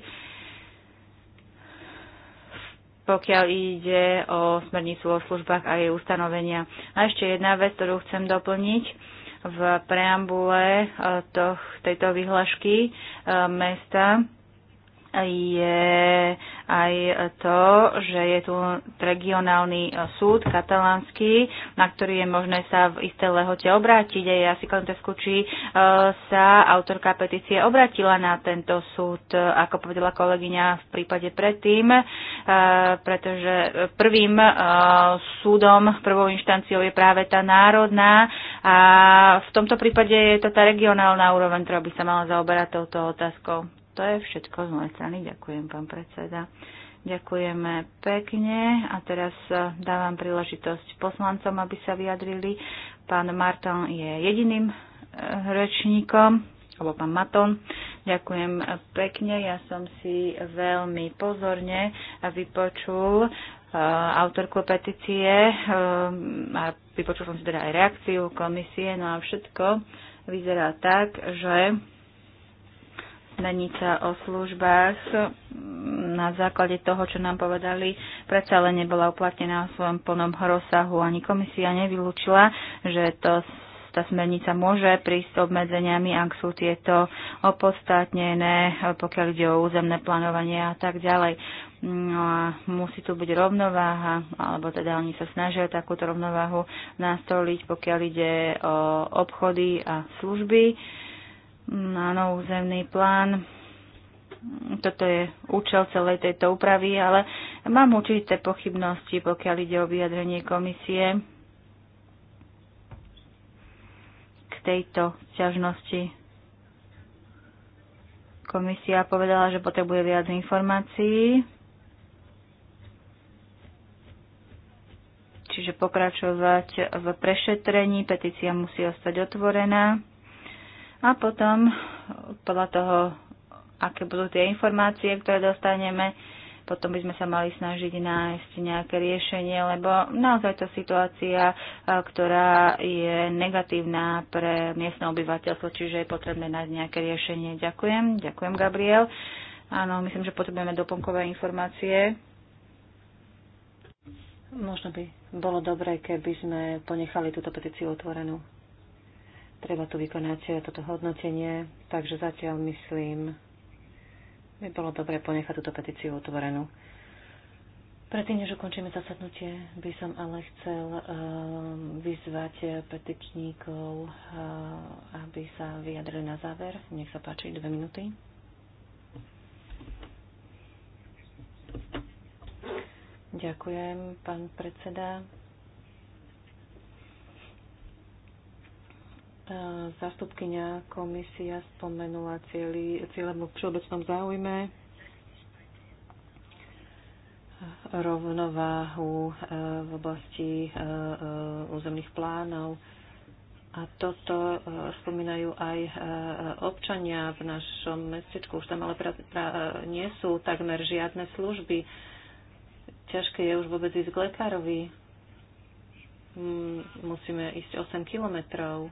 pokiaľ ide o smernicu o službách a jej ustanovenia. A ešte jedna vec, ktorú chcem doplniť. V preambule eh, tejto vyhlašky eh, mesta je aj to, že je tu regionálny súd katalánsky, na ktorý je možné sa v isté lehote obrátiť. A ja si kontesku, či e, sa autorka petície obratila na tento súd, ako povedala kolegyňa v prípade predtým, e, pretože prvým e, súdom, prvou inštanciou je práve tá národná a v tomto prípade je to tá regionálna úroveň, ktorá by sa mala zaoberať touto otázkou. To je všetko z mojej strany. Ďakujem, pán predseda. Ďakujeme pekne a teraz e, dávam príležitosť poslancom, aby sa vyjadrili. Pán Marton je jediným e, rečníkom, alebo pán Maton. Ďakujem pekne. Ja som si veľmi pozorne vypočul e, autorku petície a vypočul som si teda aj reakciu komisie, no a všetko vyzerá tak, že smernica o službách mm, na základe toho, čo nám povedali, predsa len nebola uplatnená v svojom plnom rozsahu. Ani komisia nevylúčila, že to tá smernica môže prísť s obmedzeniami, ak sú tieto opodstatnené, pokiaľ ide o územné plánovanie a tak ďalej. No a musí tu byť rovnováha, alebo teda oni sa snažia takúto rovnováhu nastoliť, pokiaľ ide o obchody a služby na zemný plán. Toto je účel celej tejto úpravy, ale mám určité pochybnosti, pokiaľ ide o vyjadrenie komisie k tejto ťažnosti. Komisia povedala, že potrebuje viac informácií. čiže pokračovať v prešetrení, petícia musí ostať otvorená. A potom, podľa toho, aké budú tie informácie, ktoré dostaneme, potom by sme sa mali snažiť nájsť nejaké riešenie, lebo naozaj to situácia, e, ktorá je negatívna pre miestne obyvateľstvo, čiže je potrebné nájsť nejaké riešenie. Ďakujem, ďakujem Gabriel. Áno, myslím, že potrebujeme doplnkové informácie. Možno by bolo dobré, keby sme ponechali túto petíciu otvorenú. Treba tu vykonať toto hodnotenie, takže zatiaľ myslím, by bolo dobre ponechať túto petíciu otvorenú. Predtým, než ukončíme zasadnutie, by som ale chcel um, vyzvať petičníkov, um, aby sa vyjadrili na záver. Nech sa páči, dve minúty. Ďakujem, pán predseda. E, zastupkynia komisia spomenula cieľi, cieľe v všeobecnom záujme, rovnováhu e, v oblasti e, územných plánov. A toto spomínajú aj občania v našom mestečku. Už tam ale pra, pra, nie sú takmer žiadne služby. Ťažké je už vôbec ísť k lekárovi. Musíme ísť 8 kilometrov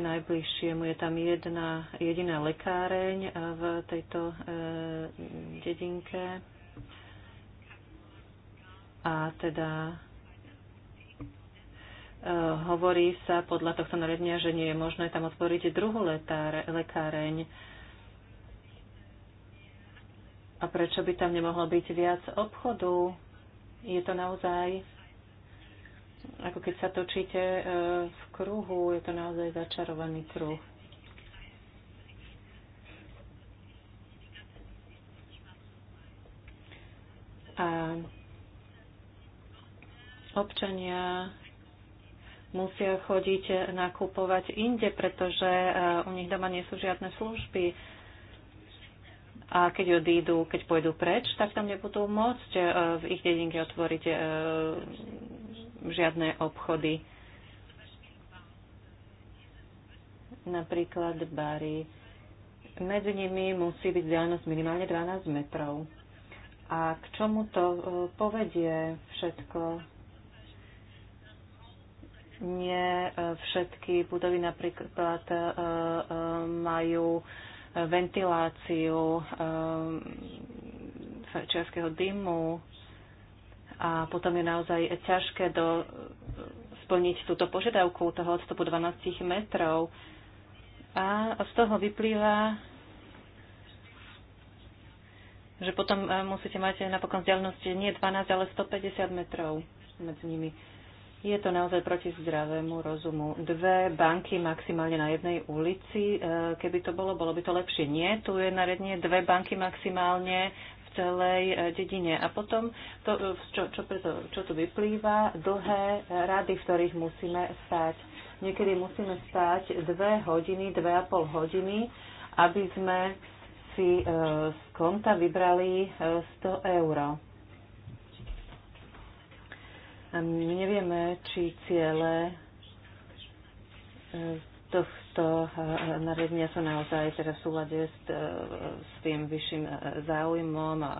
najbližšie. Mu Je tam jedna jediná lekáreň v tejto eh, dedinke. A teda eh, hovorí sa podľa tohto nariadenia, že nie je možné tam otvoriť druhú letáre, lekáreň. A prečo by tam nemohlo byť viac obchodu? Je to naozaj ako keď sa točíte e, v kruhu, je to naozaj začarovaný kruh. A občania musia chodiť nakupovať inde, pretože e, u nich doma nie sú žiadne služby. A keď odídu, keď pôjdu preč, tak tam nebudú môcť e, v ich dedinke otvoriť žiadne obchody. Napríklad bary. Medzi nimi musí byť vzdialenosť minimálne 12 metrov. A k čomu to e, povedie všetko? Nie e, všetky budovy napríklad e, majú ventiláciu čiarského dymu, a potom je naozaj ťažké do, splniť túto požiadavku toho odstupu 12 metrov. A z toho vyplýva, že potom e, musíte mať napokon vzdialenosť nie 12, ale 150 metrov medzi nimi. Je to naozaj proti zdravému rozumu. Dve banky maximálne na jednej ulici, e, keby to bolo, bolo by to lepšie. Nie, tu je na redne dve banky maximálne celej e, dedine. A potom, to, e, čo, čo, preto, čo tu vyplýva, dlhé rady, v ktorých musíme stať. Niekedy musíme stáť dve hodiny, dve a pol hodiny, aby sme si e, z konta vybrali 100 eur. my nevieme, či ciele tieto e, nariadenia sú naozaj teda v súlade s, e, s tým vyšším e, záujmom a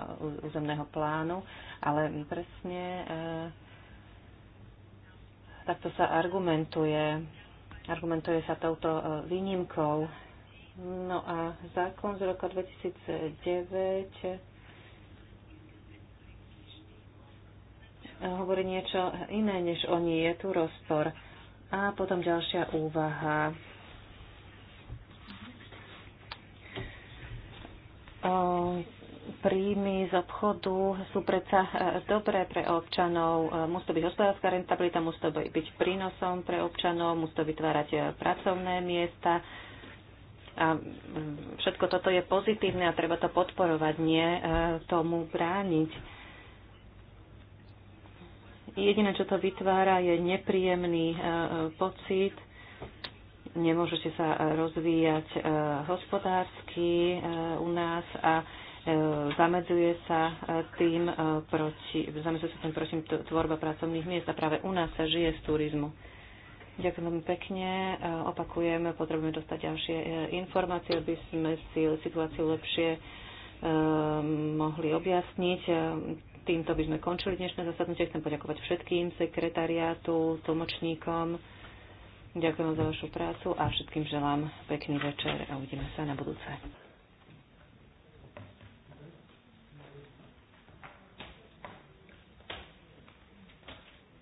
územného plánu, ale presne takto sa argumentuje. Argumentuje sa touto výnimkou. No a zákon z roku 2009 hovorí niečo iné než o nie je tu rozpor. A potom ďalšia úvaha. príjmy z obchodu sú predsa e, dobré pre občanov. E, musí to byť hospodárska rentabilita, musí to byť prínosom pre občanov, musí to vytvárať e, pracovné miesta. A všetko toto je pozitívne a treba to podporovať, nie tomu brániť. Jediné, čo to vytvára, je nepríjemný pocit, nemôžete sa e, rozvíjať e, hospodársky e, u nás a zamedzuje sa tým proti, zamedzuje sa tým proti tvorba pracovných miest a práve u nás sa žije z turizmu. Ďakujem veľmi pekne. Opakujem, potrebujeme dostať ďalšie informácie, aby sme si situáciu lepšie mohli objasniť. Týmto by sme končili dnešné zasadnutie. Chcem poďakovať všetkým sekretariátu, tlmočníkom. Ďakujem za vašu prácu a všetkým želám pekný večer a uvidíme sa na budúce.